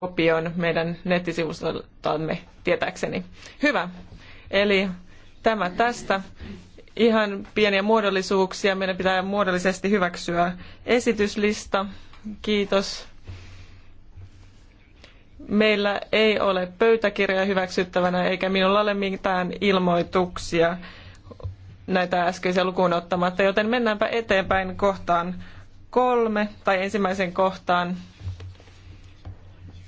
kopion meidän nettisivustoltamme tietääkseni. Hyvä. Eli tämä tästä. Ihan pieniä muodollisuuksia. Meidän pitää muodollisesti hyväksyä esityslista. Kiitos. Meillä ei ole pöytäkirjaa hyväksyttävänä eikä minulla ole mitään ilmoituksia näitä äskeisiä lukuun ottamatta, joten mennäänpä eteenpäin kohtaan kolme tai ensimmäisen kohtaan.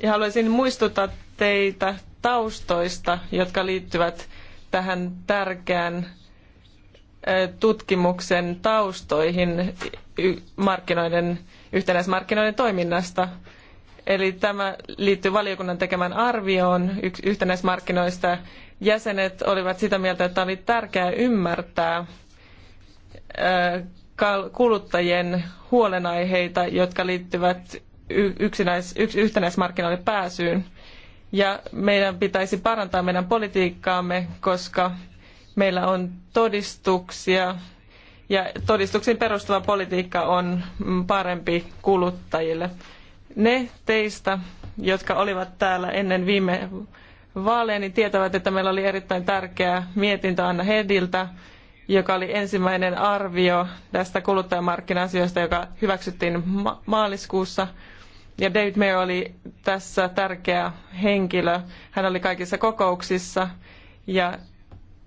Ja haluaisin muistuttaa teitä taustoista, jotka liittyvät tähän tärkeään tutkimuksen taustoihin markkinoiden, yhtenäismarkkinoiden toiminnasta. Eli tämä liittyy valiokunnan tekemään arvioon yhtenäismarkkinoista. Jäsenet olivat sitä mieltä, että oli tärkeää ymmärtää kuluttajien huolenaiheita, jotka liittyvät yksinäis, yks, yhtenäismarkkinoille pääsyyn. Ja meidän pitäisi parantaa meidän politiikkaamme, koska meillä on todistuksia ja todistuksiin perustuva politiikka on parempi kuluttajille. Ne teistä, jotka olivat täällä ennen viime vaaleja, niin tietävät, että meillä oli erittäin tärkeä mietintö Anna Hediltä, joka oli ensimmäinen arvio tästä kuluttajamarkkina-asioista, joka hyväksyttiin ma maaliskuussa – ja David Mayer oli tässä tärkeä henkilö. Hän oli kaikissa kokouksissa ja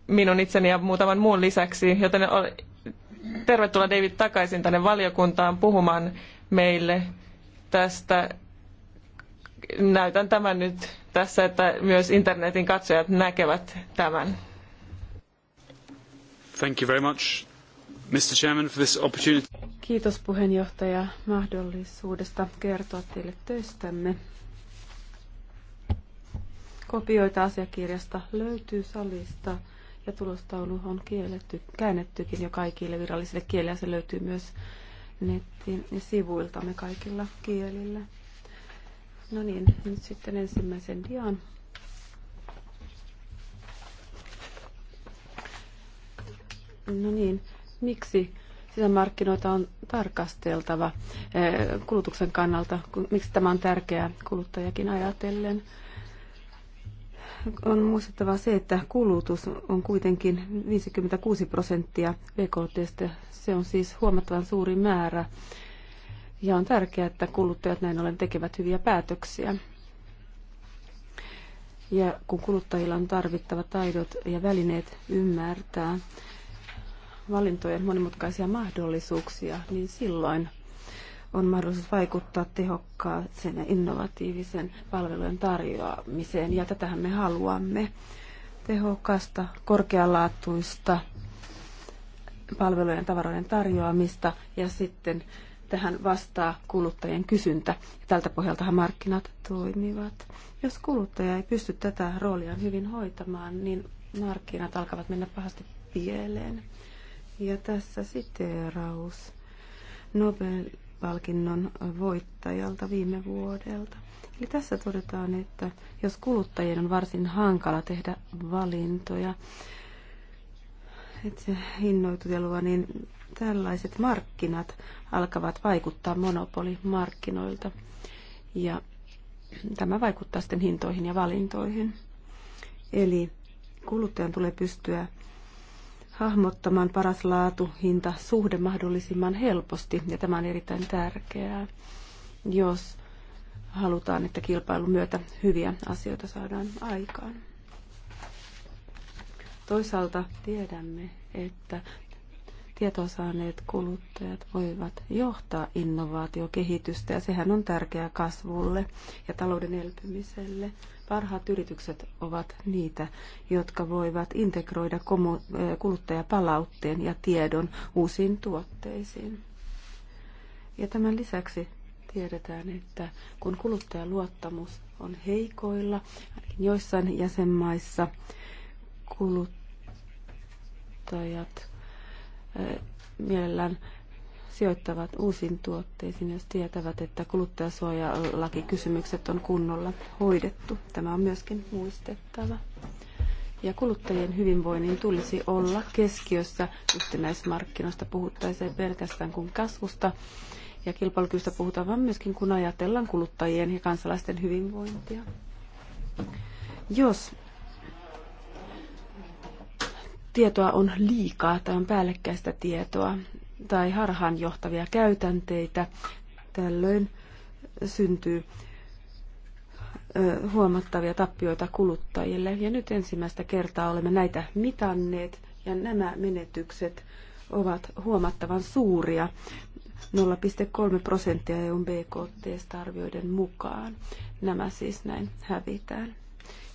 minun itseni ja muutaman muun lisäksi, joten tervetuloa David takaisin tänne valiokuntaan puhumaan meille tästä. Näytän tämän nyt tässä, että myös internetin katsojat näkevät tämän. Thank you very much. Mr. Chairman, for this opportunity. Kiitos puheenjohtaja mahdollisuudesta kertoa teille töistämme. Kopioita asiakirjasta löytyy salista ja tulostaulu on kielletty, käännettykin jo kaikille virallisille kielille ja se löytyy myös netin ja sivuiltamme kaikilla kielillä. No niin, nyt sitten ensimmäisen dian. No niin, miksi sisämarkkinoita on tarkasteltava eh, kulutuksen kannalta, miksi tämä on tärkeää kuluttajakin ajatellen. On muistettava se, että kulutus on kuitenkin 56 prosenttia BKT. Se on siis huomattavan suuri määrä. Ja on tärkeää, että kuluttajat näin ollen tekevät hyviä päätöksiä. Ja kun kuluttajilla on tarvittavat taidot ja välineet ymmärtää, valintojen monimutkaisia mahdollisuuksia, niin silloin on mahdollisuus vaikuttaa tehokkaaseen ja innovatiivisen palvelujen tarjoamiseen, ja tätähän me haluamme. Tehokasta, korkealaatuista palvelujen ja tavaroiden tarjoamista, ja sitten tähän vastaa kuluttajien kysyntä. Tältä pohjaltahan markkinat toimivat. Jos kuluttaja ei pysty tätä roolia hyvin hoitamaan, niin markkinat alkavat mennä pahasti pieleen. Ja tässä siteeraus Nobel-palkinnon voittajalta viime vuodelta. Eli tässä todetaan, että jos kuluttajien on varsin hankala tehdä valintoja, se hinnoitutelua, niin tällaiset markkinat alkavat vaikuttaa monopolimarkkinoilta. Ja tämä vaikuttaa sitten hintoihin ja valintoihin. Eli kuluttajan tulee pystyä hahmottamaan paras laatu, hinta, suhde mahdollisimman helposti, ja tämä on erittäin tärkeää, jos halutaan, että kilpailun myötä hyviä asioita saadaan aikaan. Toisaalta tiedämme, että tietoa saaneet kuluttajat voivat johtaa innovaatiokehitystä ja sehän on tärkeää kasvulle ja talouden elpymiselle. Parhaat yritykset ovat niitä, jotka voivat integroida kuluttajapalautteen ja tiedon uusiin tuotteisiin. Ja tämän lisäksi tiedetään, että kun kuluttajaluottamus on heikoilla, joissain jäsenmaissa kuluttajat mielellään sijoittavat uusiin tuotteisiin, jos tietävät, että kuluttajasuojalakikysymykset on kunnolla hoidettu. Tämä on myöskin muistettava. Ja kuluttajien hyvinvoinnin tulisi olla keskiössä yhtenäismarkkinoista puhuttaessa ei pelkästään kuin kasvusta ja kilpailukyvystä puhutaan, vaan myöskin kun ajatellaan kuluttajien ja kansalaisten hyvinvointia. Jos tietoa on liikaa tai on päällekkäistä tietoa tai harhaanjohtavia käytänteitä. Tällöin syntyy huomattavia tappioita kuluttajille. Ja nyt ensimmäistä kertaa olemme näitä mitanneet ja nämä menetykset ovat huomattavan suuria. 0,3 prosenttia EUn BKT arvioiden mukaan. Nämä siis näin hävitään.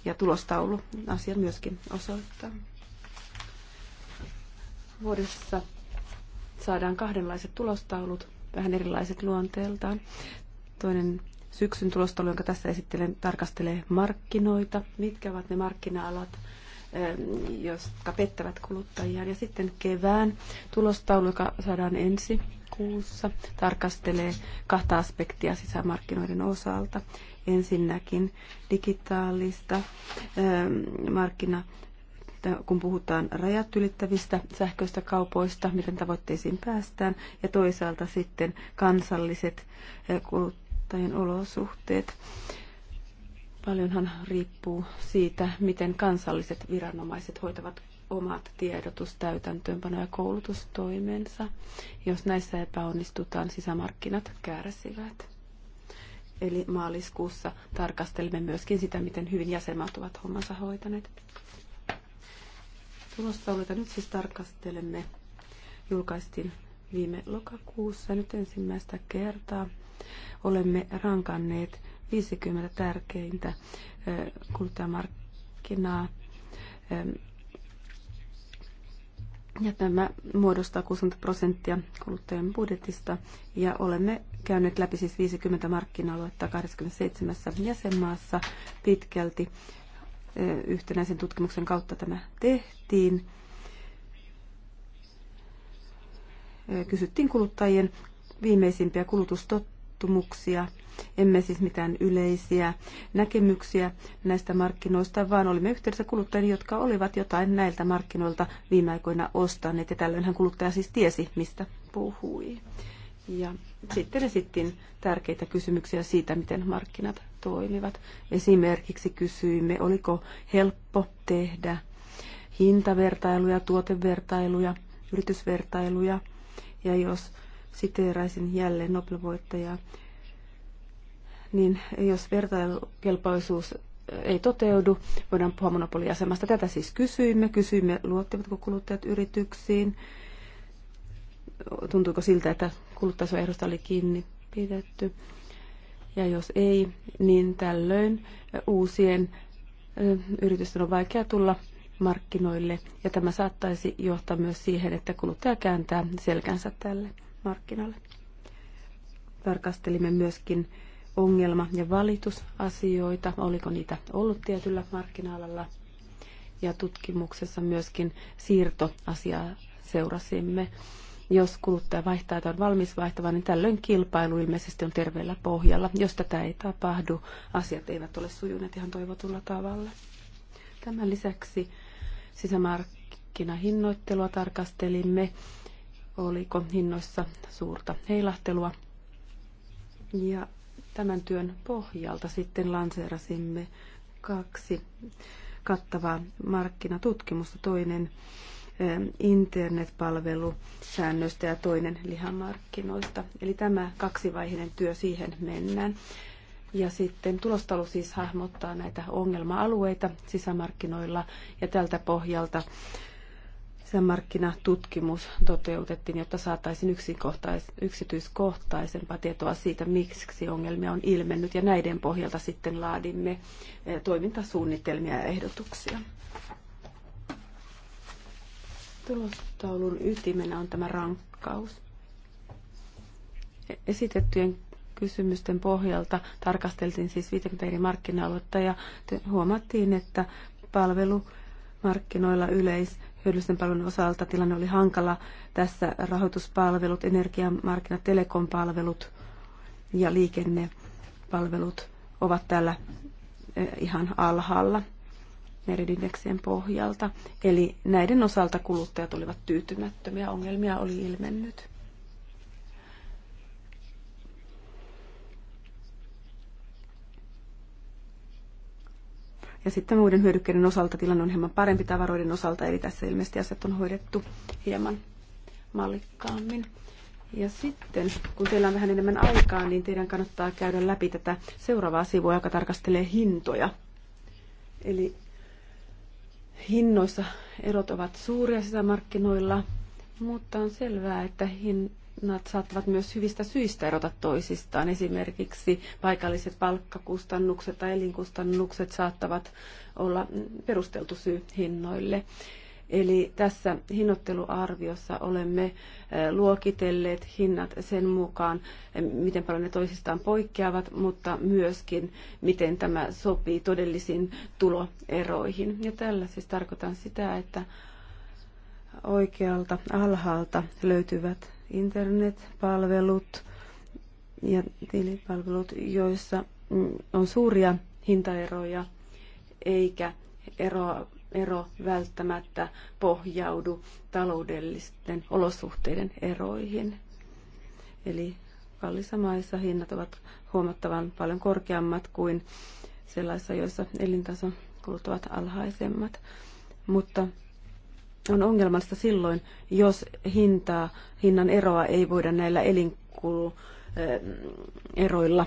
Ja tulostaulu asia myöskin osoittaa vuodessa saadaan kahdenlaiset tulostaulut, vähän erilaiset luonteeltaan. Toinen syksyn tulostaulu, jonka tässä esittelen, tarkastelee markkinoita, mitkä ovat ne markkina-alat, jotka pettävät kuluttajia. Ja sitten kevään tulostaulu, joka saadaan ensi kuussa, tarkastelee kahta aspektia sisämarkkinoiden osalta. Ensinnäkin digitaalista markkina kun puhutaan rajat ylittävistä sähköistä kaupoista, miten tavoitteisiin päästään, ja toisaalta sitten kansalliset eh, kuluttajien olosuhteet. Paljonhan riippuu siitä, miten kansalliset viranomaiset hoitavat omat tiedotus, täytäntöönpano ja koulutustoimensa. Jos näissä epäonnistutaan, sisämarkkinat kärsivät. Eli maaliskuussa tarkastelemme myöskin sitä, miten hyvin jäsenmaat ovat hommansa hoitaneet tulostauluita nyt siis tarkastelemme. Julkaistiin viime lokakuussa nyt ensimmäistä kertaa. Olemme rankanneet 50 tärkeintä kuluttajamarkkinaa. Ja tämä muodostaa 60 prosenttia kuluttajien budjetista. Ja olemme käyneet läpi siis 50 markkina-aluetta 27 jäsenmaassa pitkälti yhtenäisen tutkimuksen kautta tämä tehtiin. Kysyttiin kuluttajien viimeisimpiä kulutustottumuksia. Emme siis mitään yleisiä näkemyksiä näistä markkinoista, vaan olimme yhteydessä kuluttajien, jotka olivat jotain näiltä markkinoilta viime aikoina ostaneet. Ja tällöinhän kuluttaja siis tiesi, mistä puhui. Ja sitten esittiin tärkeitä kysymyksiä siitä, miten markkinat toimivat. Esimerkiksi kysyimme, oliko helppo tehdä hintavertailuja, tuotevertailuja, yritysvertailuja. Ja jos siteeraisin jälleen Nobel-voittajaa, niin jos vertailukelpoisuus ei toteudu, voidaan puhua monopoliasemasta. Tätä siis kysyimme. Kysyimme, luottivatko kuluttajat yrityksiin tuntuiko siltä, että kuluttajaehdosta oli kiinni pidetty. Ja jos ei, niin tällöin uusien yritysten on vaikea tulla markkinoille ja tämä saattaisi johtaa myös siihen, että kuluttaja kääntää selkänsä tälle markkinalle. Tarkastelimme myöskin ongelma- ja valitusasioita, oliko niitä ollut tietyllä markkina-alalla. Ja tutkimuksessa myöskin siirtoasiaa seurasimme. Jos kuluttaja vaihtaa tai on valmis vaihtamaan, niin tällöin kilpailu ilmeisesti on terveellä pohjalla. Jos tätä ei tapahdu, asiat eivät ole sujuneet ihan toivotulla tavalla. Tämän lisäksi sisämarkkinahinnoittelua tarkastelimme, oliko hinnoissa suurta heilahtelua. Ja tämän työn pohjalta sitten lanseerasimme kaksi kattavaa markkinatutkimusta. Toinen internetpalvelusäännöstä ja toinen lihamarkkinoista. Eli tämä kaksivaiheinen työ, siihen mennään. Ja sitten tulostalu siis hahmottaa näitä ongelma-alueita sisämarkkinoilla ja tältä pohjalta sisämarkkinatutkimus toteutettiin, jotta saataisiin yksityiskohtaisempaa tietoa siitä, miksi ongelmia on ilmennyt ja näiden pohjalta sitten laadimme eh, toimintasuunnitelmia ja ehdotuksia. Tulostaulun ytimenä on tämä rankkaus. E- esitettyjen kysymysten pohjalta tarkasteltiin siis 50 eri markkina-aluetta ja huomattiin, että palvelumarkkinoilla yleis hyödyllisten palvelun osalta tilanne oli hankala. Tässä rahoituspalvelut, energiamarkkinat, telekompalvelut ja liikennepalvelut ovat täällä e, ihan alhaalla. Meridindeksien pohjalta. Eli näiden osalta kuluttajat olivat tyytymättömiä, ongelmia oli ilmennyt. Ja sitten muiden hyödykkeiden osalta tilanne on hieman parempi tavaroiden osalta, eli tässä ilmeisesti asiat on hoidettu hieman mallikkaammin. Ja sitten, kun teillä on vähän enemmän aikaa, niin teidän kannattaa käydä läpi tätä seuraavaa sivua, joka tarkastelee hintoja. Eli hinnoissa erot ovat suuria sisämarkkinoilla, mutta on selvää, että hinnat saattavat myös hyvistä syistä erota toisistaan. Esimerkiksi paikalliset palkkakustannukset tai elinkustannukset saattavat olla perusteltu syy hinnoille. Eli tässä hinnoitteluarviossa olemme eh, luokitelleet hinnat sen mukaan, eh, miten paljon ne toisistaan poikkeavat, mutta myöskin miten tämä sopii todellisiin tuloeroihin. Ja tällä siis tarkoitan sitä, että oikealta alhaalta löytyvät internetpalvelut ja tilipalvelut, joissa mm, on suuria hintaeroja eikä eroa ero välttämättä pohjaudu taloudellisten olosuhteiden eroihin. Eli kallissa maissa hinnat ovat huomattavan paljon korkeammat kuin sellaisissa, joissa elintaso ovat alhaisemmat. Mutta on ongelmallista silloin, jos hintaa, hinnan eroa ei voida näillä elinkulueroilla eh,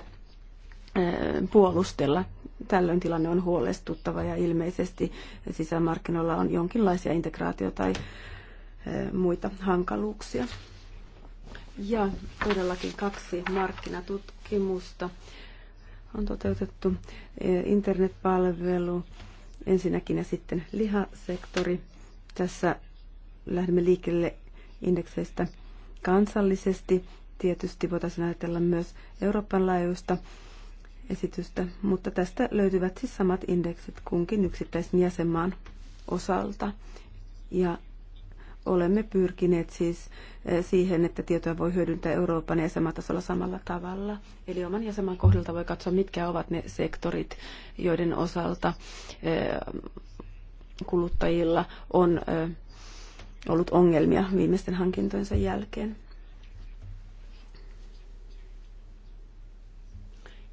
puolustella Tällöin tilanne on huolestuttava ja ilmeisesti sisämarkkinoilla on jonkinlaisia integraatio- tai muita hankaluuksia. Ja todellakin kaksi markkinatutkimusta on toteutettu. Internetpalvelu ensinnäkin ja sitten lihasektori. Tässä lähdemme liikkeelle indekseistä kansallisesti. Tietysti voitaisiin ajatella myös Euroopan laajuista esitystä, mutta tästä löytyvät siis samat indeksit kunkin yksittäisen jäsenmaan osalta. Ja olemme pyrkineet siis eh, siihen, että tietoja voi hyödyntää Euroopan jäsenmaatasolla samalla tavalla. Eli oman jäsenmaan kohdalta voi katsoa, mitkä ovat ne sektorit, joiden osalta eh, kuluttajilla on eh, ollut ongelmia viimeisten hankintojensa jälkeen.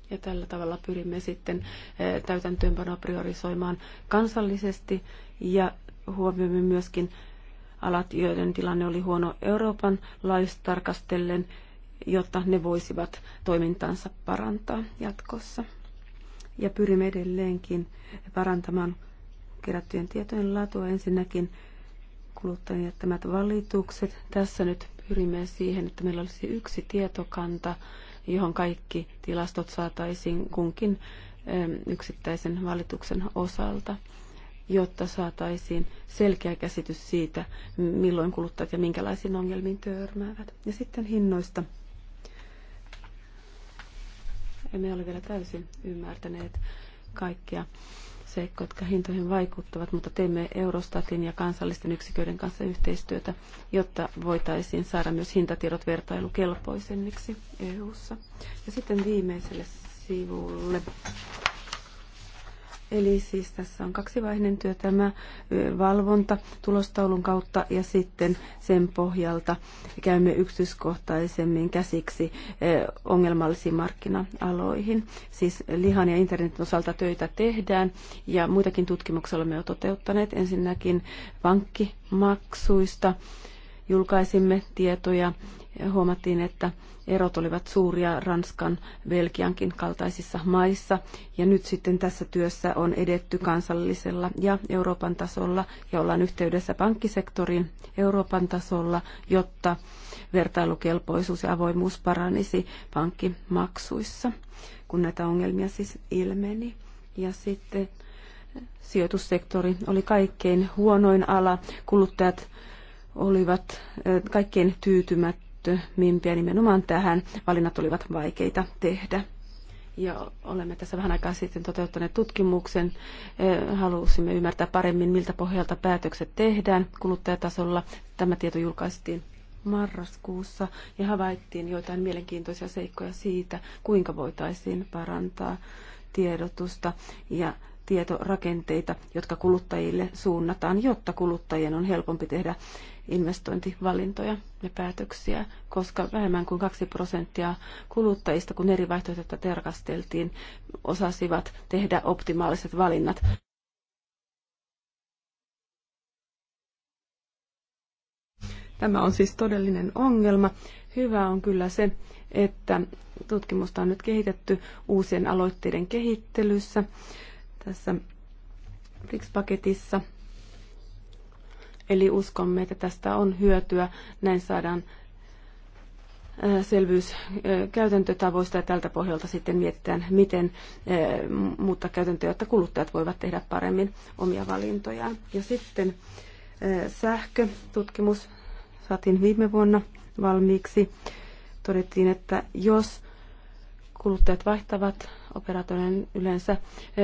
Ja tällä tavalla pyrimme sitten eh, täytäntöönpanoa priorisoimaan kansallisesti ja huomioimme myöskin alat, joiden tilanne oli huono Euroopan laistarkastellen, jotta ne voisivat toimintaansa parantaa jatkossa. Ja pyrimme edelleenkin parantamaan kerättyjen tietojen laatua ensinnäkin kuluttajien jättämät valitukset. Tässä nyt pyrimme siihen, että meillä olisi yksi tietokanta, johon kaikki tilastot saataisiin kunkin yksittäisen valituksen osalta, jotta saataisiin selkeä käsitys siitä, milloin kuluttajat ja minkälaisiin ongelmiin törmäävät. Ja sitten hinnoista. Emme ole vielä täysin ymmärtäneet kaikkia seikkoja, jotka hintoihin vaikuttavat, mutta teemme Eurostatin ja kansallisten yksiköiden kanssa yhteistyötä, jotta voitaisiin saada myös hintatiedot vertailukelpoisemmiksi EU-ssa. Ja sitten viimeiselle sivulle Eli siis tässä on kaksivaiheinen työ tämä valvonta tulostaulun kautta ja sitten sen pohjalta käymme yksityiskohtaisemmin käsiksi ongelmallisiin markkina-aloihin. Siis lihan ja internetin osalta töitä tehdään ja muitakin tutkimuksia olemme jo toteuttaneet. Ensinnäkin pankkimaksuista julkaisimme tietoja huomattiin, että erot olivat suuria Ranskan, Belgiankin kaltaisissa maissa. Ja nyt sitten tässä työssä on edetty kansallisella ja Euroopan tasolla ja ollaan yhteydessä pankkisektoriin Euroopan tasolla, jotta vertailukelpoisuus ja avoimuus paranisi pankkimaksuissa, kun näitä ongelmia siis ilmeni. Ja sitten sijoitussektori oli kaikkein huonoin ala. Kuluttajat olivat kaikkein tyytymättä mimpiä nimenomaan tähän. Valinnat olivat vaikeita tehdä. Ja olemme tässä vähän aikaa sitten toteuttaneet tutkimuksen. Eh, halusimme ymmärtää paremmin, miltä pohjalta päätökset tehdään kuluttajatasolla. Tämä tieto julkaistiin marraskuussa ja havaittiin joitain mielenkiintoisia seikkoja siitä, kuinka voitaisiin parantaa tiedotusta ja tietorakenteita, jotka kuluttajille suunnataan, jotta kuluttajien on helpompi tehdä investointivalintoja ja päätöksiä, koska vähemmän kuin 2 prosenttia kuluttajista, kun eri vaihtoehtoja tarkasteltiin, osasivat tehdä optimaaliset valinnat. Tämä on siis todellinen ongelma. Hyvä on kyllä se, että tutkimusta on nyt kehitetty uusien aloitteiden kehittelyssä tässä BRICS-paketissa. Eli uskomme, että tästä on hyötyä. Näin saadaan selvyys käytäntötavoista ja tältä pohjalta sitten mietitään, miten muuttaa käytäntöjä, jotta kuluttajat voivat tehdä paremmin omia valintojaan. Ja sitten sähkötutkimus saatiin viime vuonna valmiiksi. Todettiin, että jos kuluttajat vaihtavat operaatioiden yleensä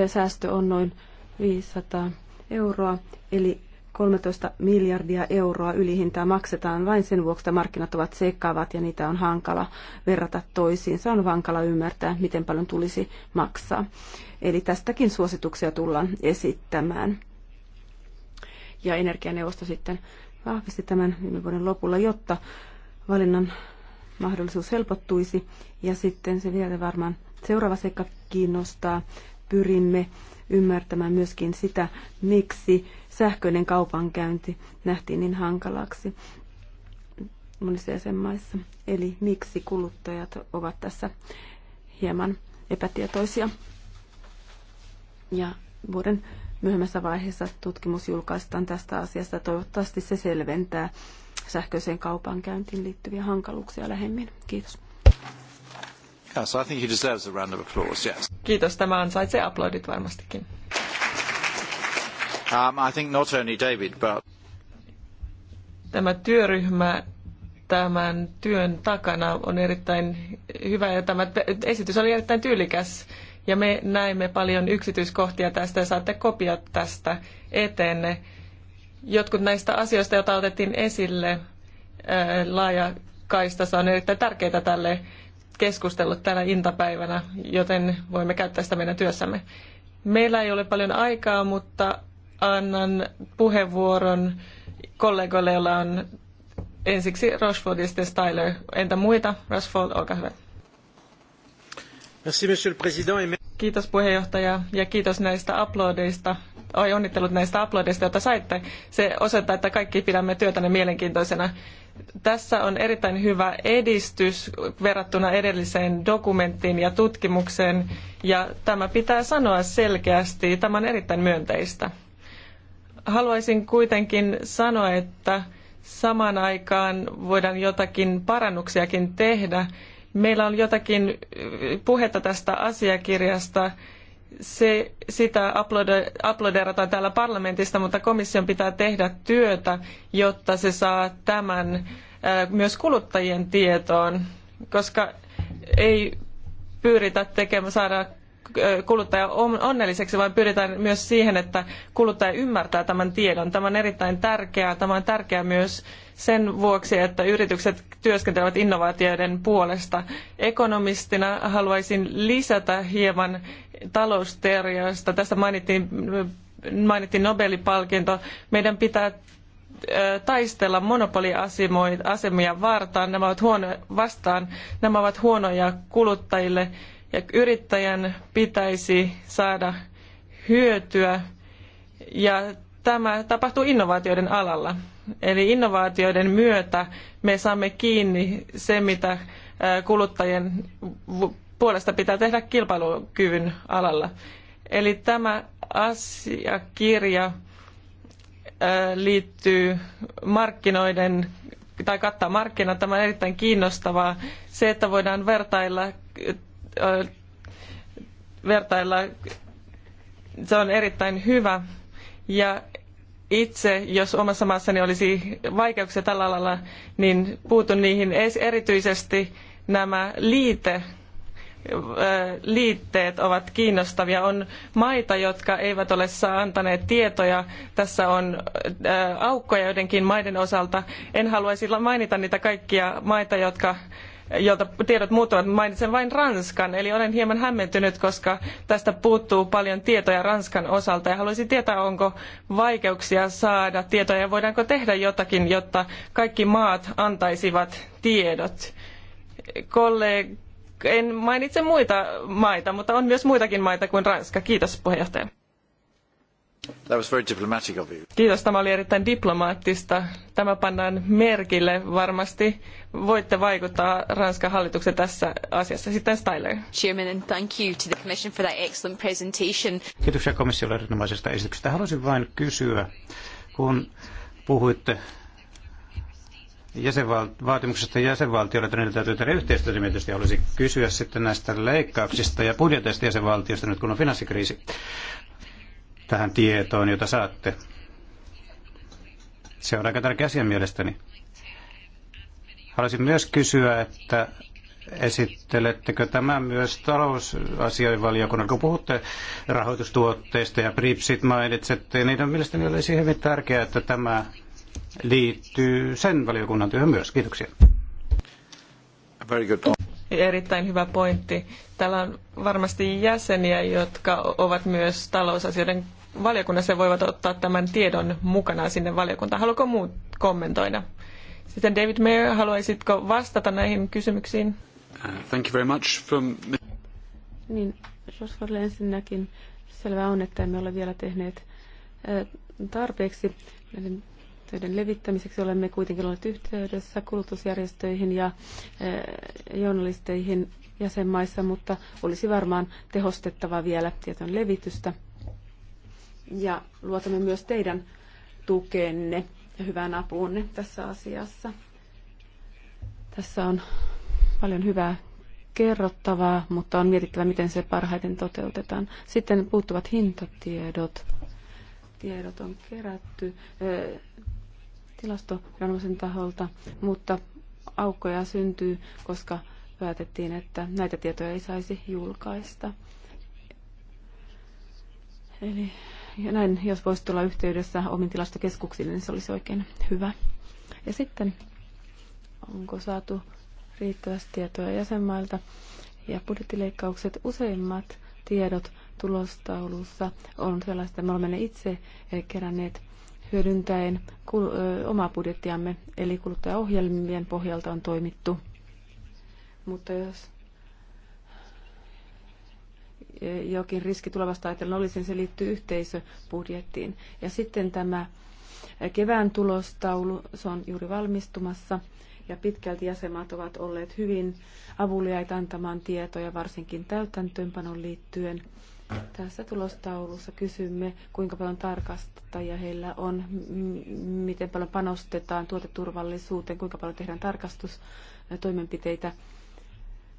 säästö on noin 500 euroa, eli 13 miljardia euroa ylihintaa maksetaan vain sen vuoksi, että markkinat ovat seikkaavat ja niitä on hankala verrata toisiin, se On vankala ymmärtää, miten paljon tulisi maksaa. Eli tästäkin suosituksia tullaan esittämään. Ja energianeuvosto sitten vahvisti tämän viime vuoden lopulla, jotta valinnan mahdollisuus helpottuisi. Ja sitten se vielä varmaan Seuraava seikka kiinnostaa. Pyrimme ymmärtämään myöskin sitä, miksi sähköinen kaupankäynti nähtiin niin hankalaksi monissa jäsenmaissa. Eli miksi kuluttajat ovat tässä hieman epätietoisia. Ja vuoden myöhemmässä vaiheessa tutkimus julkaistaan tästä asiasta. Toivottavasti se selventää sähköiseen kaupankäyntiin liittyviä hankaluuksia lähemmin. Kiitos. Yeah, so I think he deserves a round of applause, yes. Kiitos, tämä ansaitsee aplodit varmastikin. Um, I think not only David, but... Tämä työryhmä tämän työn takana on erittäin hyvä ja tämä esitys oli erittäin tyylikäs. Ja me näimme paljon yksityiskohtia tästä ja saatte kopiat tästä eteenne. Jotkut näistä asioista, joita otettiin esille, laaja on erittäin tärkeitä tälle keskustellut täällä intapäivänä, joten voimme käyttää sitä meidän työssämme. Meillä ei ole paljon aikaa, mutta annan puheenvuoron kollegoille, joilla on ensiksi Rochefort ja sitten Styler. Entä muita? Rochefort, olkaa hyvä. Merci, monsieur le président. Kiitos puheenjohtaja ja kiitos näistä uploadeista Oi, onnittelut näistä uploadeista, joita saitte. Se osoittaa, että kaikki pidämme työtänne mielenkiintoisena. Tässä on erittäin hyvä edistys verrattuna edelliseen dokumenttiin ja tutkimukseen, ja tämä pitää sanoa selkeästi. Tämä on erittäin myönteistä. Haluaisin kuitenkin sanoa, että samaan aikaan voidaan jotakin parannuksiakin tehdä. Meillä on jotakin puhetta tästä asiakirjasta, se, sitä aplodeerataan täällä parlamentista, mutta komission pitää tehdä työtä, jotta se saa tämän äh, myös kuluttajien tietoon, koska ei pyritä tekemään, saada äh, kuluttaja onnelliseksi, vaan pyritään myös siihen, että kuluttaja ymmärtää tämän tiedon. Tämä on erittäin tärkeää. Tämä on tärkeää myös sen vuoksi, että yritykset työskentelevät innovaatioiden puolesta. Ekonomistina haluaisin lisätä hieman talousteoriasta. Tässä mainittiin, mainittiin Nobelipalkinto, palkinto. Meidän pitää taistella monopoliasemia vartaan. Nämä ovat huono, vastaan. Nämä ovat huonoja kuluttajille ja yrittäjän pitäisi saada hyötyä ja tämä tapahtuu innovaatioiden alalla. Eli innovaatioiden myötä me saamme kiinni se, mitä kuluttajien puolesta pitää tehdä kilpailukyvyn alalla. Eli tämä asiakirja liittyy markkinoiden tai kattaa markkinat. Tämä on erittäin kiinnostavaa. Se, että voidaan vertailla, vertailla se on erittäin hyvä. Ja itse, jos omassa maassani olisi vaikeuksia tällä alalla, niin puutun niihin erityisesti nämä liite liitteet ovat kiinnostavia. On maita, jotka eivät ole saa antaneet tietoja. Tässä on aukkoja joidenkin maiden osalta. En haluaisi mainita niitä kaikkia maita, jotka jolta tiedot muuttuvat, mainitsen vain Ranskan. Eli olen hieman hämmentynyt, koska tästä puuttuu paljon tietoja Ranskan osalta. Ja haluaisin tietää, onko vaikeuksia saada tietoja ja voidaanko tehdä jotakin, jotta kaikki maat antaisivat tiedot. Kolleg- en mainitse muita maita, mutta on myös muitakin maita kuin Ranska. Kiitos puheenjohtaja. That was very diplomatic of you. Kiitos, tämä oli erittäin diplomaattista. Tämä pannaan merkille varmasti. Voitte vaikuttaa Ranskan hallituksen tässä asiassa. Sitten Styler. Chairman, and thank you to the Commission for that excellent presentation. Kiitoksia komissiolle erinomaisesta esityksestä. Haluaisin vain kysyä, kun puhuitte jäsenval- vaatimuksesta jäsenvaltioille, että niiden täytyy tehdä yhteistyötä, niin tietysti olisi kysyä sitten näistä leikkauksista ja budjeteista jäsenvaltioista nyt kun on finanssikriisi tähän tietoon, jota saatte. Se on aika tärkeä asia mielestäni. Haluaisin myös kysyä, että esittelettekö tämä myös valiokunnan, kun puhutte rahoitustuotteista ja BRIPSit mainitsette, niin on mielestäni olisi hyvin tärkeää, että tämä liittyy sen valiokunnan työhön myös. Kiitoksia. Very good erittäin hyvä pointti. Täällä on varmasti jäseniä, jotka ovat myös talousasioiden valiokunnassa ja voivat ottaa tämän tiedon mukana sinne valiokuntaan. Haluatko muut kommentoida? Sitten David Mayer, haluaisitko vastata näihin kysymyksiin? Uh, thank you very much. From... Niin, Rosvarille ensinnäkin selvä on, että emme ole vielä tehneet uh, tarpeeksi näiden töiden levittämiseksi olemme kuitenkin olleet yhteydessä kulutusjärjestöihin ja eh, journalisteihin jäsenmaissa, mutta olisi varmaan tehostettava vielä tieton levitystä. Ja luotamme myös teidän tukeenne ja hyvään apuunne tässä asiassa. Tässä on paljon hyvää kerrottavaa, mutta on mietittävä, miten se parhaiten toteutetaan. Sitten puuttuvat hintatiedot. Tiedot on kerätty eh, tilastoviranomaisen taholta, mutta aukkoja syntyy, koska päätettiin, että näitä tietoja ei saisi julkaista. Eli ja näin, jos voisi tulla yhteydessä omin tilastokeskuksiin, niin se olisi oikein hyvä. Ja sitten, onko saatu riittävästi tietoa jäsenmailta ja budjettileikkaukset useimmat tiedot tulostaulussa on sellaista, että me olemme ne itse keränneet hyödyntäen omaa budjettiamme, eli kuluttajaohjelmien pohjalta on toimittu. Mutta jos jokin riski tulevasta ajatellen olisi, niin se liittyy yhteisöbudjettiin. Ja sitten tämä kevään tulostaulu, se on juuri valmistumassa ja pitkälti jäsenmaat ovat olleet hyvin avuliaita antamaan tietoja varsinkin täytäntöönpanon liittyen. Tässä tulostaulussa kysymme, kuinka paljon tarkastajia heillä on, miten paljon panostetaan tuoteturvallisuuteen, kuinka paljon tehdään tarkastustoimenpiteitä.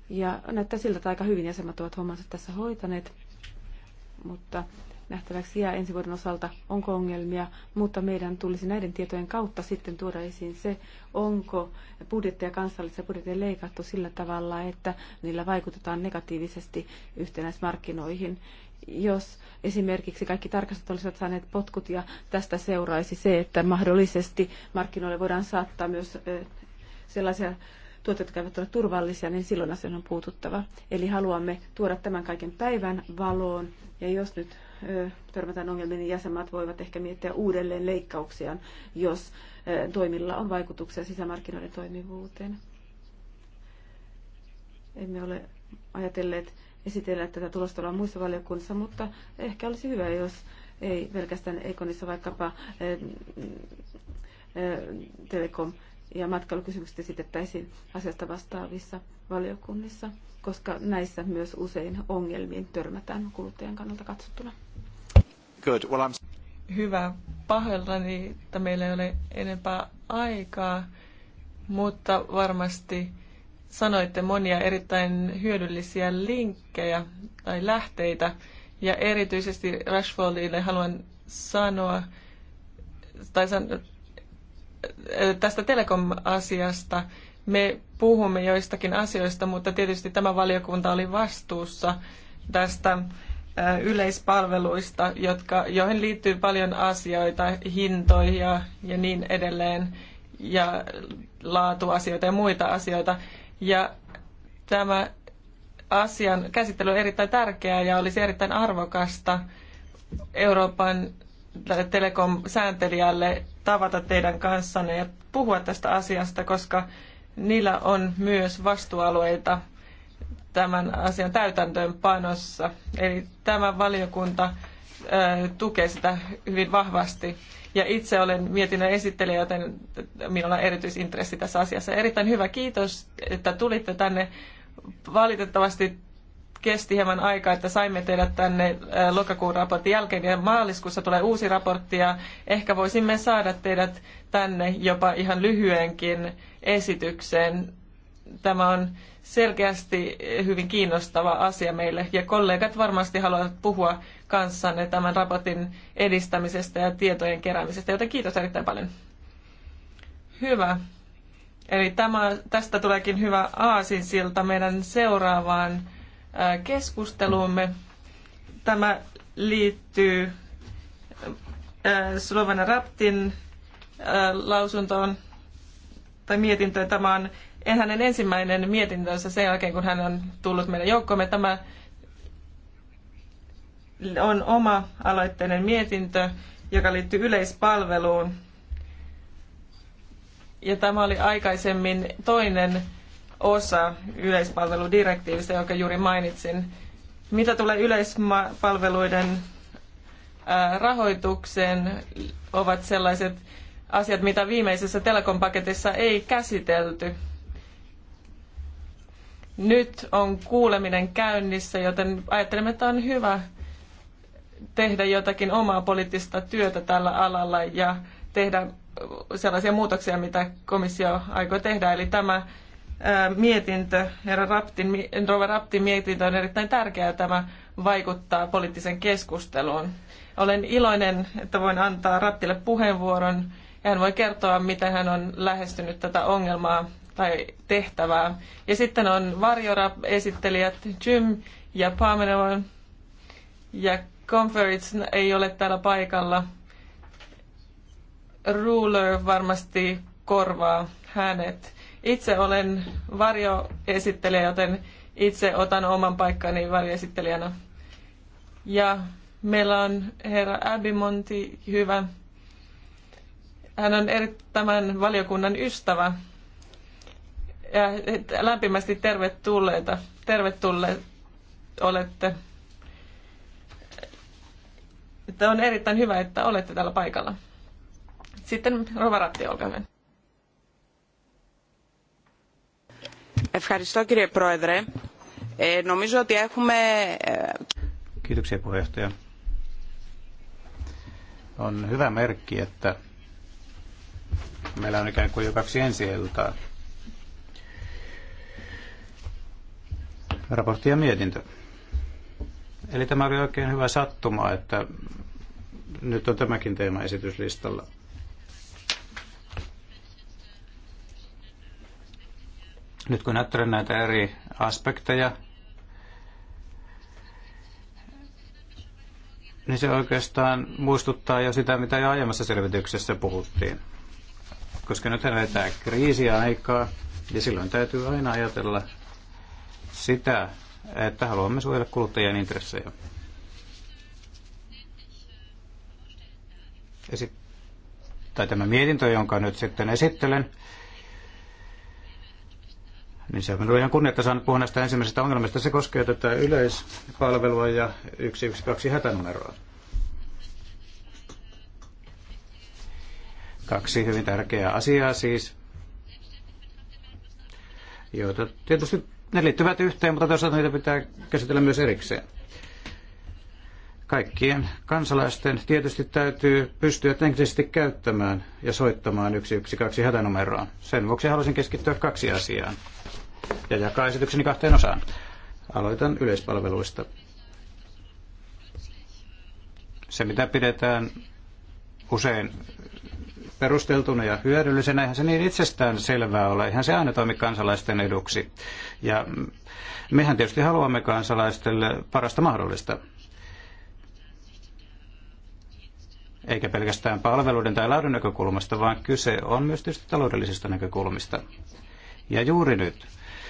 Ja näyttää siltä, että aika hyvin jäsenmät ovat hommansa tässä hoitaneet, mutta nähtäväksi jää ensi vuoden osalta, onko ongelmia, mutta meidän tulisi näiden tietojen kautta sitten tuoda esiin se, onko budjetteja kansallisessa budjetteja leikattu sillä tavalla, että niillä vaikutetaan negatiivisesti yhtenäismarkkinoihin. Jos esimerkiksi kaikki tarkastajat olisivat saaneet potkut ja tästä seuraisi se, että mahdollisesti markkinoille voidaan saattaa myös sellaisia tuotteet, jotka eivät ole turvallisia, niin silloin asioihin on puututtava. Eli haluamme tuoda tämän kaiken päivän valoon. Ja jos nyt törmätään ongelmiin, niin jäsenmaat voivat ehkä miettiä uudelleen leikkauksiaan, jos toimilla on vaikutuksia sisämarkkinoiden toimivuuteen. Emme ole ajatelleet esitellä tätä tulostoa muissa valiokunnissa, mutta ehkä olisi hyvä, jos ei pelkästään Ekonissa vaikkapa telekom- ja matkailukysymykset esitettäisiin asiasta vastaavissa valiokunnissa, koska näissä myös usein ongelmiin törmätään kuluttajan kannalta katsottuna. Good. Well, I'm... Hyvä. Pahoillani, että meillä ei ole enempää aikaa, mutta varmasti sanoitte monia erittäin hyödyllisiä linkkejä tai lähteitä. Ja erityisesti Rashfordille haluan sanoa, tai san, äh, tästä Telekom-asiasta. Me puhumme joistakin asioista, mutta tietysti tämä valiokunta oli vastuussa tästä yleispalveluista, jotka, joihin liittyy paljon asioita, hintoja ja niin edelleen, ja laatuasioita ja muita asioita. Ja tämä asian käsittely on erittäin tärkeää ja olisi erittäin arvokasta Euroopan telekom-sääntelijälle tavata teidän kanssanne ja puhua tästä asiasta, koska niillä on myös vastuualueita tämän asian täytäntöönpanossa. Eli tämä valiokunta tukee sitä hyvin vahvasti. Ja itse olen mietinnön esittelijä, joten minulla on erityisintressi tässä asiassa. Erittäin hyvä kiitos, että tulitte tänne. Valitettavasti kesti hieman aikaa, että saimme teidät tänne lokakuun raportin jälkeen ja maaliskuussa tulee uusi raportti ja ehkä voisimme saada teidät tänne jopa ihan lyhyenkin esitykseen tämä on selkeästi hyvin kiinnostava asia meille ja kollegat varmasti haluavat puhua kanssanne tämän raportin edistämisestä ja tietojen keräämisestä, joten kiitos erittäin paljon. Hyvä. Eli tämä, tästä tuleekin hyvä aasinsilta meidän seuraavaan keskusteluumme. Tämä liittyy Slovena Raptin lausuntoon tai mietintöön. Tämä on hänen ensimmäinen mietintönsä sen jälkeen, kun hän on tullut meidän joukkoomme. Tämä on oma aloitteinen mietintö, joka liittyy yleispalveluun. Ja tämä oli aikaisemmin toinen osa yleispalveludirektiivistä, jonka juuri mainitsin. Mitä tulee yleispalveluiden rahoitukseen, ovat sellaiset asiat, mitä viimeisessä telekompaketissa ei käsitelty. Nyt on kuuleminen käynnissä, joten ajattelemme, että on hyvä tehdä jotakin omaa poliittista työtä tällä alalla ja tehdä sellaisia muutoksia, mitä komissio aikoo tehdä. Eli tämä mietintö, herra Raptin, Rova Raptin mietintö on erittäin tärkeää. Tämä vaikuttaa poliittiseen keskusteluun. Olen iloinen, että voin antaa Rattille puheenvuoron ja hän voi kertoa, miten hän on lähestynyt tätä ongelmaa tai tehtävää. Ja sitten on varjorap-esittelijät Jim ja Pamela ja Conference ei ole täällä paikalla. Ruler varmasti korvaa hänet. Itse olen varjoesittelijä, joten itse otan oman paikkani varjoesittelijänä. Ja meillä on herra Abimonti, hyvä. Hän on erittäin tämän valiokunnan ystävä ja äh, lämpimästi tervetulleita. Tervetulle olette. Että on erittäin hyvä, että olette täällä paikalla. Sitten Rova Ratti, olkaa hyvä. Ευχαριστώ κύριε Πρόεδρε. Ε, νομίζω ότι έχουμε... Κύριε puheenjohtaja. On hyvä merkki, että meillä on ikään kuin jo kaksi ensi iltaa raportti ja mietintö. Eli tämä oli oikein hyvä sattuma, että nyt on tämäkin teema esityslistalla. Nyt kun näyttelen näitä eri aspekteja, niin se oikeastaan muistuttaa jo sitä, mitä jo aiemmassa selvityksessä puhuttiin. Koska nyt eletään kriisiaikaa, ja silloin täytyy aina ajatella sitä, että haluamme suojella kuluttajien intressejä. Esi tai tämä mietintö, jonka nyt sitten esittelen, niin se on minulla ihan kunnia, että saan puhua näistä ensimmäisestä ongelmista. Se koskee tätä yleispalvelua ja 112 hätänumeroa. Kaksi hyvin tärkeää asiaa siis, joita tietysti ne liittyvät yhteen, mutta toisaalta niitä pitää käsitellä myös erikseen. Kaikkien kansalaisten tietysti täytyy pystyä teknisesti käyttämään ja soittamaan 112 hätänumeroa. Sen vuoksi halusin keskittyä kaksi asiaan ja jakaa esitykseni kahteen osaan. Aloitan yleispalveluista. Se, mitä pidetään usein perusteltuna ja hyödyllisenä. Eihän se niin itsestään selvää ole. Eihän se aina toimi kansalaisten eduksi. Ja mehän tietysti haluamme kansalaistelle parasta mahdollista. Eikä pelkästään palveluiden tai laadun näkökulmasta, vaan kyse on myös tietysti taloudellisista näkökulmista. Ja juuri nyt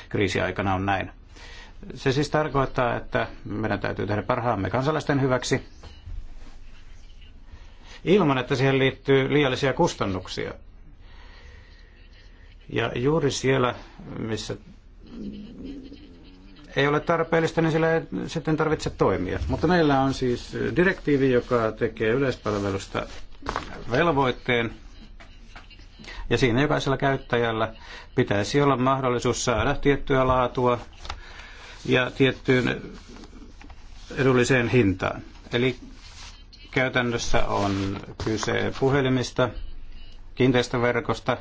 kriisiaikana on näin. Se siis tarkoittaa, että meidän täytyy tehdä parhaamme kansalaisten hyväksi, ilman, että siihen liittyy liiallisia kustannuksia. Ja juuri siellä, missä ei ole tarpeellista, niin sillä ei sitten tarvitse toimia. Mutta meillä on siis direktiivi, joka tekee yleispalvelusta velvoitteen. Ja siinä jokaisella käyttäjällä pitäisi olla mahdollisuus saada tiettyä laatua ja tiettyyn edulliseen hintaan. Eli Käytännössä on kyse puhelimista, kiinteistöverkosta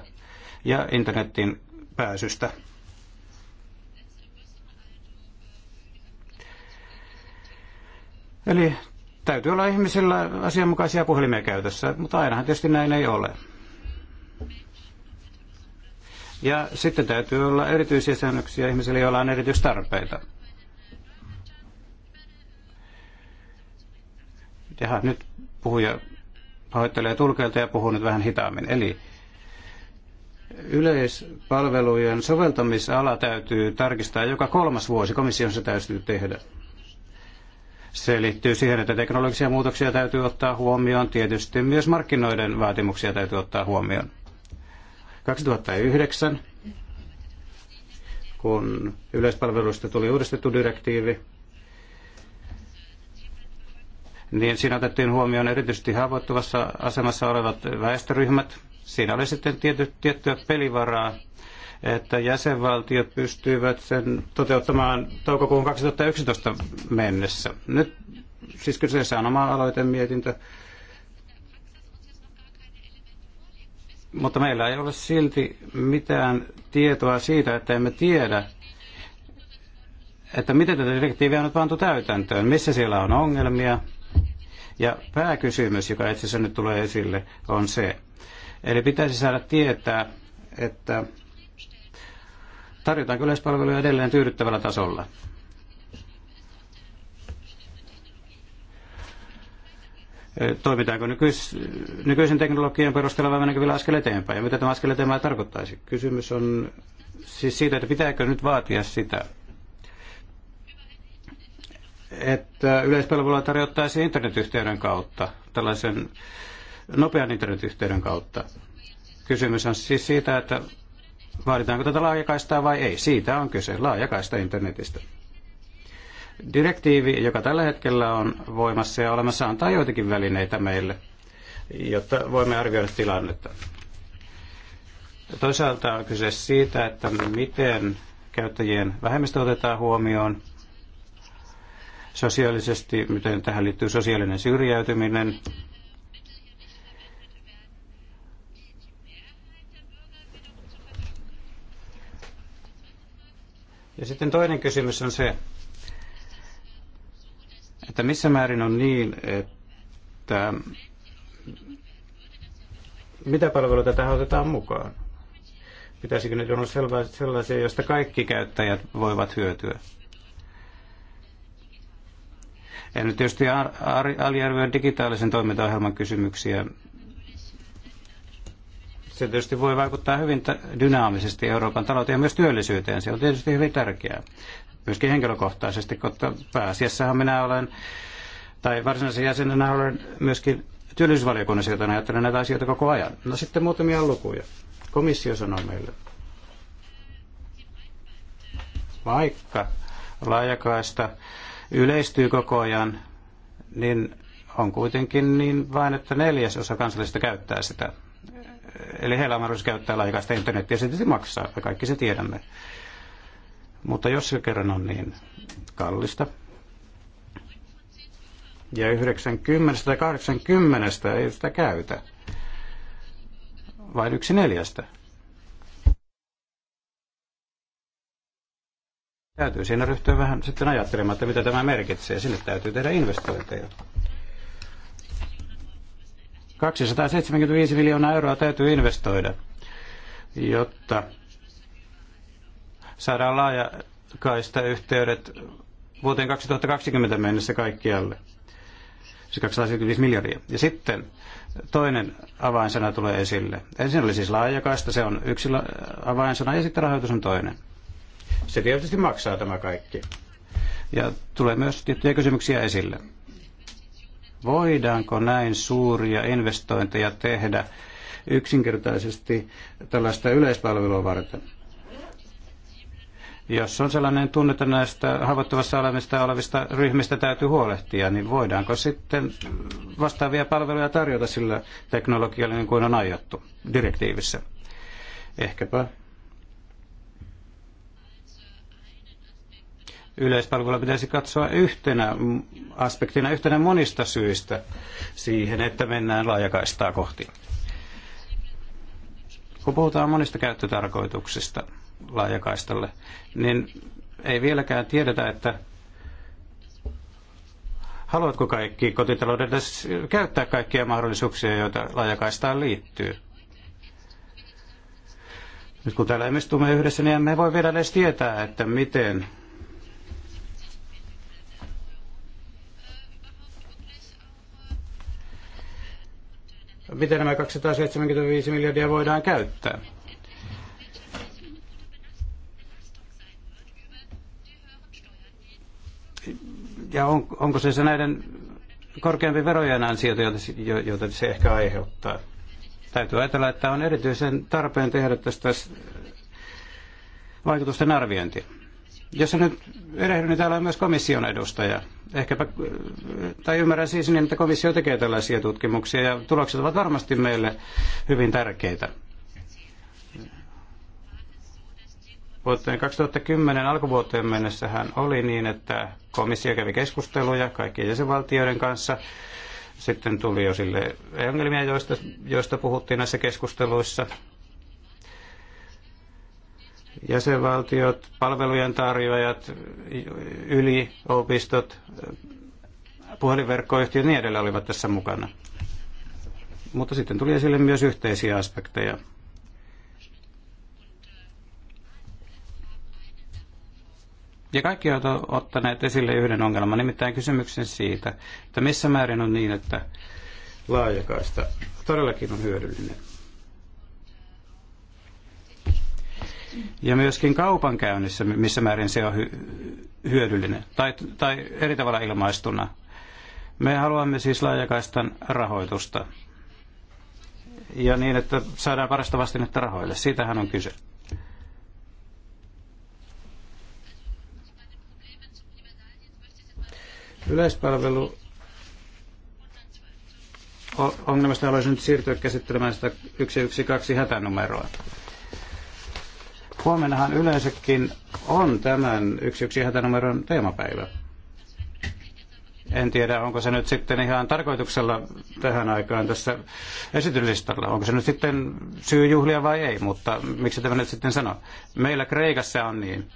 ja internetin pääsystä. Eli täytyy olla ihmisillä asianmukaisia puhelimia käytössä, mutta ainahan tietysti näin ei ole. Ja sitten täytyy olla erityisiä säännöksiä ihmisille, joilla on erityistarpeita. Jaha, nyt puhuja pahoittelee tulkeilta ja puhuu nyt vähän hitaammin. Eli yleispalvelujen soveltamisala täytyy tarkistaa joka kolmas vuosi. Komission se täytyy tehdä. Se liittyy siihen, että teknologisia muutoksia täytyy ottaa huomioon. Tietysti myös markkinoiden vaatimuksia täytyy ottaa huomioon. 2009, kun yleispalveluista tuli uudistettu direktiivi, niin siinä otettiin huomioon erityisesti haavoittuvassa asemassa olevat väestöryhmät. Siinä oli sitten tiety, tiettyä pelivaraa, että jäsenvaltiot pystyivät sen toteuttamaan toukokuun 2011 mennessä. Nyt siis kyseessä on oma aloitemietintö. Mutta meillä ei ole silti mitään tietoa siitä, että emme tiedä, että miten tätä direktiiviä on nyt pantu täytäntöön, missä siellä on ongelmia, ja pääkysymys, joka itse asiassa nyt tulee esille, on se, eli pitäisi saada tietää, että tarjotaanko yleispalveluja edelleen tyydyttävällä tasolla. Toimitaanko nykyis, nykyisen teknologian perusteella vai mennäänkö vielä askel eteenpäin? Ja mitä tämä askel eteenpäin tarkoittaisi? Kysymys on siis siitä, että pitääkö nyt vaatia sitä, että yleispalvelua tarjottaisiin internetyhteyden kautta, tällaisen nopean internetyhteyden kautta. Kysymys on siis siitä, että vaaditaanko tätä laajakaistaa vai ei. Siitä on kyse, laajakaista internetistä. Direktiivi, joka tällä hetkellä on voimassa ja olemassa, antaa joitakin välineitä meille, jotta voimme arvioida tilannetta. Toisaalta on kyse siitä, että miten käyttäjien vähemmistö otetaan huomioon – sosiaalisesti, miten tähän liittyy sosiaalinen syrjäytyminen, Ja sitten toinen kysymys on se, että missä määrin on niin, että mitä palveluita tähän otetaan mukaan? Pitäisikö ne olla sellaisia, joista kaikki käyttäjät voivat hyötyä? En nyt tietysti aliarvioi digitaalisen toimintaohjelman kysymyksiä. Se tietysti voi vaikuttaa hyvin dynaamisesti Euroopan talouteen ja myös työllisyyteen. Se on tietysti hyvin tärkeää, myöskin henkilökohtaisesti, koska pääasiassahan minä olen, tai varsinaisen jäsenenä olen myöskin työllisyysvaliokunnassa, joten ajattelen näitä asioita koko ajan. No sitten muutamia lukuja. Komissio sanoo meille, vaikka laajakaista yleistyy koko ajan, niin on kuitenkin niin vain, että neljäsosa kansallista käyttää sitä. Eli heillä on mahdollisuus käyttää laajakaista internetiä, se tietysti maksaa, me kaikki se tiedämme. Mutta jos se kerran on niin kallista, ja 90 tai 80 ei sitä käytä, vain yksi neljästä Täytyy siinä ryhtyä vähän sitten ajattelemaan, että mitä tämä merkitsee. Sinne täytyy tehdä investointeja. 275 miljoonaa euroa täytyy investoida, jotta saadaan laajakaista yhteydet vuoteen 2020 mennessä kaikkialle. Siis 275 miljardia. Ja sitten toinen avainsana tulee esille. Ensin oli siis laajakaista, se on yksi avainsana, ja sitten rahoitus on toinen. Se tietysti maksaa tämä kaikki. Ja tulee myös tiettyjä kysymyksiä esille. Voidaanko näin suuria investointeja tehdä yksinkertaisesti tällaista yleispalvelua varten? Jos on sellainen tunne, että näistä haavoittuvassa olemista olevista ryhmistä täytyy huolehtia, niin voidaanko sitten vastaavia palveluja tarjota sillä teknologialla niin kuin on aiottu direktiivissä? Ehkäpä yleispalvelua pitäisi katsoa yhtenä aspektina, yhtenä monista syistä siihen, että mennään laajakaistaa kohti. Kun puhutaan monista käyttötarkoituksista laajakaistalle, niin ei vieläkään tiedetä, että haluatko kaikki kotitaloudet käyttää kaikkia mahdollisuuksia, joita laajakaistaan liittyy. Nyt kun täällä istumme yhdessä, niin emme voi vielä edes tietää, että miten miten nämä 275 miljardia voidaan käyttää. Ja on, onko se, se näiden korkeampi verojen ansiota, joita se ehkä aiheuttaa? Täytyy ajatella, että on erityisen tarpeen tehdä tästä vaikutusten arviointia. Jos en nyt erehdy, niin täällä on myös komission edustaja. Ehkäpä, äh, tai ymmärrän siis niin, että komissio tekee tällaisia tutkimuksia ja tulokset ovat varmasti meille hyvin tärkeitä. Vuoteen 2010 alkuvuoteen mennessähän oli niin, että komissio kävi keskusteluja kaikkien jäsenvaltioiden kanssa. Sitten tuli jo sille ongelmia, joista, joista puhuttiin näissä keskusteluissa jäsenvaltiot, palvelujen tarjoajat, yliopistot, puhelinverkkoyhtiöt ja niin edelleen olivat tässä mukana. Mutta sitten tuli esille myös yhteisiä aspekteja. Ja kaikki ovat ottaneet esille yhden ongelman, nimittäin kysymyksen siitä, että missä määrin on niin, että laajakaista todellakin on hyödyllinen. ja myöskin kaupankäynnissä, missä määrin se on hyödyllinen tai, tai eri tavalla ilmaistuna. Me haluamme siis laajakaistan rahoitusta ja niin, että saadaan parasta vastinetta rahoille. Siitähän on kyse. Yleispalvelu ongelmasta haluaisin nyt siirtyä käsittelemään sitä 112 hätänumeroa. Huomennahan yleensäkin on tämän yksi hätänumeron teemapäivä. En tiedä, onko se nyt sitten ihan tarkoituksella tähän aikaan tässä esityslistalla. Onko se nyt sitten syy juhlia vai ei, mutta miksi tämä nyt sitten sano? Meillä Kreikassa on niin,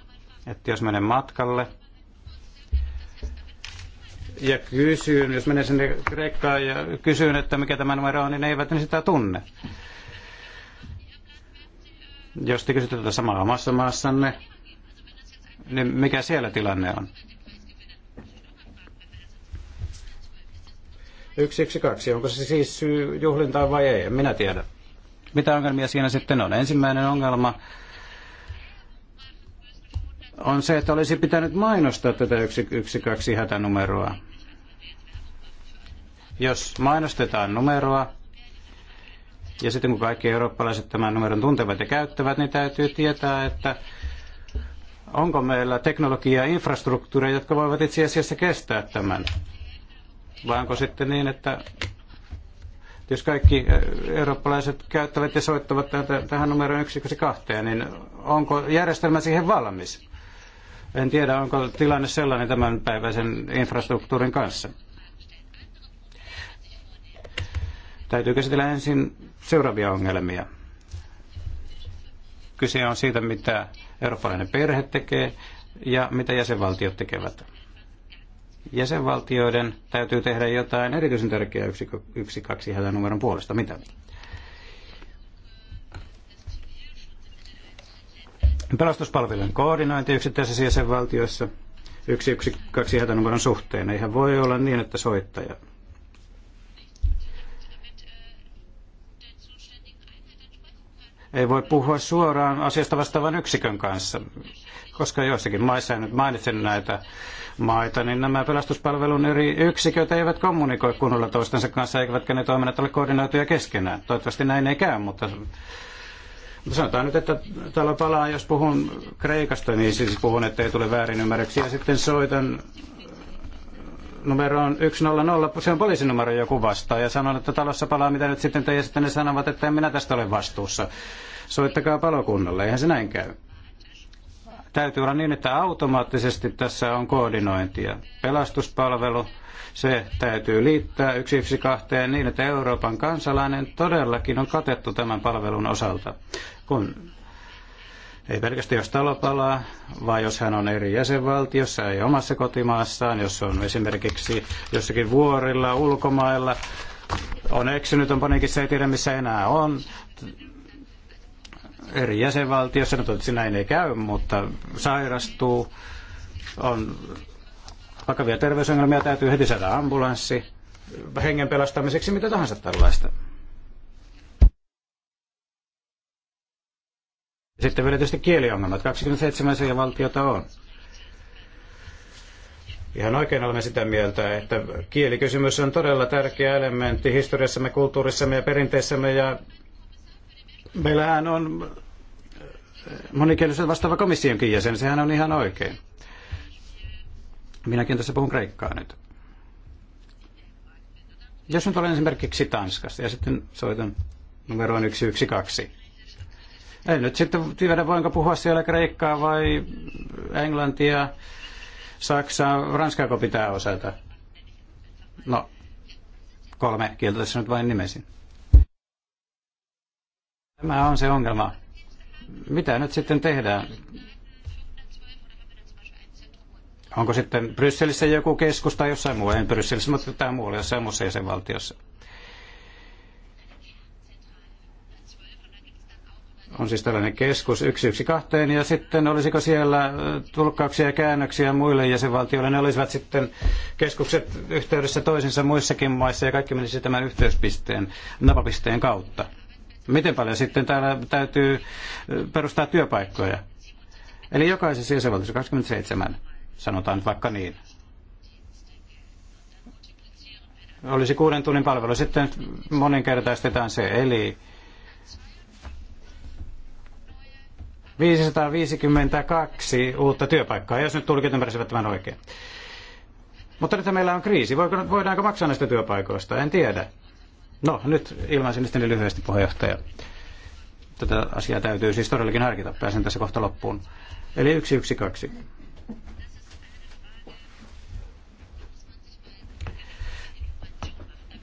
että jos menen matkalle ja kysyn, jos menen sinne Kreikkaan ja kysyn, että mikä tämä numero on, niin ne eivät ne sitä tunne. Jos te kysytte tätä tuota samaa omassa maassanne, niin mikä siellä tilanne on? 112, onko se siis syy juhlintaan vai ei? En minä tiedä. Mitä ongelmia siinä sitten on? Ensimmäinen ongelma on se, että olisi pitänyt mainostaa tätä 112 hätänumeroa. Jos mainostetaan numeroa, ja sitten kun kaikki eurooppalaiset tämän numeron tuntevat ja käyttävät, niin täytyy tietää, että onko meillä teknologiaa ja infrastruktuureja, jotka voivat itse asiassa kestää tämän. Vai onko sitten niin, että jos kaikki eh, eurooppalaiset käyttävät ja soittavat tähän numeroon kahteen, niin onko järjestelmä siihen valmis? En tiedä, onko tilanne sellainen tämän päiväisen infrastruktuurin kanssa. Täytyy käsitellä ensin seuraavia ongelmia. Kyse on siitä, mitä eurooppalainen perhe tekee ja mitä jäsenvaltiot tekevät. Jäsenvaltioiden täytyy tehdä jotain erityisen tärkeää 12 numeron puolesta. Mitä? Pelastuspalvelujen koordinointi yksittäisissä jäsenvaltioissa 112 hätänumeron suhteen. Eihän voi olla niin, että soittaja ei voi puhua suoraan asiasta vastaavan yksikön kanssa, koska joissakin maissa, en nyt mainitsin näitä maita, niin nämä pelastuspalvelun eri yksiköt eivät kommunikoi kunnolla toistensa kanssa, eivätkä ne toiminnat ole koordinoituja keskenään. Toivottavasti näin ei käy, mutta sanotaan nyt, että talo palaa, jos puhun Kreikasta, niin siis puhun, että ei tule väärinymmärryksiä. Sitten soitan Numero on 100, se on poliisinumero joku vastaa ja sanon, että talossa palaa mitä nyt sitten te ja sitten ne sanovat, että en minä tästä ole vastuussa. Soittakaa palokunnalle, eihän se näin käy. Täytyy olla niin, että automaattisesti tässä on koordinointia. Pelastuspalvelu, se täytyy liittää yksi yksi kahteen niin, että Euroopan kansalainen todellakin on katettu tämän palvelun osalta. Kun ei pelkästään jos talo palaa, vaan jos hän on eri jäsenvaltiossa, ei omassa kotimaassaan, jos on esimerkiksi jossakin vuorilla, ulkomailla, on eksynyt, on paniikissa, ei tiedä missä enää on. Eri jäsenvaltiossa, no toivottavasti näin ei käy, mutta sairastuu, on vakavia terveysongelmia, täytyy heti saada ambulanssi hengen pelastamiseksi, mitä tahansa tällaista. Sitten vielä tietysti kieliongelmat. 27 valtiota on. Ihan oikein olemme sitä mieltä, että kielikysymys on todella tärkeä elementti historiassamme, kulttuurissamme ja perinteissämme. Ja meillähän on monikielisen vastaava komissionkin jäsen, sehän on ihan oikein. Minäkin tässä puhun kreikkaa nyt. Jos nyt olen esimerkiksi Tanskasta ja sitten soitan numeroon 112. En nyt sitten tiedä, voinko puhua siellä kreikkaa vai englantia, saksaa, ranskaako pitää osata. No, kolme kieltä tässä nyt vain nimesin. Tämä on se ongelma. Mitä nyt sitten tehdään? Onko sitten Brysselissä joku keskus tai jossain muualla, Ei Brysselissä, mutta tämä muualla jossain muussa jäsenvaltiossa? on siis tällainen keskus 112, ja sitten olisiko siellä äh, tulkkauksia ja käännöksiä muille jäsenvaltioille, ne olisivat sitten keskukset yhteydessä toisinsa muissakin maissa, ja kaikki menisi tämän yhteyspisteen, napapisteen kautta. Miten paljon sitten täällä täytyy äh, perustaa työpaikkoja? Eli jokaisessa jäsenvaltiossa 27, sanotaan nyt vaikka niin. Olisi kuuden tunnin palvelu, sitten moninkertaistetaan se, eli 552 uutta työpaikkaa, jos nyt tulkit ymmärsivät tämän oikein. Mutta nyt meillä on kriisi. Voiko, voidaanko maksaa näistä työpaikoista? En tiedä. No, nyt ilmaisin sitten lyhyesti puheenjohtaja. Tätä asiaa täytyy siis todellakin harkita. Pääsen tässä kohta loppuun. Eli yksi yksi kaksi.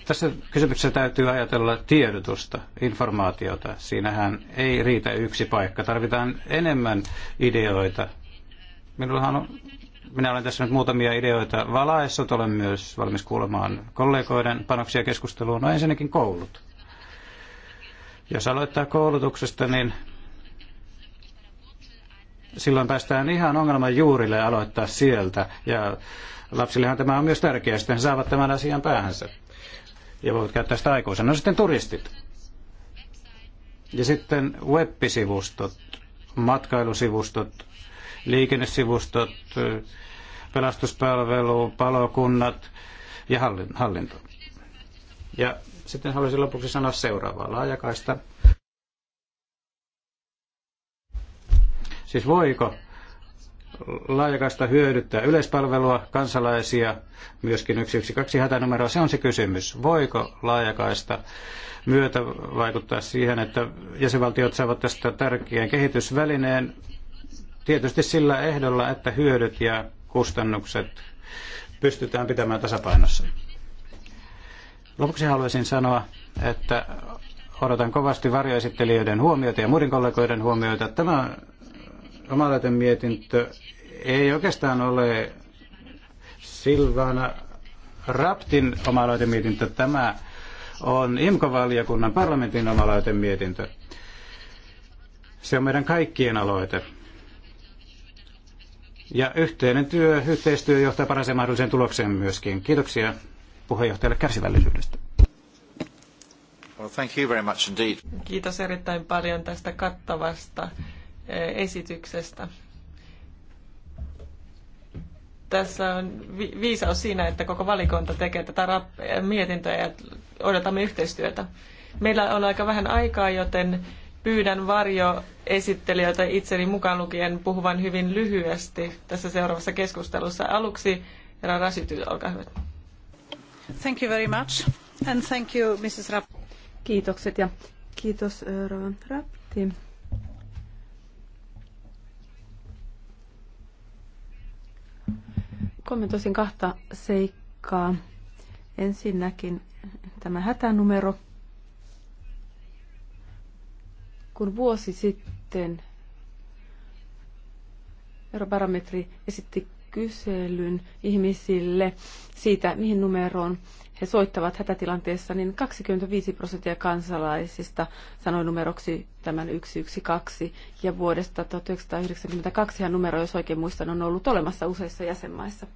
Tässä kysymyksessä täytyy ajatella tiedotusta, informaatiota. Siinähän ei riitä yksi paikka. Tarvitaan enemmän ideoita. Minullahan on, minä olen tässä nyt muutamia ideoita valaessut. Olen myös valmis kuulemaan kollegoiden panoksia keskusteluun. No ensinnäkin koulut. Jos aloittaa koulutuksesta, niin silloin päästään ihan ongelman juurille aloittaa sieltä. Ja lapsillehan tämä on myös tärkeää, sitten he saavat tämän asian päähänsä ja voit käyttää sitä aikuisena. No sitten turistit. Ja sitten web-sivustot, matkailusivustot, liikennesivustot, pelastuspalvelu, palokunnat ja hallinto. Ja sitten haluaisin lopuksi sanoa seuraavaa laajakaista. Siis voiko laajakaista hyödyttää yleispalvelua, kansalaisia, myöskin 112 hätänumeroa, se on se kysymys. Voiko laajakaista myötä vaikuttaa siihen, että jäsenvaltiot saavat tästä tärkeän kehitysvälineen tietysti sillä ehdolla, että hyödyt ja kustannukset pystytään pitämään tasapainossa. Lopuksi haluaisin sanoa, että odotan kovasti varjoesittelijöiden huomioita ja muiden kollegoiden huomioita. Tämä mietintö ei oikeastaan ole Silvana Raptin omalaiten mietintö. Tämä on IMKO-valiokunnan parlamentin omalaiten mietintö. Se on meidän kaikkien aloite. Ja yhteinen työ, yhteistyö johtaa parhaaseen mahdolliseen tulokseen myöskin. Kiitoksia puheenjohtajalle kärsivällisyydestä. Well, thank you very much indeed. Kiitos erittäin paljon tästä kattavasta Eh, esityksestä. Tässä on viisaus siinä, että koko valikonta tekee tätä mietintöä ja odotamme yhteistyötä. Meillä on aika vähän aikaa, joten pyydän varjoesittelijöitä itseni mukaan lukien puhuvan hyvin lyhyesti tässä seuraavassa keskustelussa. Aluksi herra Rasity, olkaa hyvä. Thank you very much. And thank you, Mrs. Rapp. Kiitokset ja kiitos eh, Rapti Kommentoisin kahta seikkaa. Ensinnäkin tämä hätänumero. Kun vuosi sitten Eurobarometri esitti kyselyn ihmisille siitä, mihin numeroon he soittavat hätätilanteessa, niin 25 prosenttia kansalaisista sanoi numeroksi tämän 112. Ja vuodesta 1992 numero, jos oikein muistan, on ollut olemassa useissa jäsenmaissa.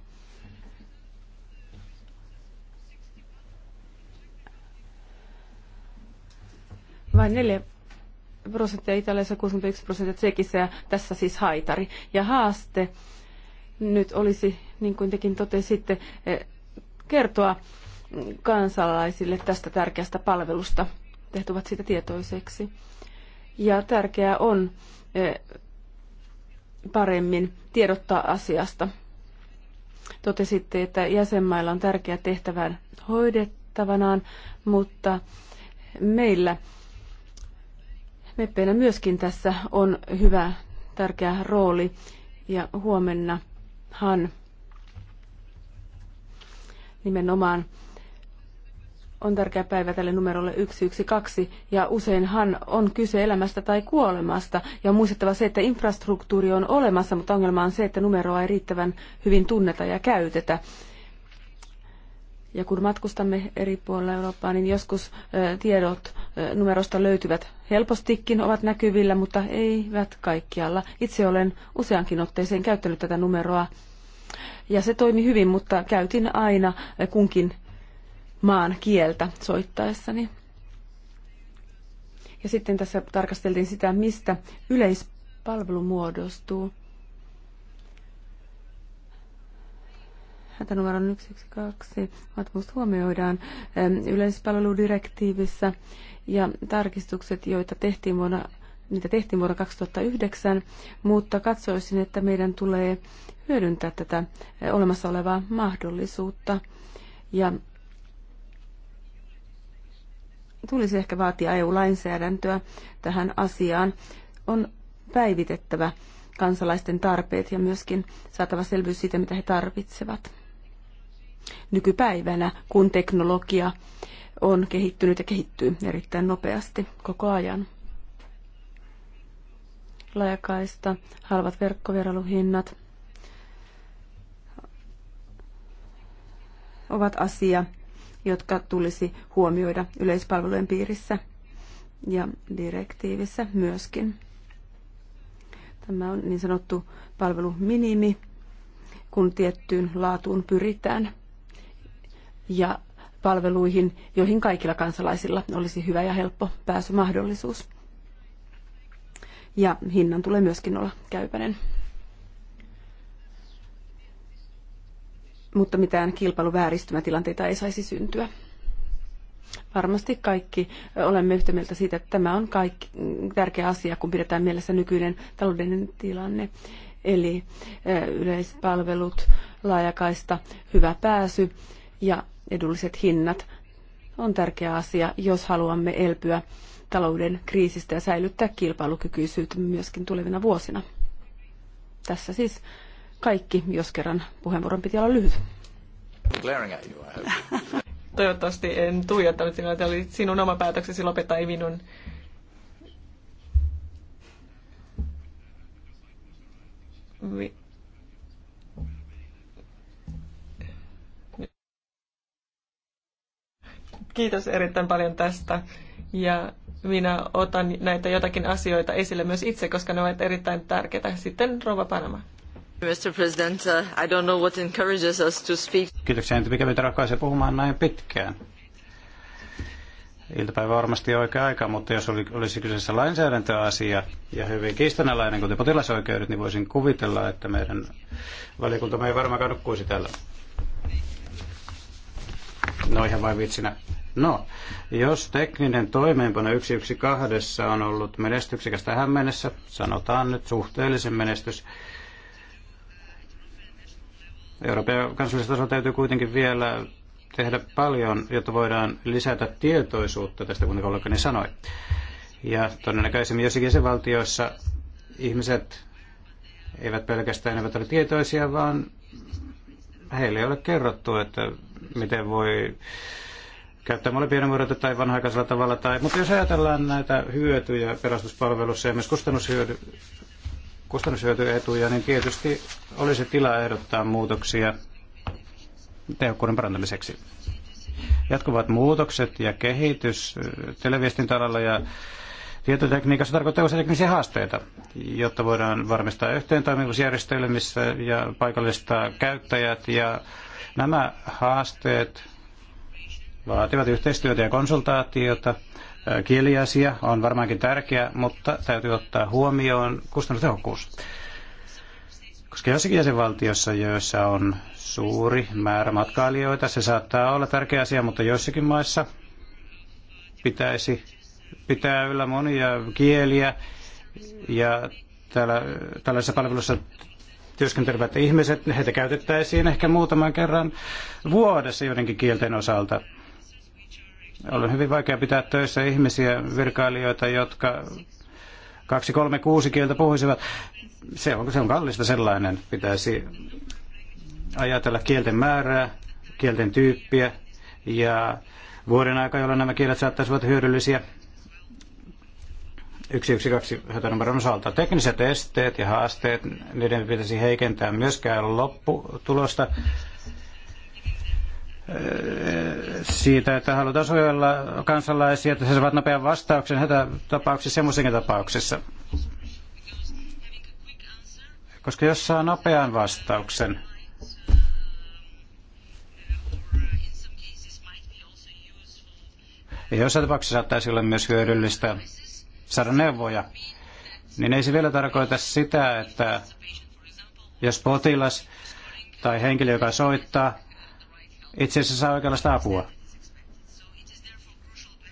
Vain 4 prosenttia Italiassa, 61 prosenttia Tsekissä ja tässä siis haitari. Ja haaste nyt olisi, niin kuin tekin totesitte, eh, kertoa kansalaisille tästä tärkeästä palvelusta. tehtävät siitä tietoiseksi. Ja tärkeää on eh, paremmin tiedottaa asiasta. Totesitte, että jäsenmailla on tärkeä tehtävän hoidettavanaan, mutta meillä meppeinä myöskin tässä on hyvä tärkeä rooli ja huomennahan nimenomaan on tärkeä päivä tälle numerolle 112 ja useinhan on kyse elämästä tai kuolemasta ja on muistettava se, että infrastruktuuri on olemassa, mutta ongelma on se, että numeroa ei riittävän hyvin tunneta ja käytetä. Ja kun matkustamme eri puolilla Eurooppaa, niin joskus tiedot numerosta löytyvät helpostikin, ovat näkyvillä, mutta eivät kaikkialla. Itse olen useankin otteeseen käyttänyt tätä numeroa ja se toimi hyvin, mutta käytin aina kunkin maan kieltä soittaessani. Ja sitten tässä tarkasteltiin sitä, mistä yleispalvelu muodostuu. hätänumeron 112 vaatimus huomioidaan yleispalveludirektiivissä ja tarkistukset, joita tehtiin vuonna, niitä tehtiin vuonna 2009, mutta katsoisin, että meidän tulee hyödyntää tätä olemassa olevaa mahdollisuutta ja tulisi ehkä vaatia EU-lainsäädäntöä tähän asiaan. On päivitettävä kansalaisten tarpeet ja myöskin saatava selvyys siitä, mitä he tarvitsevat. Nykypäivänä, kun teknologia on kehittynyt ja kehittyy erittäin nopeasti koko ajan. Laajakaista, halvat verkkoveraluhinnat ovat asia, jotka tulisi huomioida yleispalvelujen piirissä ja direktiivissä myöskin. Tämä on niin sanottu palveluminimi, kun tiettyyn laatuun pyritään. Ja palveluihin, joihin kaikilla kansalaisilla olisi hyvä ja helppo pääsymahdollisuus. Ja hinnan tulee myöskin olla käypäinen. mutta mitään kilpailuvääristymätilanteita ei saisi syntyä. Varmasti kaikki olemme yhtä mieltä siitä, että tämä on kaikki mm, tärkeä asia, kun pidetään mielessä nykyinen taloudellinen tilanne. Eli yleispalvelut, laajakaista, hyvä pääsy ja edulliset hinnat on tärkeä asia, jos haluamme elpyä talouden kriisistä ja säilyttää kilpailukykyisyyttä myöskin tulevina vuosina. Tässä siis kaikki, jos kerran puheenvuoron piti olla lyhyt. Toivottavasti en tuijottanut sinua. Tämä oli sinun oma päätöksesi lopettaa, ei minun. Mi- Kiitos erittäin paljon tästä. Ja minä otan näitä jotakin asioita esille myös itse, koska ne ovat erittäin tärkeitä. Sitten Rova Panama. Mr. President, uh, I don't know what encourages us to speak. Kiitoksia, entä mikä meitä rohkaisee puhumaan näin pitkään? Iltapäivä on varmasti oikea aika, mutta jos oli, olisi kyseessä lainsäädäntöasia ja hyvin kiistanalainen, kuten potilasoikeudet, niin voisin kuvitella, että meidän valiokuntamme ei varmaan nukkuisi tällä. No ihan vain vitsinä. No, jos tekninen toimeenpano 112 on ollut menestyksekäs tähän mennessä, sanotaan nyt suhteellisen menestys, Euroopan ja tasolla täytyy kuitenkin vielä tehdä paljon, jotta voidaan lisätä tietoisuutta tästä, kun kollegani sanoi. Ja todennäköisemmin jossakin valtioissa ihmiset eivät pelkästään eivät ole tietoisia, vaan heille ei ole kerrottu, että miten voi käyttää molempien muodoita tai vanha-aikaisella tavalla. Tai, mutta jos ajatellaan näitä hyötyjä pelastuspalvelussa ja myös kustannushyödy, kustannushyötyetuja, niin tietysti olisi tilaa ehdottaa muutoksia tehokkuuden parantamiseksi. Jatkuvat muutokset ja kehitys äh, televiestintäalalla ja tietotekniikassa tarkoittaa usein teknisiä haasteita, jotta voidaan varmistaa yhteen toimivuusjärjestelmissä ja paikallista käyttäjät. Ja nämä haasteet vaativat yhteistyötä ja konsultaatiota kieliasia on varmaankin tärkeä, mutta täytyy ottaa huomioon kustannustehokkuus. Koska jossakin jäsenvaltiossa, joissa on suuri määrä matkailijoita, se saattaa olla tärkeä asia, mutta joissakin maissa pitäisi pitää yllä monia kieliä ja täällä, tällaisessa palvelussa työskentelevät ihmiset, heitä käytettäisiin ehkä muutaman kerran vuodessa joidenkin kielten osalta. On hyvin vaikea pitää töissä ihmisiä, virkailijoita, jotka kaksi, kolme, kuusi kieltä puhuisivat. Se on, se on kallista sellainen. Pitäisi ajatella kielten määrää, kielten tyyppiä ja vuoden aika, jolloin nämä kielet saattaisivat hyödyllisiä. 112 hätänumeron osalta. Tekniset esteet ja haasteet, niiden pitäisi heikentää myöskään lopputulosta siitä, että halutaan suojella kansalaisia, että he saavat nopean vastauksen hätätapauksissa ja muissakin tapauksissa. Koska jos saa nopean vastauksen, ja jossain tapauksessa saattaisi olla myös hyödyllistä saada neuvoja, niin ei se vielä tarkoita sitä, että jos potilas tai henkilö, joka soittaa, itse asiassa saa oikeanlaista apua.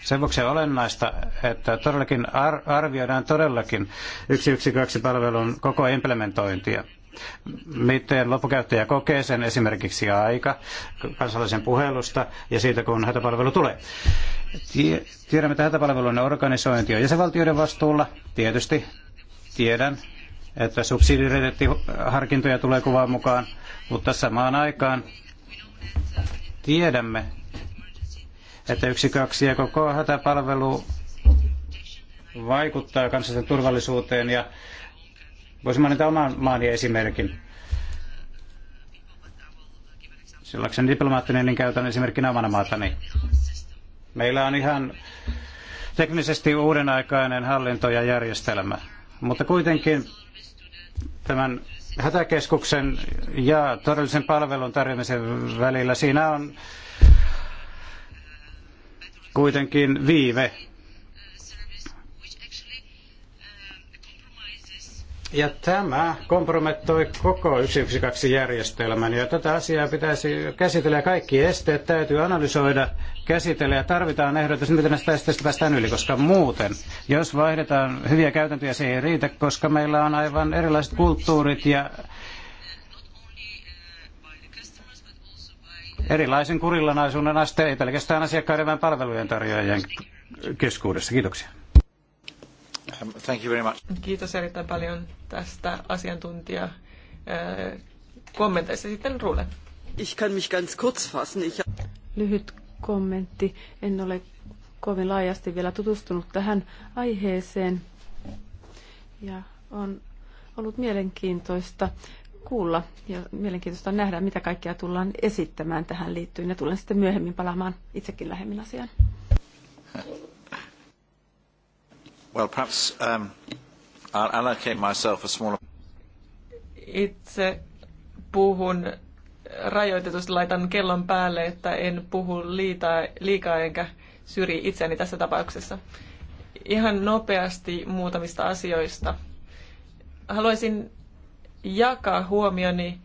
Sen vuoksi on olennaista, että todellakin ar- arvioidaan todellakin yksi kaksi palvelun koko implementointia. Miten loppukäyttäjä kokee sen esimerkiksi aika kansallisen puhelusta ja siitä, kun hätäpalvelu tulee. Tiedämme, että hätäpalvelun organisointi on jäsenvaltioiden vastuulla. Tietysti tiedän, että subsidiariteettiharkintoja tulee kuvaan mukaan, mutta samaan aikaan Tiedämme, että yksi kaksi ja koko hätäpalvelu vaikuttaa kansallisen turvallisuuteen ja voisin mainita oman maani esimerkin. Sellaisen diplomaattinen, niin käytän esimerkkinä omana maatani. Meillä on ihan teknisesti uudenaikainen hallinto ja järjestelmä, mutta kuitenkin tämän hätäkeskuksen ja todellisen palvelun tarjoamisen välillä. Siinä on kuitenkin viive. Ja tämä kompromettoi koko 112-järjestelmän ja tätä asiaa pitäisi käsitellä ja kaikki esteet täytyy analysoida, käsitellä ja tarvitaan ehdotus, miten näistä esteistä päästään yli, koska muuten, jos vaihdetaan hyviä käytäntöjä, se ei riitä, koska meillä on aivan erilaiset kulttuurit ja erilaisen kurillanaisuuden aste, ei pelkästään asiakkaiden vaan palvelujen tarjoajien keskuudessa. Kiitoksia. Um, thank you very much. Kiitos erittäin paljon tästä asiantuntija äh, kommenteista sitten Rule. Ich kann mich ganz kurz fassen. Ich... Lyhyt kommentti. En ole kovin laajasti vielä tutustunut tähän aiheeseen. Ja on ollut mielenkiintoista kuulla ja mielenkiintoista nähdä, mitä kaikkea tullaan esittämään tähän liittyen. Ja tulen sitten myöhemmin palaamaan itsekin lähemmin asiaan. Well, perhaps um, I'll allocate myself a smaller... Itse puhun rajoitetusti, laitan kellon päälle, että en puhu liitaa, liikaa enkä syrji itseäni tässä tapauksessa. Ihan nopeasti muutamista asioista. Haluaisin jakaa huomioni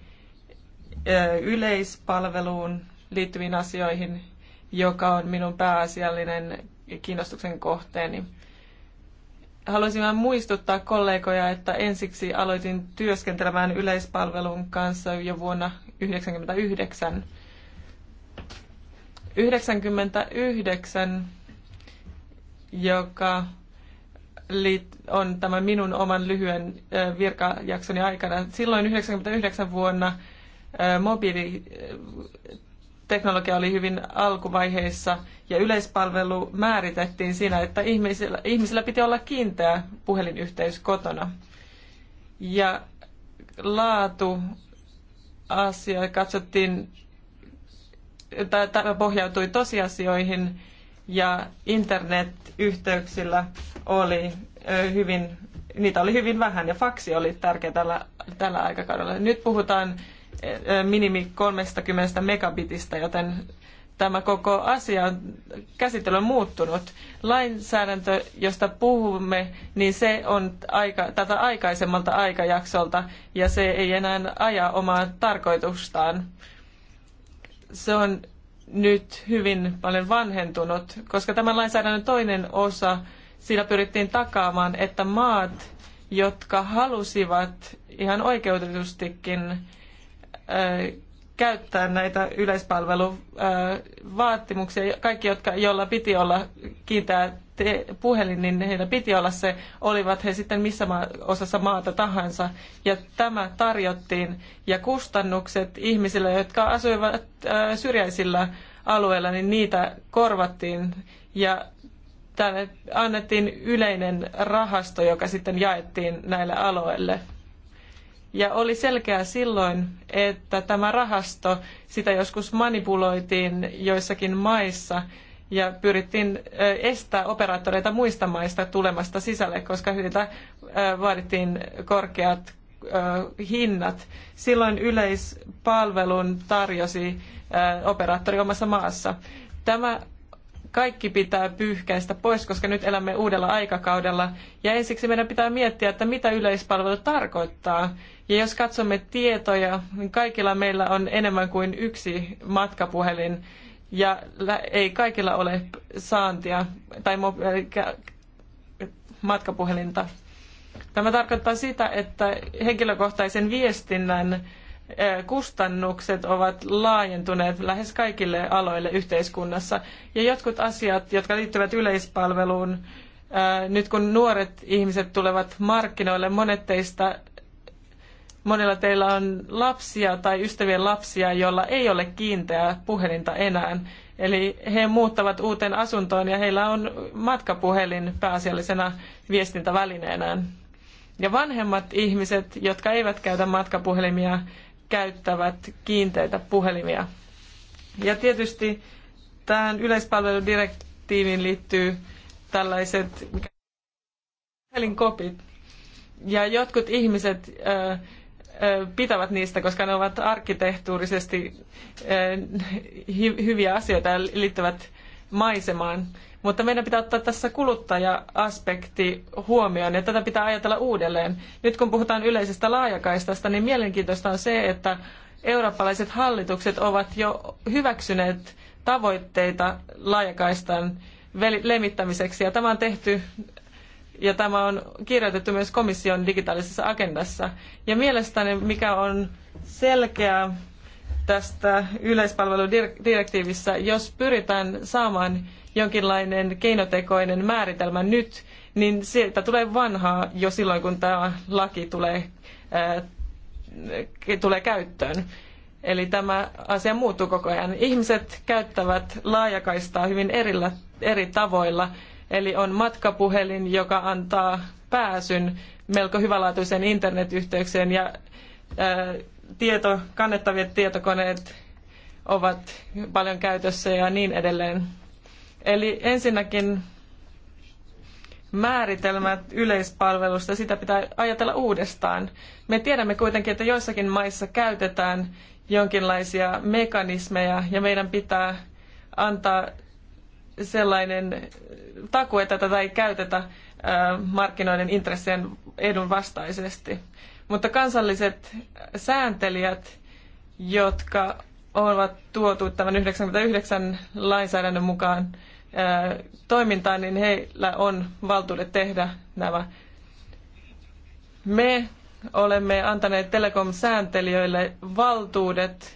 yleispalveluun liittyviin asioihin, joka on minun pääasiallinen kiinnostuksen kohteeni haluaisin vain muistuttaa kollegoja, että ensiksi aloitin työskentelemään yleispalvelun kanssa jo vuonna 1999. 99, joka on tämä minun oman lyhyen virkajaksoni aikana. Silloin 99 vuonna mobiili teknologia oli hyvin alkuvaiheissa ja yleispalvelu määritettiin siinä, että ihmisillä, ihmisillä piti olla kiinteä puhelinyhteys kotona. Ja laatu asia katsottiin, tämä pohjautui tosiasioihin ja internetyhteyksillä oli hyvin, niitä oli hyvin vähän ja faksi oli tärkeä tällä, tällä aikakaudella. Nyt puhutaan Eh, minimi 30 megabitista, joten tämä koko asia on käsittely on muuttunut. Lainsäädäntö, josta puhumme, niin se on aika, tätä aikaisemmalta aikajaksolta ja se ei enää aja omaa tarkoitustaan. Se on nyt hyvin paljon vanhentunut, koska tämän lainsäädännön toinen osa, sillä pyrittiin takaamaan, että maat, jotka halusivat ihan oikeutetustikin käyttää näitä yleispalveluvaatimuksia. Kaikki, jotka, joilla piti olla kiinteä te- puhelin, niin heillä piti olla se, olivat he sitten missä ma- osassa maata tahansa. Ja tämä tarjottiin. Ja kustannukset ihmisille, jotka asuivat syrjäisillä alueilla, niin niitä korvattiin. Ja tälle annettiin yleinen rahasto, joka sitten jaettiin näille alueille. Ja oli selkeää silloin, että tämä rahasto, sitä joskus manipuloitiin joissakin maissa ja pyrittiin estää operaattoreita muista maista tulemasta sisälle, koska heiltä vaadittiin korkeat hinnat. Silloin yleispalvelun tarjosi operaattori omassa maassa. Tämä kaikki pitää pyyhkäistä pois, koska nyt elämme uudella aikakaudella. Ja ensiksi meidän pitää miettiä, että mitä yleispalvelu tarkoittaa ja jos katsomme tietoja, niin kaikilla meillä on enemmän kuin yksi matkapuhelin ja ei kaikilla ole saantia tai matkapuhelinta. Tämä tarkoittaa sitä, että henkilökohtaisen viestinnän kustannukset ovat laajentuneet lähes kaikille aloille yhteiskunnassa. Ja jotkut asiat, jotka liittyvät yleispalveluun, nyt kun nuoret ihmiset tulevat markkinoille, monet teistä monilla teillä on lapsia tai ystävien lapsia, joilla ei ole kiinteää puhelinta enää. Eli he muuttavat uuteen asuntoon ja heillä on matkapuhelin pääasiallisena viestintävälineenään. Ja vanhemmat ihmiset, jotka eivät käytä matkapuhelimia, käyttävät kiinteitä puhelimia. Ja tietysti tähän yleispalveludirektiiviin liittyy tällaiset puhelinkopit. Ja jotkut ihmiset pitävät niistä, koska ne ovat arkkitehtuurisesti hyviä asioita ja liittyvät maisemaan. Mutta meidän pitää ottaa tässä kuluttaja-aspekti huomioon ja tätä pitää ajatella uudelleen. Nyt kun puhutaan yleisestä laajakaistasta, niin mielenkiintoista on se, että eurooppalaiset hallitukset ovat jo hyväksyneet tavoitteita laajakaistan levittämiseksi ja tämä on tehty ja tämä on kirjoitettu myös komission digitaalisessa agendassa. Ja mielestäni mikä on selkeä tästä yleispalveludirektiivissä, jos pyritään saamaan jonkinlainen keinotekoinen määritelmä nyt, niin siitä tulee vanhaa jo silloin, kun tämä laki tulee, ää, tulee käyttöön. Eli tämä asia muuttuu koko ajan. Ihmiset käyttävät laajakaistaa hyvin erillä, eri tavoilla Eli on matkapuhelin, joka antaa pääsyn melko hyvälaatuiseen internetyhteykseen ja ää, äh, tieto, kannettavat tietokoneet ovat paljon käytössä ja niin edelleen. Eli ensinnäkin määritelmät yleispalvelusta, sitä pitää ajatella uudestaan. Me tiedämme kuitenkin, että joissakin maissa käytetään jonkinlaisia mekanismeja ja meidän pitää antaa sellainen takuita, tätä ei käytetä markkinoiden intressien edun vastaisesti. Mutta kansalliset sääntelijät, jotka ovat tuotu tämän 99 lainsäädännön mukaan toimintaan, niin heillä on valtuudet tehdä nämä. Me olemme antaneet telekom-sääntelijöille valtuudet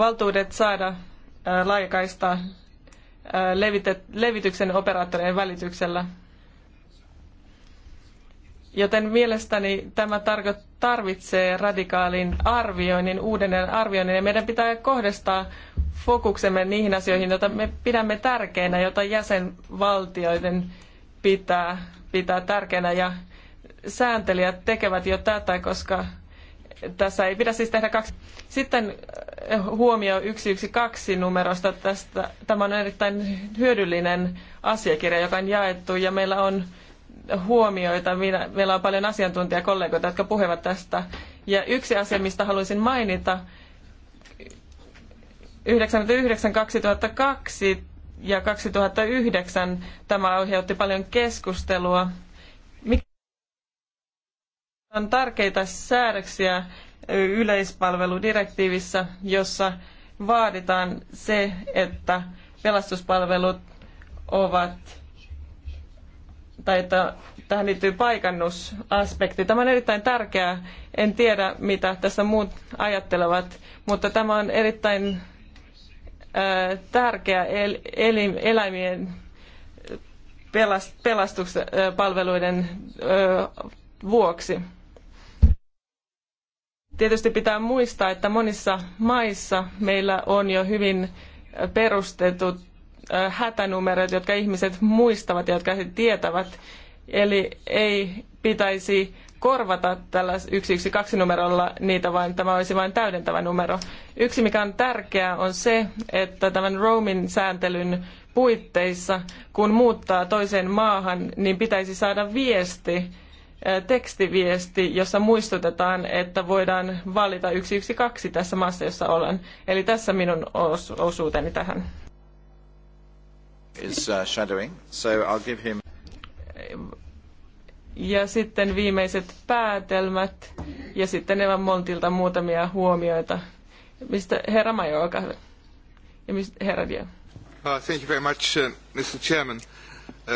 valtuudet saada laajakaista levityksen operaattorien välityksellä. Joten mielestäni tämä tarvitsee radikaalin arvioinnin, uudelleen arvioinnin, ja meidän pitää kohdistaa fokuksemme niihin asioihin, joita me pidämme tärkeinä, joita jäsenvaltioiden pitää pitää tärkeänä, ja sääntelijät tekevät jo tätä, koska tässä ei pidä siis tehdä kaksi. Sitten eh, huomio 112 numerosta. Tästä, tämä on erittäin hyödyllinen asiakirja, joka on jaettu ja meillä on huomioita. Meillä on paljon asiantuntijakollegoita, jotka puhuvat tästä. Ja yksi asia, mistä haluaisin mainita, 99-2002 ja 2009 tämä aiheutti paljon keskustelua on tärkeitä säädöksiä yleispalveludirektiivissä, jossa vaaditaan se, että pelastuspalvelut ovat, tai että tähän liittyy paikannusaspekti. Tämä on erittäin tärkeää. En tiedä, mitä tässä muut ajattelevat, mutta tämä on erittäin ää, tärkeä el, el, eläimien pelast, pelastuspalveluiden vuoksi tietysti pitää muistaa, että monissa maissa meillä on jo hyvin perustetut hätänumerot, jotka ihmiset muistavat ja jotka he tietävät. Eli ei pitäisi korvata tällä 112 numerolla niitä, vaan tämä olisi vain täydentävä numero. Yksi, mikä on tärkeää, on se, että tämän roaming sääntelyn puitteissa, kun muuttaa toiseen maahan, niin pitäisi saada viesti tekstiviesti, jossa muistutetaan, että voidaan valita 112 tässä maassa, jossa olen. Eli tässä minun osuuteni tähän. Is, uh, shadowing, so I'll give him... Ja sitten viimeiset päätelmät ja sitten Evan Montilta muutamia huomioita. Mistä herra Majo, olkaa hyvä. Ja mistä herra Dio. Uh, thank you very much, uh, Mr. Chairman.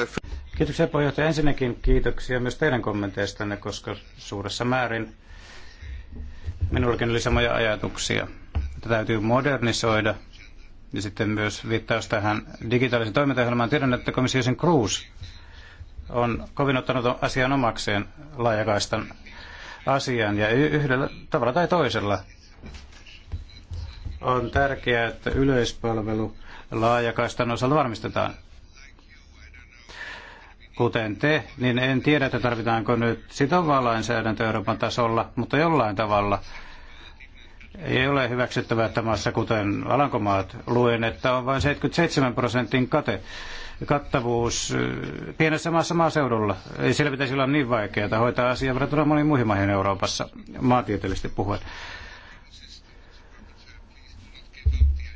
Uh, for... Kiitoksia puheenjohtaja. Ensinnäkin kiitoksia myös teidän kommenteistanne, koska suuressa määrin minullakin oli samoja ajatuksia. Tätä täytyy modernisoida ja sitten myös viittaus tähän digitaalisen toimintaohjelmaan. Tiedän, että komissiosin Cruz on kovin ottanut asian omakseen laajakaistan asian ja yhdellä tavalla tai toisella on tärkeää, että yleispalvelu laajakaistan osalta varmistetaan kuten te, niin en tiedä, että tarvitaanko nyt sitovaa lainsäädäntö Euroopan tasolla, mutta jollain tavalla ei ole hyväksyttävää, että maassa, kuten Alankomaat, luen, että on vain 77 prosentin kate, kattavuus eh, pienessä maassa maaseudulla. Ei siellä pitäisi olla niin vaikeaa hoitaa asiaa verrattuna moniin muihin maihin Euroopassa, maantieteellisesti puhuen.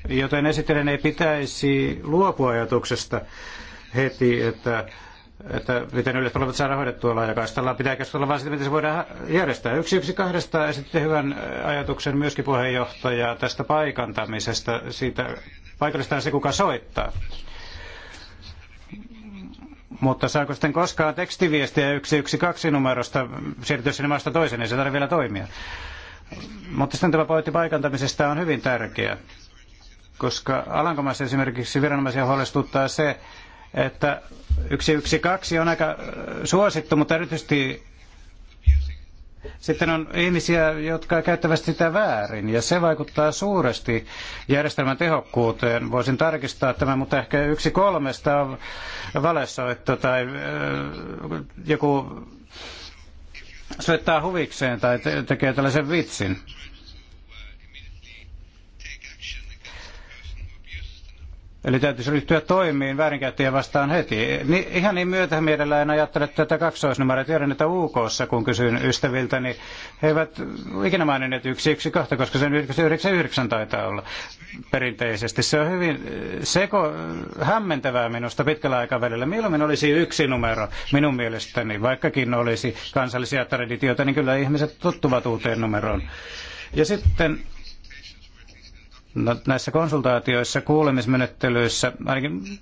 Joten esittelen ei pitäisi luopua ajatuksesta heti, että että miten yleensä tulevat saada hoidettua laajakaistalla. Pitää keskustella vain siitä, miten se voidaan järjestää. Yksi yksi kahdesta esitti hyvän ajatuksen myöskin puheenjohtaja tästä paikantamisesta, siitä paikallistaan se, kuka soittaa. Mutta saako sitten koskaan tekstiviestiä 112 numerosta siirtyä sinne maasta toiseen, niin se tarvitsee vielä toimia. Mutta sitten tämä pointti paikantamisesta on hyvin tärkeä, koska Alankomaissa esimerkiksi viranomaisia huolestuttaa se, että 112 on aika äh, suosittu, mutta erityisesti sitten on ihmisiä, jotka käyttävät sitä väärin, ja se vaikuttaa suuresti järjestelmän tehokkuuteen. Voisin tarkistaa tämän, mutta ehkä yksi kolmesta on valesoitto tai äh, joku soittaa huvikseen tai tekee tällaisen vitsin. Eli täytyisi ryhtyä toimiin väärinkäyttäjien vastaan heti. Ni, ihan niin myötämielellä en ajattele tätä kaksoisnumeroa. Tiedän, että UK, kun kysyin ystäviltä, niin he eivät ikinä maininneet yksi, yksi, kahta, koska sen 99 taitaa olla perinteisesti. Se on hyvin eh, seko, hämmentävää minusta pitkällä aikavälillä. Milloin olisi yksi numero minun mielestäni, vaikkakin olisi kansallisia traditioita, niin kyllä ihmiset tottuvat uuteen numeroon. Ja sitten No, näissä konsultaatioissa, kuulemismenettelyissä, ainakin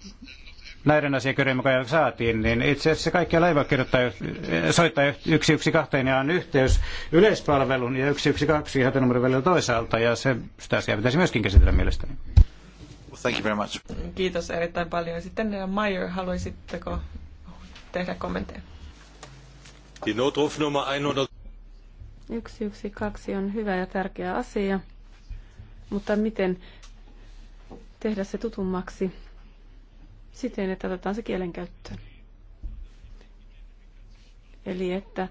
näiden asiakirjojen mukaan saatiin, niin itse asiassa kaikki ei voi kirjoittaa, soittaa 112 ja on yhteys yleispalvelun ja 112 hätänumeron välillä toisaalta, ja se, sitä asiaa pitäisi myöskin käsitellä mielestäni. Thank you very much. Kiitos erittäin paljon. Sitten äh, Meyer, haluaisitteko tehdä kommentteja? Die Notrufnummer 112 on hyvä ja tärkeä asia. Mutta miten tehdä se tutummaksi siten, että otetaan se kielenkäyttöön? Eli että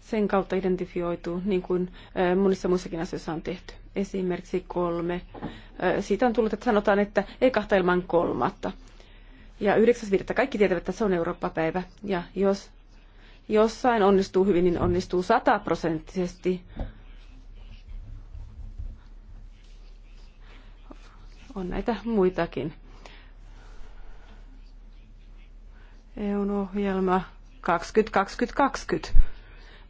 sen kautta identifioituu, niin kuin monissa muissakin asioissa on tehty. Esimerkiksi kolme. Siitä on tullut, että sanotaan, että ei kahta ilman kolmatta. Ja viidettä kaikki tietävät, että se on Eurooppa-päivä. Ja jos jossain onnistuu hyvin, niin onnistuu sataprosenttisesti. on näitä muitakin. EUn ohjelma 2020-2020.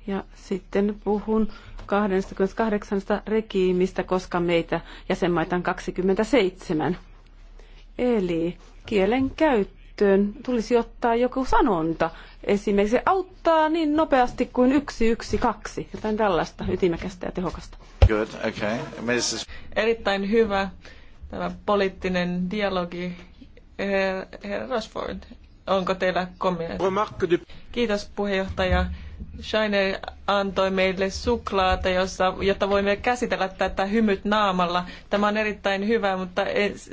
Ja sitten puhun 28 regiimistä, koska meitä jäsenmaita on 27. Eli kielen käyttöön tulisi ottaa joku sanonta. Esimerkiksi se auttaa niin nopeasti kuin yksi yksi kaksi. Jotain tällaista ytimekästä ja tehokasta. Good, okay. Erittäin hyvä tämä poliittinen dialogi. Eh, herra Rosford, onko teillä kommentteja? Kiitos puheenjohtaja. Shiner antoi meille suklaata, jossa, jotta voimme käsitellä tätä hymyt naamalla. Tämä on erittäin hyvä, mutta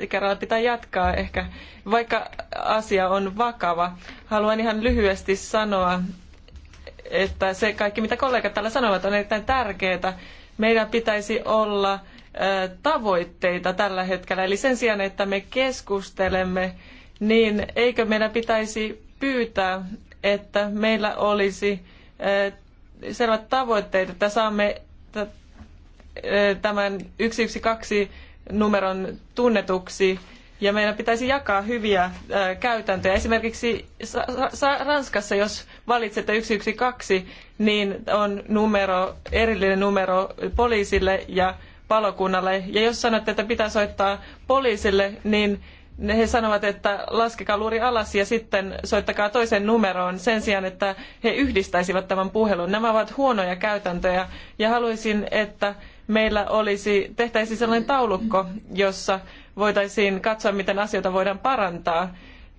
kerralla pitää jatkaa ehkä, vaikka asia on vakava. Haluan ihan lyhyesti sanoa, että se kaikki, mitä kollegat täällä sanovat, on erittäin tärkeää. Meidän pitäisi olla tavoitteita tällä hetkellä. Eli sen sijaan, että me keskustelemme, niin eikö meidän pitäisi pyytää, että meillä olisi selvät tavoitteet, että saamme tämän 112 numeron tunnetuksi ja meidän pitäisi jakaa hyviä käytäntöjä. Esimerkiksi Ranskassa, jos valitsette 112, niin on numero, erillinen numero poliisille ja palokunnalle. Ja jos sanotte, että pitää soittaa poliisille, niin he sanovat, että laskekaa luuri alas ja sitten soittakaa toisen numeroon sen sijaan, että he yhdistäisivät tämän puhelun. Nämä ovat huonoja käytäntöjä ja haluaisin, että meillä olisi, tehtäisiin sellainen taulukko, jossa voitaisiin katsoa, miten asioita voidaan parantaa.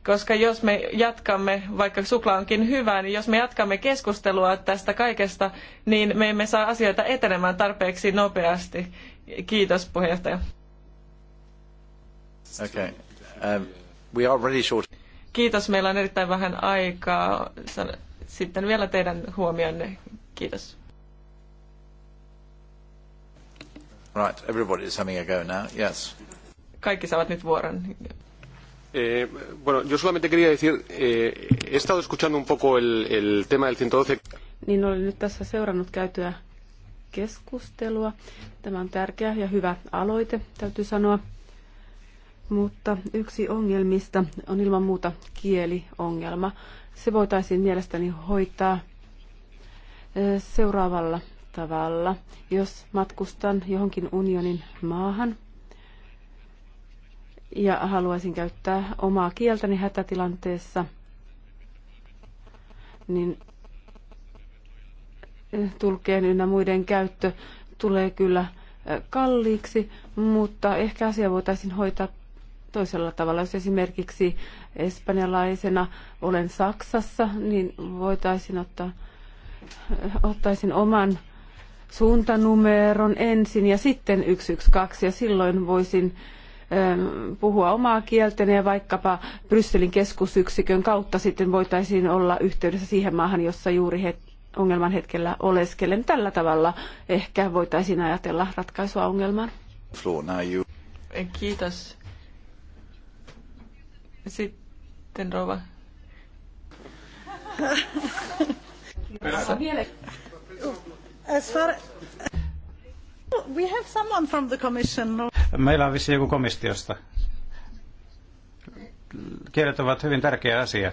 Koska jos me jatkamme, vaikka suklaa onkin hyvää, niin jos me jatkamme keskustelua tästä kaikesta, niin me emme saa asioita etenemään tarpeeksi nopeasti. Kiitos puheenjohtaja. Okay. Um, we are really short. Kiitos, meillä on erittäin vähän aikaa. Sitten vielä teidän huomionne. Kiitos. Right, everybody is having a go now. Yes. Kaikki saavat nyt vuoron. Eh, bueno, yo solamente quería decir, eh, he estado escuchando un poco el, el tema del 112. Niin olen nyt tässä seurannut käytyä keskustelua. Tämä on tärkeä ja hyvä aloite, täytyy sanoa. Mutta yksi ongelmista on ilman muuta kieliongelma. Se voitaisiin mielestäni hoitaa seuraavalla tavalla. Jos matkustan johonkin unionin maahan ja haluaisin käyttää omaa kieltäni hätätilanteessa, niin tulkeen ynnä muiden käyttö tulee kyllä kalliiksi, mutta ehkä asia voitaisiin hoitaa toisella tavalla. Jos esimerkiksi espanjalaisena olen Saksassa, niin voitaisiin ottaa, ottaisin oman suuntanumeron ensin ja sitten 112 ja silloin voisin puhua omaa kieltäni ja vaikkapa Brysselin keskusyksikön kautta sitten voitaisiin olla yhteydessä siihen maahan, jossa juuri he ongelman hetkellä oleskelen. Tällä tavalla ehkä voitaisiin ajatella ratkaisua ongelmaan. Kiitos. Sitten Rova. We have someone from the commission. Meillä on vissi joku komissiosta. Kielet ovat hyvin tärkeä asia.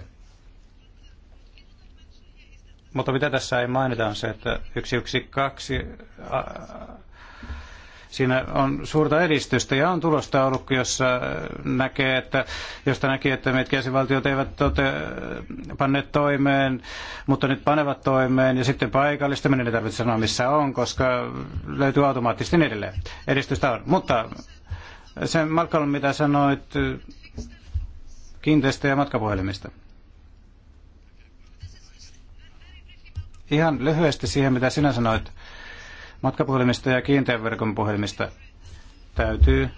Mutta mitä tässä ei mainita on se, että 112 siinä on suurta edistystä ja on tulosta ollut, jossa näkee, että, josta näki, että mitkä jäsenvaltiot eivät tote, panneet toimeen, mutta nyt panevat toimeen ja sitten paikallistaminen ei tarvitse sanoa missä on, koska löytyy automaattisesti edelleen. Edistystä on. Mutta sen Malcolm, mitä sanoit kiinteistö- ja matkapuhelimista. Ihan lyhyesti siihen, mitä sinä sanoit matkapuhelimista ja kiinteän verkon puhelimista. Täytyy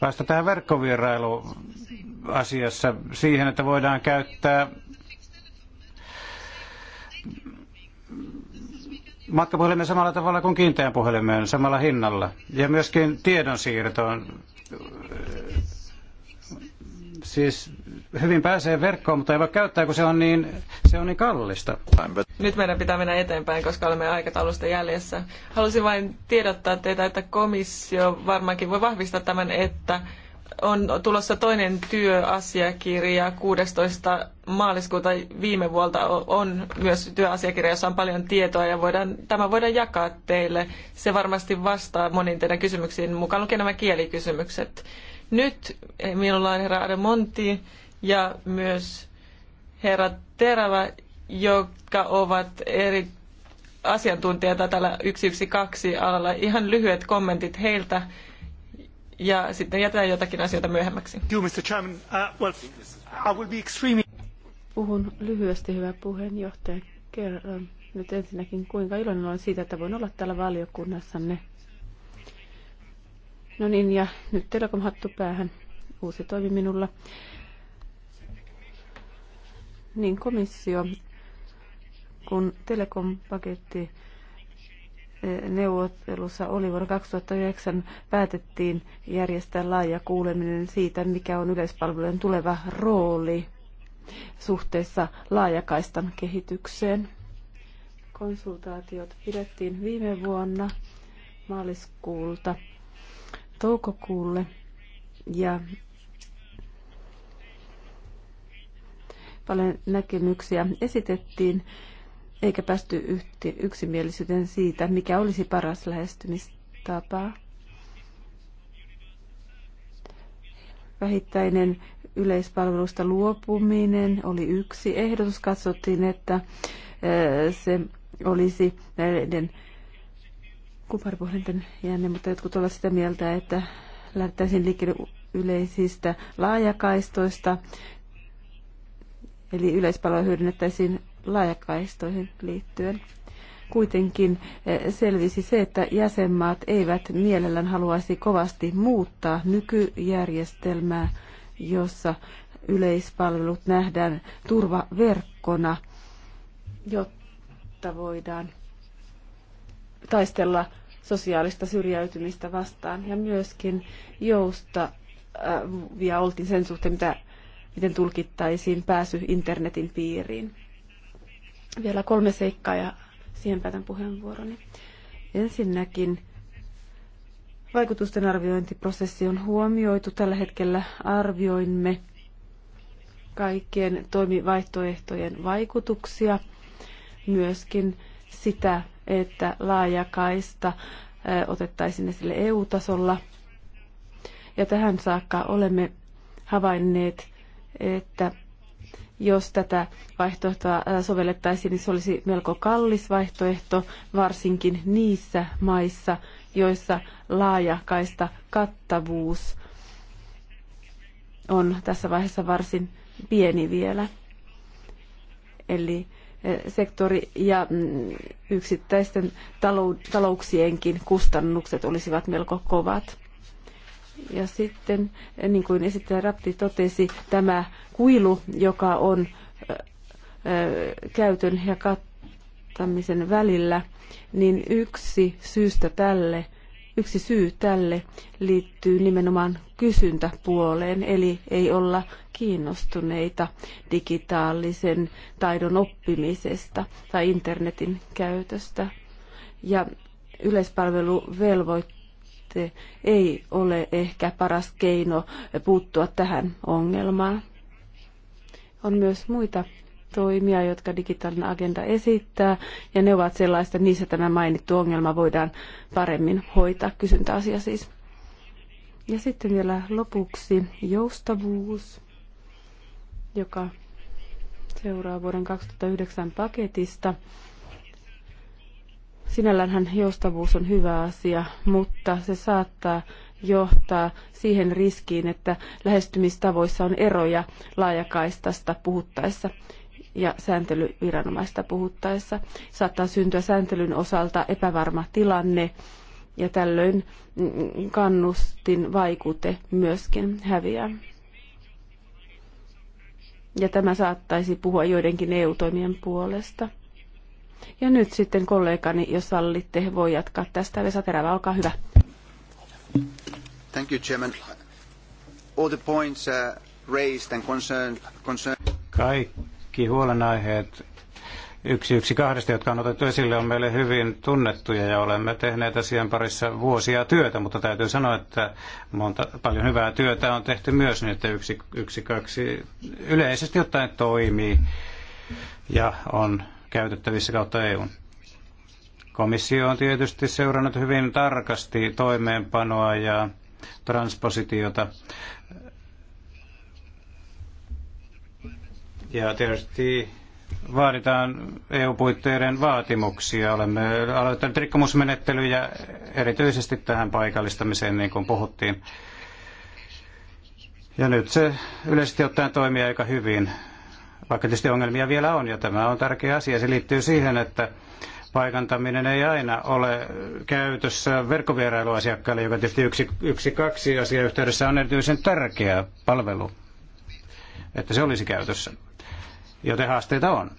päästä tähän verkkovierailuasiassa siihen, että voidaan käyttää matkapuhelimen samalla tavalla kuin kiinteän puhelimen samalla hinnalla. Ja myöskin tiedonsiirtoon Siis hyvin pääsee verkkoon, mutta ei voi käyttää, kun se on niin, se on niin kallista. Nyt meidän pitää mennä eteenpäin, koska olemme aikataulusta jäljessä. Halusin vain tiedottaa teitä, että komissio varmaankin voi vahvistaa tämän, että on tulossa toinen työasiakirja 16. maaliskuuta viime vuolta on myös työasiakirja, jossa on paljon tietoa ja voidaan, tämä voidaan jakaa teille. Se varmasti vastaa moniin teidän kysymyksiin, mukaan lukien nämä kielikysymykset. Nyt minulla on herra Ademonti ja myös herra Terävä, jotka ovat eri asiantuntijoita tällä 112 alalla. Ihan lyhyet kommentit heiltä ja sitten jätetään jotakin asioita myöhemmäksi. Uh, Puhun lyhyesti, hyvä puheenjohtaja. Kerron nyt ensinnäkin, kuinka iloinen olen siitä, että voin olla täällä valiokunnassanne No niin, ja nyt Telekom hattu päähän. Uusi toimi minulla. Niin komissio, kun Telekom-paketti eh, neuvottelussa oli vuonna 2009 päätettiin järjestää laaja kuuleminen siitä, mikä on yleispalvelujen tuleva rooli suhteessa laajakaistan kehitykseen. Konsultaatiot pidettiin viime vuonna maaliskuulta toukokuulle ja paljon näkemyksiä esitettiin, eikä päästy yksimielisyyteen siitä, mikä olisi paras lähestymistapa. Vähittäinen yleispalvelusta luopuminen oli yksi ehdotus. Katsottiin, että eh, se olisi näiden kumppanipuhelinten jäänne, mutta jotkut ovat sitä mieltä, että lähdettäisiin liikkeelle yleisistä laajakaistoista, eli yleispaloja hyödynnettäisiin laajakaistoihin liittyen. Kuitenkin eh, selvisi se, että jäsenmaat eivät mielellään haluaisi kovasti muuttaa nykyjärjestelmää, jossa yleispalvelut nähdään turvaverkkona, jotta voidaan taistella sosiaalista syrjäytymistä vastaan ja myöskin ja oltiin sen suhteen, mitä, miten tulkittaisiin pääsy internetin piiriin. Vielä kolme seikkaa ja siihen päätän puheenvuoroni. Ensinnäkin vaikutusten arviointiprosessi on huomioitu. Tällä hetkellä arvioimme kaikkien toimivaihtoehtojen vaikutuksia myöskin sitä, että laajakaista otettaisiin esille EU-tasolla. Ja tähän saakka olemme havainneet, että jos tätä vaihtoehtoa sovellettaisiin, niin se olisi melko kallis vaihtoehto, varsinkin niissä maissa, joissa laajakaista kattavuus on tässä vaiheessa varsin pieni vielä. Eli sektori ja mm, yksittäisten talouksienkin kustannukset olisivat melko kovat. Ja sitten, niin kuin esittäjä Rapti totesi, tämä kuilu, joka on käytön ja kattamisen välillä, niin yksi syystä tälle Yksi syy tälle liittyy nimenomaan kysyntäpuoleen, eli ei olla kiinnostuneita digitaalisen taidon oppimisesta tai internetin käytöstä. Ja yleispalveluvelvoitte ei ole ehkä paras keino puuttua tähän ongelmaan. On myös muita toimia, jotka digitaalinen agenda esittää, ja ne ovat sellaista, niissä tämä mainittu ongelma voidaan paremmin hoitaa, kysyntäasia siis. Ja sitten vielä lopuksi joustavuus, joka seuraa vuoden 2009 paketista. Sinällään joustavuus on hyvä asia, mutta se saattaa johtaa siihen riskiin, että lähestymistavoissa on eroja laajakaistasta puhuttaessa ja sääntelyviranomaista puhuttaessa. Saattaa syntyä sääntelyn osalta epävarma tilanne ja tällöin mm, kannustin vaikute myöskin häviää. Ja tämä saattaisi puhua joidenkin EU-toimien puolesta. Ja nyt sitten kollegani, jos sallitte, voi jatkaa tästä. Vesa Terävä, olkaa hyvä. Thank you, Chairman. All the points uh, raised and concerned, concerned... Kaikki kaikki huolenaiheet yksi yksi kahdesta, jotka on otettu esille, on meille hyvin tunnettuja ja olemme tehneet asian parissa vuosia työtä, mutta täytyy sanoa, että monta, paljon hyvää työtä on tehty myös niin, että yksi, yksi kaksi yleisesti ottaen toimii ja on käytettävissä kautta EUn. Komissio on tietysti seurannut hyvin tarkasti toimeenpanoa ja transpositiota Ja tietysti vaaditaan EU-puitteiden vaatimuksia. Olemme aloittaneet rikkomusmenettelyjä erityisesti tähän paikallistamiseen, niin kuin puhuttiin. Ja nyt se yleisesti ottaen toimii aika hyvin, vaikka tietysti ongelmia vielä on, ja tämä on tärkeä asia. Se liittyy siihen, että paikantaminen ei aina ole käytössä verkkovierailuasiakkaille, joka tietysti yksi, yksi kaksi asiayhteydessä on erityisen tärkeä palvelu, että se olisi käytössä joten haasteita on.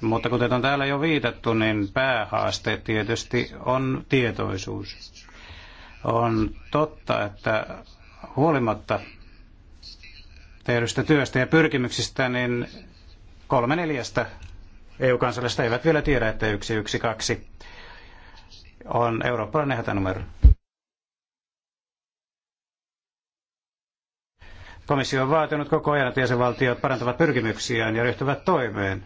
Mutta kuten on täällä jo viitattu, niin päähaaste tietysti on tietoisuus. On totta, että huolimatta tehdystä työstä ja pyrkimyksistä, niin kolme neljästä EU-kansalaista eivät vielä tiedä, että yksi yksi kaksi on eurooppalainen hätänumero. Komissio on vaatinut koko ajan, että jäsenvaltiot parantavat pyrkimyksiään ja ryhtyvät toimeen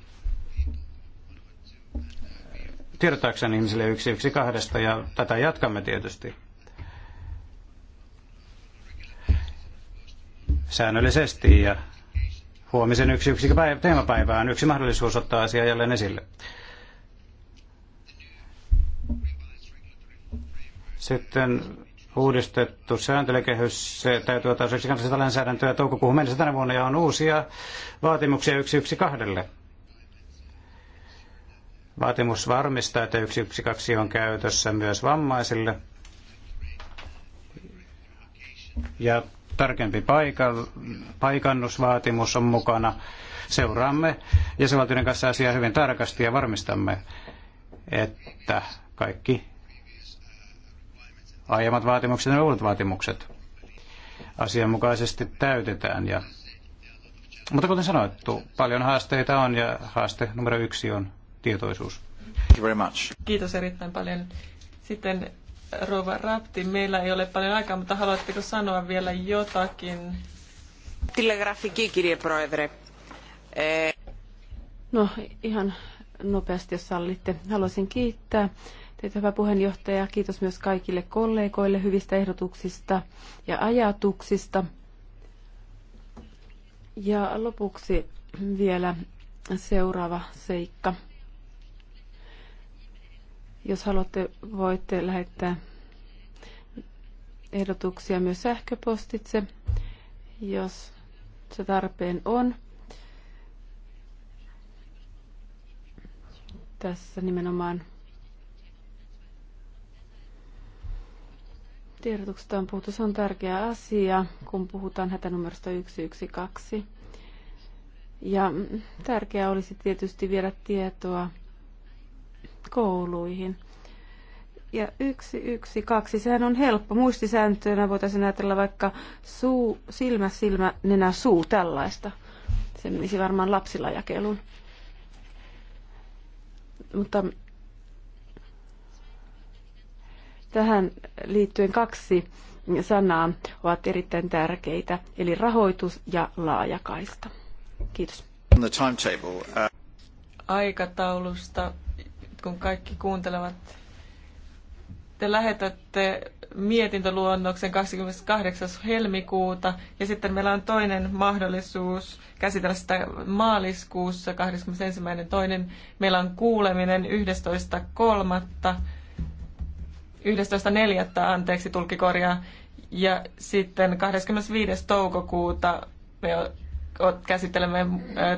tiedottaakseen ihmisille yksi yksi kahdesta ja tätä jatkamme tietysti. Säännöllisesti ja huomisen yksi yksi teemapäivä on yksi mahdollisuus ottaa asia jälleen esille. Sitten uudistettu sääntelykehys, se täytyy ottaa osaksi kansallista lainsäädäntöä toukokuuhun mennessä tänä vuonna ja on uusia vaatimuksia 112. Vaatimus varmistaa, että 112 on käytössä myös vammaisille. Ja tarkempi paikannusvaatimus on mukana. Seuraamme jäsenvaltioiden kanssa asiaa hyvin tarkasti ja varmistamme, että kaikki aiemmat vaatimukset ja uudet vaatimukset asianmukaisesti täytetään. Ja, mutta kuten sanottu, paljon haasteita on ja haaste numero yksi on tietoisuus. Thank you very much. Kiitos erittäin paljon. Sitten Rova Rapti, meillä ei ole paljon aikaa, mutta haluatteko sanoa vielä jotakin? Telegrafiki, kirje e- No ihan nopeasti, jos sallitte. Haluaisin kiittää teitä, hyvä puheenjohtaja. Kiitos myös kaikille kollegoille hyvistä ehdotuksista ja ajatuksista. Ja lopuksi vielä seuraava seikka. Jos haluatte, voitte lähettää ehdotuksia myös sähköpostitse, jos se tarpeen on. Tässä nimenomaan Tiedotuksesta on puhuttu, se on tärkeä asia, kun puhutaan hätänumerosta 112. Ja tärkeää olisi tietysti viedä tietoa kouluihin. Ja yksi, yksi, kaksi, sehän on helppo. Muistisääntöönä voitaisiin ajatella vaikka suu, silmä, silmä, nenä, suu, tällaista. Se menisi varmaan lapsilla jakeluun. Mutta Tähän liittyen kaksi sanaa ovat erittäin tärkeitä, eli rahoitus ja laajakaista. Kiitos. Uh, Aikataulusta, kun kaikki kuuntelevat, te lähetätte mietintöluonnoksen 28. helmikuuta ja sitten meillä on toinen mahdollisuus käsitellä sitä maaliskuussa toinen. Meillä on kuuleminen 11.3 11.4. anteeksi tulkikorjaa. Ja sitten 25. toukokuuta me käsittelemme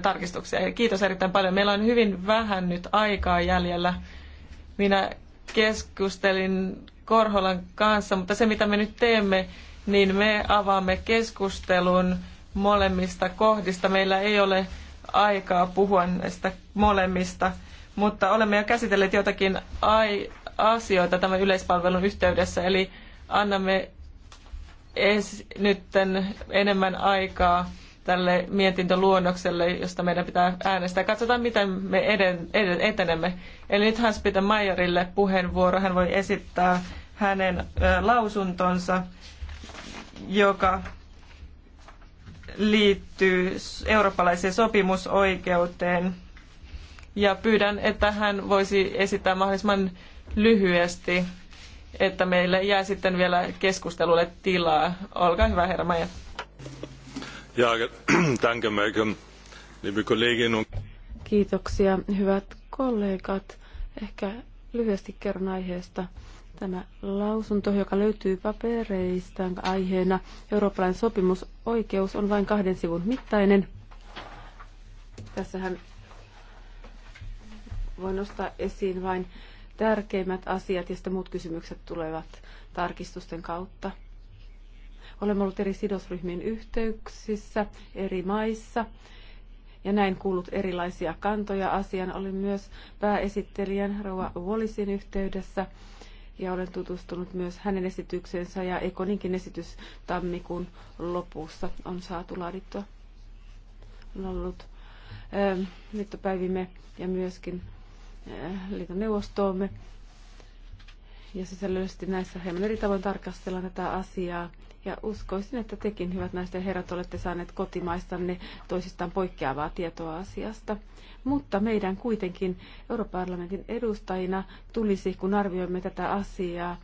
tarkistuksia. Kiitos erittäin paljon. Meillä on hyvin vähän nyt aikaa jäljellä. Minä keskustelin Korholan kanssa, mutta se mitä me nyt teemme, niin me avaamme keskustelun molemmista kohdista. Meillä ei ole aikaa puhua näistä molemmista, mutta olemme jo käsitelleet jotakin ai- asioita tämän yleispalvelun yhteydessä, eli annamme es, nyt enemmän aikaa tälle mietintöluonnokselle, josta meidän pitää äänestää. Katsotaan, miten me eden, etenemme. Eli nyt Hans Peter Mayerille puheenvuoro. Hän voi esittää hänen ö, lausuntonsa, joka liittyy eurooppalaiseen sopimusoikeuteen. Ja pyydän, että hän voisi esittää mahdollisimman lyhyesti, että meille jää sitten vielä keskustelulle tilaa. Olkaa hyvä, herra Maija. Ja, danke, meikö, Liebe Kolleginnen Kiitoksia, hyvät kollegat. Ehkä lyhyesti kerron aiheesta. Tämä lausunto, joka löytyy papereista aiheena Eurooppalainen sopimusoikeus, on vain kahden sivun mittainen. Tässähän voi nostaa esiin vain tärkeimmät asiat ja sitten muut kysymykset tulevat tarkistusten kautta. Olemme olleet eri sidosryhmien yhteyksissä eri maissa ja näin kuullut erilaisia kantoja asiaan. Olin myös pääesittelijän Rova Wallisin yhteydessä ja olen tutustunut myös hänen esityksensä ja Ekoninkin esitys tammikuun lopussa on saatu laadittua. On ollut ähm, nyt päivimme ja myöskin Äh, liiton neuvostoomme. Ja sisällöllisesti näissä hieman eri tavoin tarkastellaan tätä asiaa. Ja uskoisin, että tekin, hyvät naiset ja herrat, olette saaneet kotimaistanne toisistaan poikkeavaa tietoa asiasta. Mutta meidän kuitenkin Europarlamentin edustajina tulisi, kun arvioimme tätä asiaa,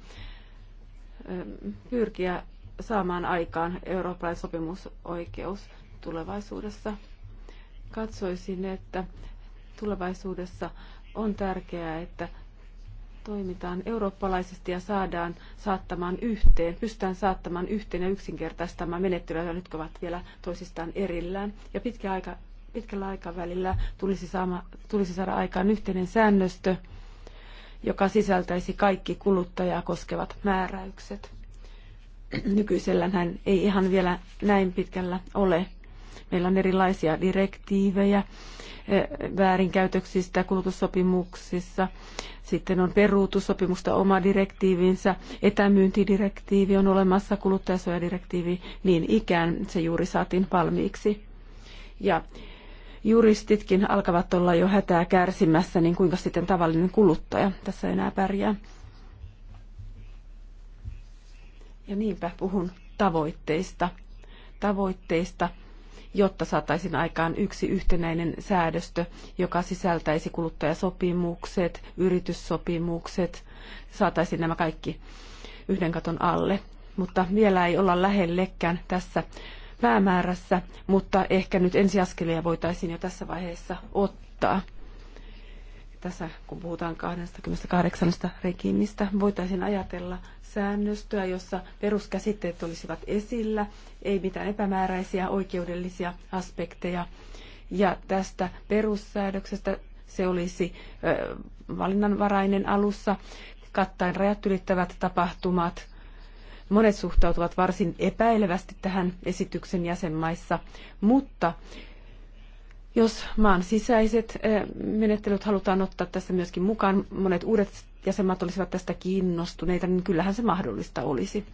ähm, pyrkiä saamaan aikaan eurooppalainen sopimusoikeus tulevaisuudessa. Katsoisin, että tulevaisuudessa on tärkeää, että toimitaan eurooppalaisesti ja saadaan saattamaan yhteen, pystytään saattamaan yhteen ja yksinkertaistamaan menettelyjä, jotka nyt ovat vielä toisistaan erillään. Ja pitkä aika, pitkällä aikavälillä tulisi, saama, tulisi saada aikaan yhteinen säännöstö, joka sisältäisi kaikki kuluttajaa koskevat määräykset. Nykyisellään hän ei ihan vielä näin pitkällä ole. Meillä on erilaisia direktiivejä eh, väärinkäytöksistä kulutussopimuksissa. Sitten on peruutussopimusta oma direktiivinsä. Etämyyntidirektiivi on olemassa, kuluttajasuojadirektiivi niin ikään. Se juuri saatiin valmiiksi. Ja juristitkin alkavat olla jo hätää kärsimässä, niin kuinka sitten tavallinen kuluttaja tässä enää pärjää. Ja niinpä puhun tavoitteista. Tavoitteista, jotta saataisiin aikaan yksi yhtenäinen säädöstö, joka sisältäisi kuluttajasopimukset, yrityssopimukset, saataisiin nämä kaikki yhden katon alle. Mutta vielä ei olla lähellekään tässä päämäärässä, mutta ehkä nyt ensiaskelia voitaisiin jo tässä vaiheessa ottaa tässä kun puhutaan 28 regiimistä, voitaisiin ajatella säännöstöä, jossa peruskäsitteet olisivat esillä, ei mitään epämääräisiä oikeudellisia aspekteja. Ja tästä perussäädöksestä se olisi valinnanvarainen alussa, kattaen rajat ylittävät tapahtumat. Monet suhtautuvat varsin epäilevästi tähän esityksen jäsenmaissa, mutta jos maan sisäiset eh, menettelyt halutaan ottaa tässä myöskin mukaan, monet uudet jäsenmaat olisivat tästä kiinnostuneita, niin kyllähän se mahdollista olisi.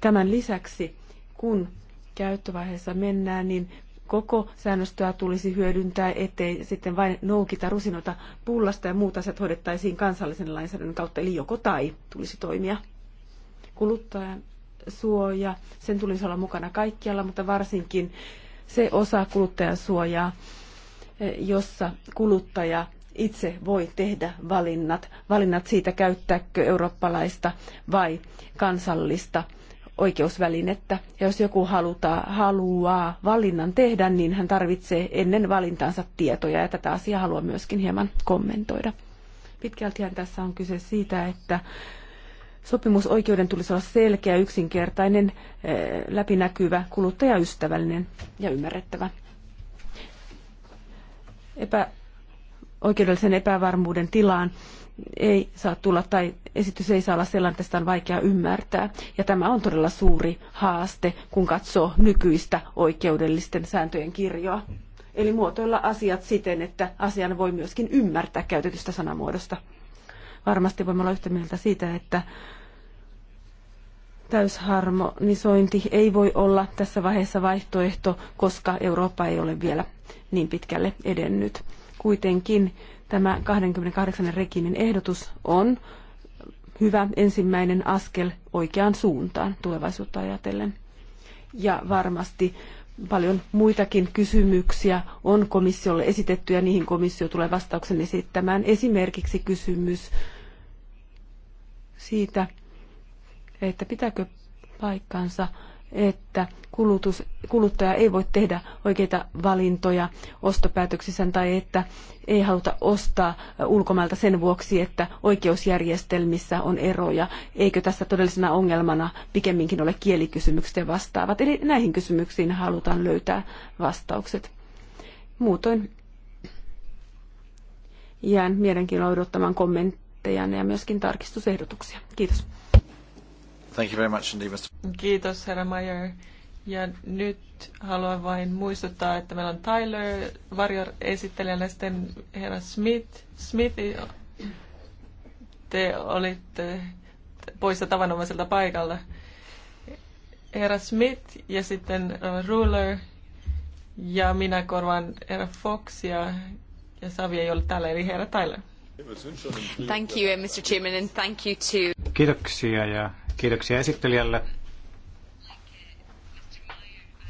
Tämän lisäksi, kun käyttövaiheessa mennään, niin koko säännöstöä tulisi hyödyntää, ettei sitten vain noukita rusinoita pullasta ja muut asiat hoidettaisiin kansallisen lainsäädännön kautta, eli joko tai tulisi toimia. Kuluttajan suoja, sen tulisi olla mukana kaikkialla, mutta varsinkin se osa kuluttajan suojaa, eh, jossa kuluttaja itse voi tehdä valinnat, valinnat siitä käyttääkö eurooppalaista vai kansallista oikeusvälinettä. Ja jos joku haluta, haluaa valinnan tehdä, niin hän tarvitsee ennen valintaansa tietoja ja tätä asiaa haluan myöskin hieman kommentoida. Pitkältihän tässä on kyse siitä, että Sopimusoikeuden tulisi olla selkeä, yksinkertainen, eh, läpinäkyvä, kuluttajaystävällinen ja ymmärrettävä. Epä, oikeudellisen epävarmuuden tilaan ei saa tulla tai esitys ei saa olla sellainen, että sitä on vaikea ymmärtää. Ja tämä on todella suuri haaste, kun katsoo nykyistä oikeudellisten sääntöjen kirjoa. Eli muotoilla asiat siten, että asian voi myöskin ymmärtää käytetystä sanamuodosta varmasti voimme olla yhtä mieltä siitä, että täysharmonisointi ei voi olla tässä vaiheessa vaihtoehto, koska Eurooppa ei ole vielä niin pitkälle edennyt. Kuitenkin tämä 28. regimin ehdotus on hyvä ensimmäinen askel oikeaan suuntaan tulevaisuutta ajatellen. Ja varmasti paljon muitakin kysymyksiä on komissiolle esitetty ja niihin komissio tulee vastauksen esittämään. Esimerkiksi kysymys siitä, että pitääkö paikkansa, että kulutus, kuluttaja ei voi tehdä oikeita valintoja ostopäätöksissään tai että ei haluta ostaa ulkomailta sen vuoksi, että oikeusjärjestelmissä on eroja. Eikö tässä todellisena ongelmana pikemminkin ole kielikysymykset ja vastaavat? Eli näihin kysymyksiin halutaan löytää vastaukset. Muutoin jään mielenkiinnolla odottamaan kommentteja kommenttejanne ja myöskin tarkistusehdotuksia. Kiitos. Thank you very much indeed, Mr. Kiitos, herra Mayer. Ja nyt haluan vain muistuttaa, että meillä on Tyler varjoesittelijänä, sitten herra Smith. Smith, te olitte poissa tavanomaiselta paikalta. Herra Smith ja sitten Ruler ja minä korvaan herra Fox ja, ja Savi ei ole täällä, eli herra Tyler. Thank you, uh, Mr. Chairman, and thank you to... Kiitoksia ja kiitoksia esittelijälle.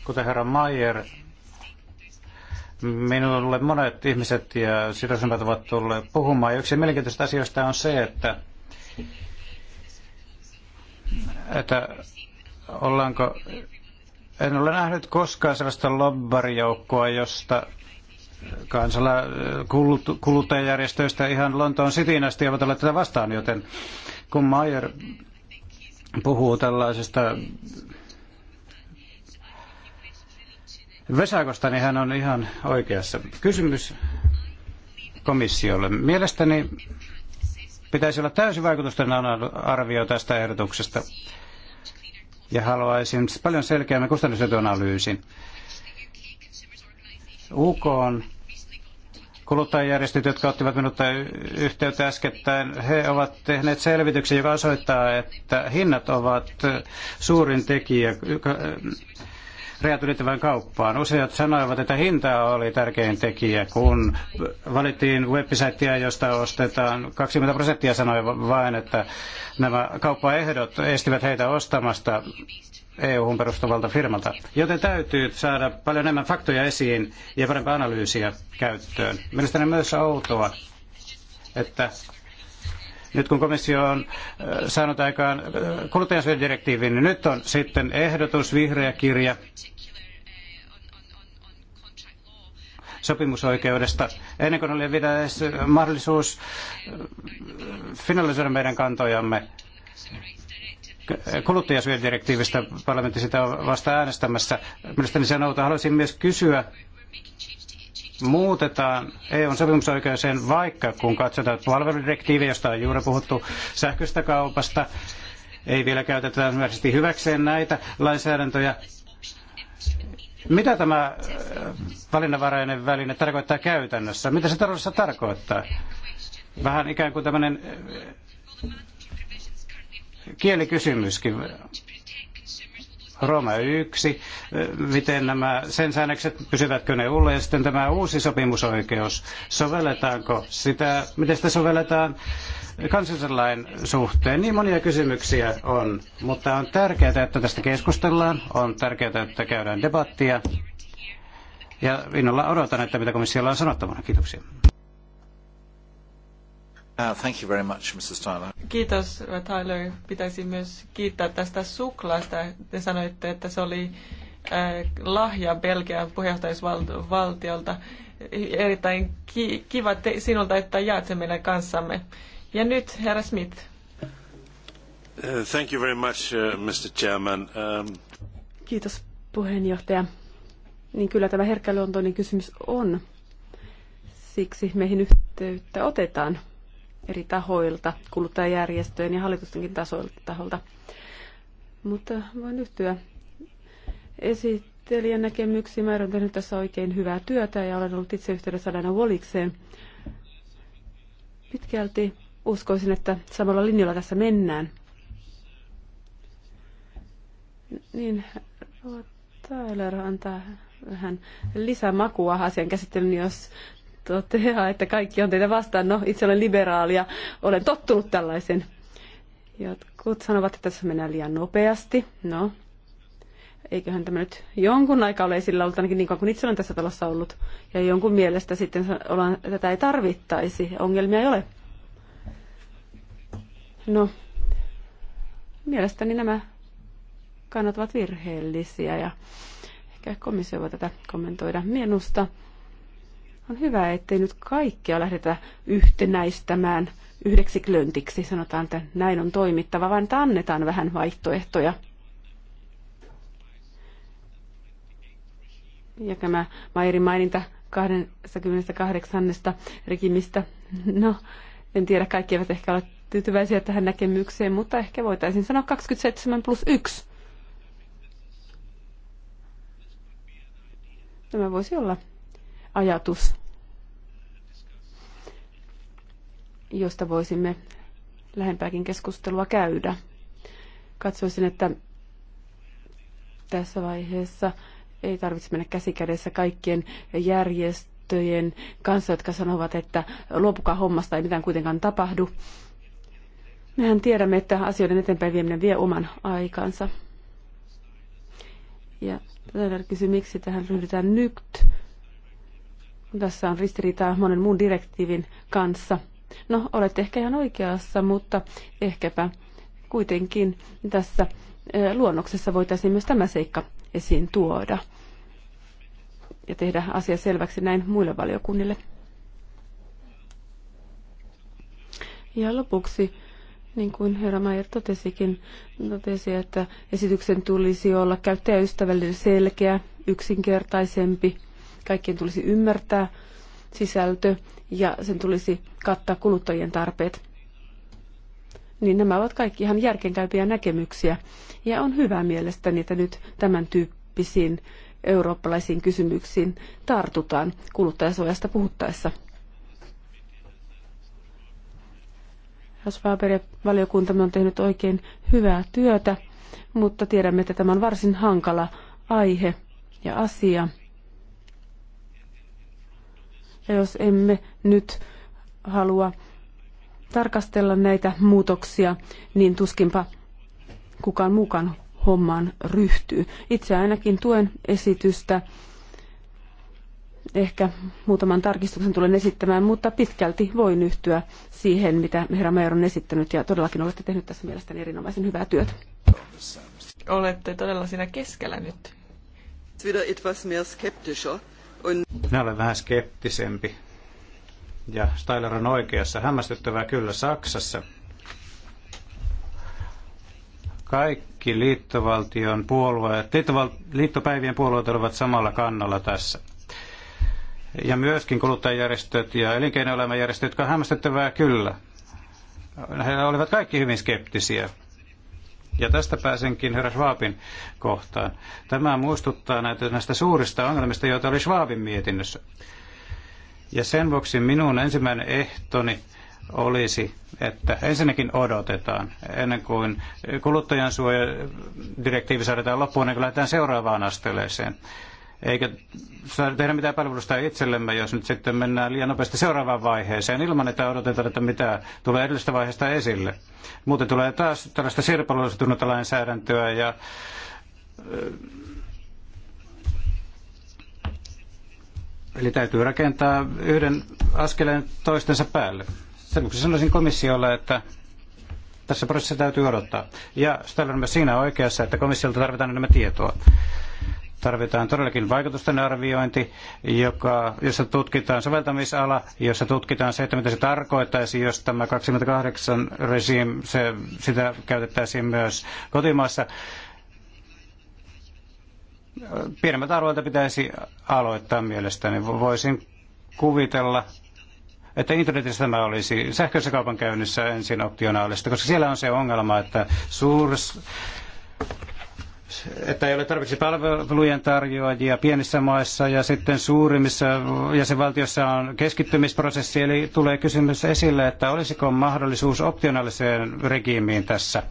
Kuten herra Mayer, minulle monet ihmiset ja sidosryhmät ovat tulleet puhumaan. Ja yksi mielenkiintoisista asioista on se, että, että ollaanko en ole nähnyt koskaan sellaista lobbarijoukkoa, josta kansala- äh, kuluttajajärjestöistä ihan Lontoon Cityin asti ovat olleet tätä vastaan, joten kun Mayer puhuu tällaisesta vesakosta, niin hän on ihan oikeassa. Kysymys komissiolle. Mielestäni pitäisi olla täysin vaikutusten arvio tästä ehdotuksesta. Ja haluaisin paljon selkeämmän kustannusetuanalyysin. UK on kuluttajajärjestöt, jotka ottivat minut yhteyttä äskettäin, he ovat tehneet selvityksen, joka osoittaa, että hinnat ovat suurin tekijä rajat ylittävään kauppaan. Useat sanoivat, että hinta oli tärkein tekijä, kun valittiin websiteä, josta ostetaan. 20 prosenttia sanoi vain, että nämä kauppaehdot estivät heitä ostamasta EU-hun perustuvalta firmalta. Joten täytyy saada paljon enemmän faktoja esiin ja parempaa analyysiä käyttöön. Mielestäni myös outoa, että nyt kun komissio on äh, saanut aikaan äh, kuluttajansuojadirektiivin, niin nyt on sitten ehdotus, vihreä kirja, sopimusoikeudesta, ennen kuin oli vielä edes mahdollisuus äh, finalisoida meidän kantojamme kuluttajasyödirektiivistä parlamentti sitä on vasta äänestämässä. Mielestäni se nouta. Haluaisin myös kysyä, muutetaan EUn sopimusoikeuteen, vaikka kun katsotaan palveludirektiiviä, josta on juuri puhuttu sähköistä kaupasta, ei vielä käytetä esimerkiksi hyväkseen näitä lainsäädäntöjä. Mitä tämä äh, valinnanvarainen väline tarkoittaa käytännössä? Mitä se todellisuudessa tarkoittaa? Vähän ikään kuin tämmöinen äh, Kielikysymyskin. Roma 1, miten nämä sen säännökset, pysyvätkö ne ulle, ja sitten tämä uusi sopimusoikeus, sovelletaanko sitä, miten sitä sovelletaan kansallisen suhteen. Niin monia kysymyksiä on, mutta on tärkeää, että tästä keskustellaan, on tärkeää, että käydään debattia, ja innolla odotan, että mitä komissiolla on sanottavana. Kiitoksia. Uh, thank you very much, Mrs. Tyler. Kiitos, Tyler. Pitäisi myös kiittää tästä suklaasta. Te sanoitte, että se oli äh, lahja Belgian puheenjohtajuusvaltiolta. Erittäin ki- kiva te- sinulta, että jaat sen meidän kanssamme. Ja nyt, herra Smith. Uh, thank you very much, uh, Mr. Chairman. Um... Kiitos, puheenjohtaja. Niin kyllä tämä herkkäluontoinen kysymys on. Siksi meihin yhteyttä otetaan eri tahoilta, kuluttajajärjestöjen ja hallitustenkin tasoilta. Mutta voin yhtyä esittelijän näkemyksiin. Mä olen tehnyt tässä oikein hyvää työtä ja olen ollut itse yhteydessä aina Wolikseen. Pitkälti uskoisin, että samalla linjalla tässä mennään. Niin, Tyler antaa vähän lisämakua asian käsittelyyn, jos toteaa, että kaikki on teitä vastaan. No, itse olen liberaali ja olen tottunut tällaisen. Jotkut sanovat, että tässä mennään liian nopeasti. No, eiköhän tämä nyt jonkun aikaa ole esillä ollut, ainakin niin kauan kuin itse olen tässä talossa ollut. Ja jonkun mielestä sitten ollaan, tätä ei tarvittaisi, ongelmia ei ole. No, mielestäni nämä kannat ovat virheellisiä ja ehkä komissio voi tätä kommentoida. Minusta on hyvä, ettei nyt kaikkea lähdetä yhtenäistämään yhdeksi klöntiksi. Sanotaan, että näin on toimittava, vaan annetaan vähän vaihtoehtoja. Ja tämä Mairin maininta 28. regimistä. No, en tiedä, kaikki eivät ehkä ole tyytyväisiä tähän näkemykseen, mutta ehkä voitaisiin sanoa 27 plus 1. Tämä voisi olla ajatus, josta voisimme lähempääkin keskustelua käydä. Katsoisin, että tässä vaiheessa ei tarvitse mennä käsikädessä kaikkien järjestöjen kanssa, jotka sanovat, että luopukaa hommasta, ei mitään kuitenkaan tapahdu. Mehän tiedämme, että asioiden eteenpäin vieminen vie oman aikansa. Ja tätä kysyä miksi tähän ryhdytään nyt, tässä on ristiriitaa monen muun direktiivin kanssa. No, olette ehkä ihan oikeassa, mutta ehkäpä kuitenkin tässä eh, luonnoksessa voitaisiin myös tämä seikka esiin tuoda ja tehdä asia selväksi näin muille valiokunnille. Ja lopuksi, niin kuin herra Mayer totesikin, totesi, että esityksen tulisi olla käyttäjäystävällinen, selkeä, yksinkertaisempi – kaikkien tulisi ymmärtää sisältö ja sen tulisi kattaa kuluttajien tarpeet. Niin nämä ovat kaikki ihan järkenkäypiä näkemyksiä. Ja on hyvä mielestäni, että nyt tämän tyyppisiin eurooppalaisiin kysymyksiin tartutaan kuluttajasuojasta puhuttaessa. Haspaperia valiokuntamme on tehnyt oikein hyvää työtä, mutta tiedämme, että tämä on varsin hankala aihe ja asia. Ja jos emme nyt halua tarkastella näitä muutoksia, niin tuskinpa kukaan mukaan hommaan ryhtyy. Itse ainakin tuen esitystä. Ehkä muutaman tarkistuksen tulen esittämään, mutta pitkälti voin yhtyä siihen, mitä herra Meijer on esittänyt. Ja todellakin olette tehnyt tässä mielestäni erinomaisen hyvää työtä. Olette todella siinä keskellä nyt. Wieder etwas mehr skeptischer. Minä olen vähän skeptisempi. Ja Steiler on oikeassa. Hämmästyttävää kyllä Saksassa. Kaikki liittovaltion puolueet, liittoval, liittopäivien puolueet olivat samalla kannalla tässä. Ja myöskin kuluttajajärjestöt ja elinkeinoelämäjärjestöt, jotka hämmästyttävää kyllä. He olivat kaikki hyvin skeptisiä ja tästä pääsenkin herra Schwabin kohtaan. Tämä muistuttaa näitä, näistä suurista ongelmista, joita oli Schwabin mietinnössä. Ja sen vuoksi minun ensimmäinen ehtoni olisi, että ensinnäkin odotetaan ennen kuin kuluttajansuojadirektiivi saadaan loppuun, niin lähdetään seuraavaan askeleeseen. Eikä tehdä mitään palvelusta itsellemme, jos nyt sitten mennään liian nopeasti seuraavaan vaiheeseen ilman, että odotetaan, että mitä tulee edellisestä vaiheesta esille. Muuten tulee taas tällaista sirpaloisetunutta lainsäädäntöä ja äh, Eli täytyy rakentaa yhden askeleen toistensa päälle. Sen vuoksi sanoisin komissiolle, että tässä prosessissa täytyy odottaa. Ja Stellan myös siinä oikeassa, että komissiolta tarvitaan enemmän tietoa. Tarvitaan todellakin vaikutusten arviointi, joka, jossa tutkitaan soveltamisala, jossa tutkitaan se, että mitä se tarkoittaisi, jos tämä 28 regime, se, sitä käytettäisiin myös kotimaassa pienemmät alueelta pitäisi aloittaa mielestäni. Voisin kuvitella, että internetissä tämä olisi sähköisessä kaupankäynnissä ensin optionaalista, koska siellä on se ongelma, että suurs että ei ole tarpeeksi palvelujen tarjoajia pienissä maissa ja sitten suurimmissa jäsenvaltioissa on keskittymisprosessi, eli tulee kysymys esille, että olisiko mahdollisuus optionaaliseen regiimiin tässä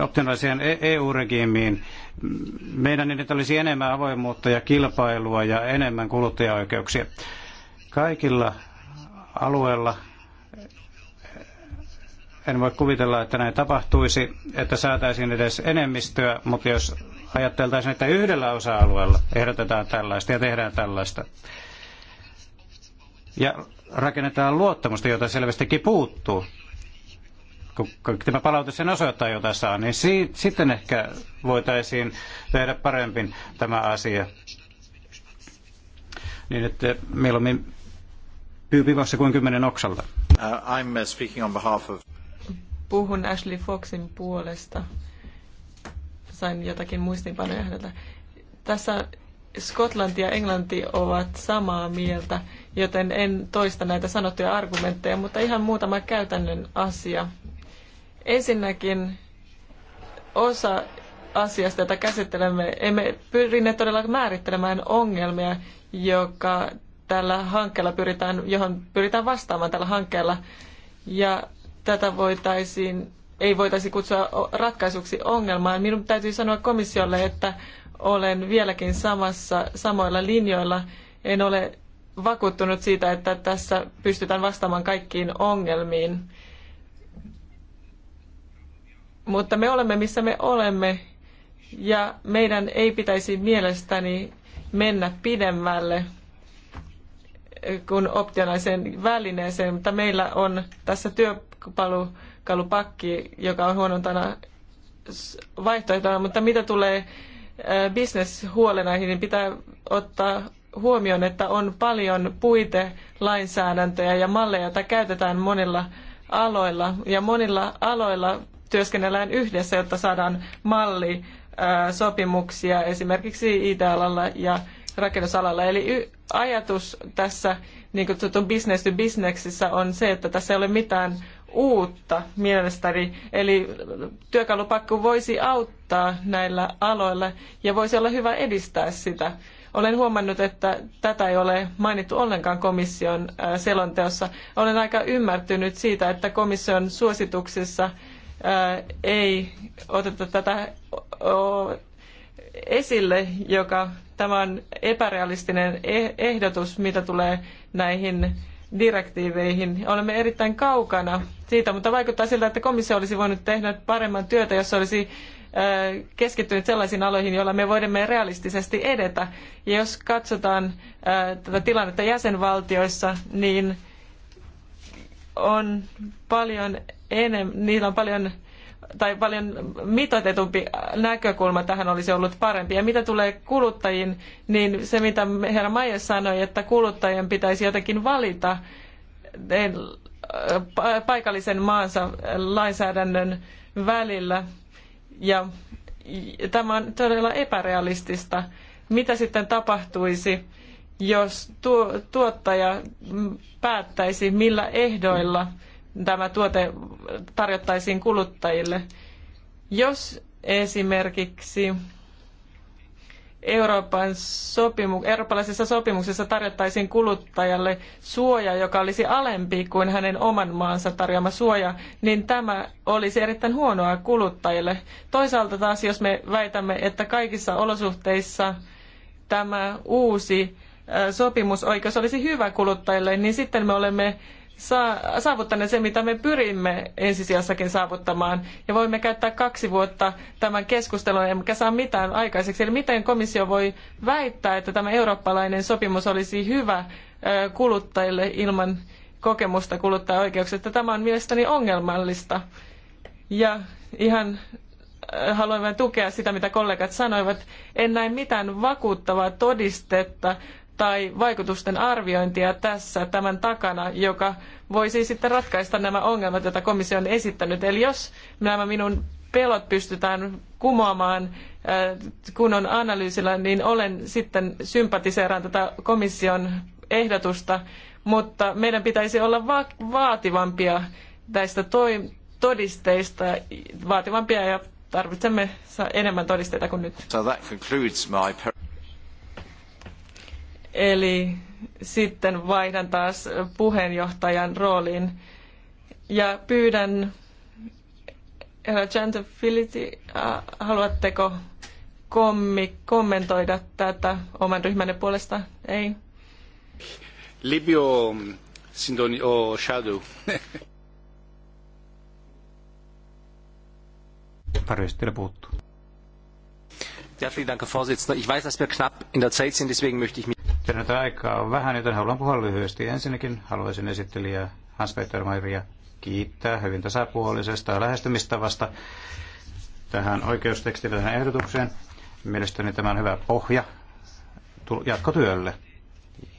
optionaaliseen e- EU-regiimiin. Meidän niin, että olisi enemmän avoimuutta ja kilpailua ja enemmän kuluttajaoikeuksia. Kaikilla alueilla en voi kuvitella, että näin tapahtuisi, että saataisiin edes enemmistöä, mutta jos ajatteltaisiin, että yhdellä osa-alueella ehdotetaan tällaista ja tehdään tällaista, ja rakennetaan luottamusta, jota selvästikin puuttuu, kun tämä palaute sen osoittaa, jota saa, niin si- sitten ehkä voitaisiin tehdä parempin tämä asia. Niin, että mieluummin pyypivässä kuin kymmenen oksalta. Uh, I'm uh, speaking on behalf of puhun Ashley Foxin puolesta. Sain jotakin muistinpanoja häneltä. Tässä Skotlanti ja Englanti ovat samaa mieltä, joten en toista näitä sanottuja argumentteja, mutta ihan muutama käytännön asia. Ensinnäkin osa asiasta, jota käsittelemme, emme pyrineet todella määrittelemään ongelmia, joka tällä hankkeella pyritään, johon pyritään vastaamaan tällä hankkeella. Ja tätä voitaisiin, ei voitaisi kutsua ratkaisuksi ongelmaan. Minun täytyy sanoa komissiolle, että olen vieläkin samassa, samoilla linjoilla. En ole vakuuttunut siitä, että tässä pystytään vastaamaan kaikkiin ongelmiin. Mutta me olemme missä me olemme ja meidän ei pitäisi mielestäni mennä pidemmälle kuin optionaiseen välineeseen, mutta meillä on tässä työ, palukalupakki, joka on huonontana vaihtoehtona, mutta mitä tulee bisneshuolenaihin, niin pitää ottaa huomioon, että on paljon puitelainsäädäntöjä ja malleja, joita käytetään monilla aloilla. Ja monilla aloilla työskennellään yhdessä, jotta saadaan malli sopimuksia esimerkiksi IT-alalla ja rakennusalalla. Eli ajatus tässä niin kutsutun business to businessissa on se, että tässä ei ole mitään uutta mielestäni. Eli työkalupakku voisi auttaa näillä aloilla ja voisi olla hyvä edistää sitä. Olen huomannut, että tätä ei ole mainittu ollenkaan komission selonteossa. Olen aika ymmärtynyt siitä, että komission suosituksissa ei oteta tätä esille, joka tämä on epärealistinen e-, ehdotus, mitä tulee näihin direktiiveihin. Olemme erittäin kaukana siitä, mutta vaikuttaa siltä, että komissio olisi voinut tehdä paremman työtä, jos olisi keskittynyt sellaisiin aloihin, joilla me voimme realistisesti edetä. Ja jos katsotaan tätä tilannetta jäsenvaltioissa, niin on paljon enemmän niillä on paljon tai paljon mitoitetumpi näkökulma tähän olisi ollut parempi. Ja mitä tulee kuluttajiin, niin se mitä herra Maija sanoi, että kuluttajien pitäisi jotenkin valita eh, paikallisen maansa lainsäädännön välillä. Ja tämä on todella epärealistista. Mitä sitten tapahtuisi, jos tuottaja päättäisi, millä ehdoilla – tämä tuote tarjottaisiin kuluttajille. Jos esimerkiksi Euroopan sopimu- eurooppalaisessa sopimuksessa tarjottaisiin kuluttajalle suoja, joka olisi alempi kuin hänen oman maansa tarjoama suoja, niin tämä olisi erittäin huonoa kuluttajille. Toisaalta taas, jos me väitämme, että kaikissa olosuhteissa tämä uusi sopimusoikeus olisi hyvä kuluttajille, niin sitten me olemme saavuttaneet sen, mitä me pyrimme ensisijassakin saavuttamaan. Ja voimme käyttää kaksi vuotta tämän keskustelun, emmekä saa mitään aikaiseksi. Eli miten komissio voi väittää, että tämä eurooppalainen sopimus olisi hyvä kuluttajille ilman kokemusta kuluttajaoikeuksista. Tämä on mielestäni ongelmallista. Ja ihan haluan tukea sitä, mitä kollegat sanoivat. En näe mitään vakuuttavaa todistetta tai vaikutusten arviointia tässä tämän takana, joka voisi sitten ratkaista nämä ongelmat, joita komissio on esittänyt. Eli jos nämä minun pelot pystytään kumoamaan äh, kunnon analyysillä, niin olen sitten sympatiseeraan tätä komission ehdotusta, mutta meidän pitäisi olla va vaativampia näistä todisteista, vaativampia ja tarvitsemme enemmän todisteita kuin nyt. So Eli sitten vaihdan taas puheenjohtajan rooliin. Ja pyydän, herra Gentility, äh, haluatteko kommi, kommentoida tätä oman ryhmänne puolesta? Ei? Libio mm, Sintoni o Shadow. Varjoistille puuttuu. Ja, vielen Dank, Herr Vorsitzender. Ich weiß, dass wir knapp in der Zeit sind, deswegen möchte ich mich... Tiedän, että aikaa on vähän, joten haluan puhua lyhyesti. Ensinnäkin haluaisin esittelijä Hans-Peter Mairia kiittää hyvin tasapuolisesta lähestymistavasta tähän oikeustekstille tähän ehdotukseen. Mielestäni tämä on hyvä pohja jatkotyölle.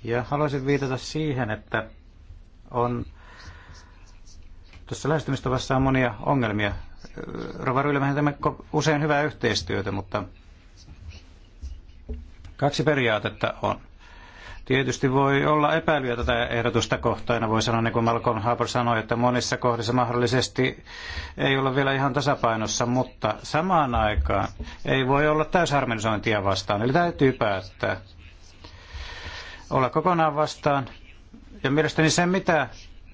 Ja haluaisin viitata siihen, että on tuossa lähestymistavassa on monia ongelmia. Rova Rylmähän tämä usein hyvää yhteistyötä, mutta kaksi periaatetta on. Tietysti voi olla epäilyä tätä ehdotusta kohtaan. Voi sanoa, niin kuin Malcolm Harper sanoi, että monissa kohdissa mahdollisesti ei olla vielä ihan tasapainossa, mutta samaan aikaan ei voi olla täysharmonisointia vastaan. Eli täytyy päättää olla kokonaan vastaan. Ja mielestäni se, mitä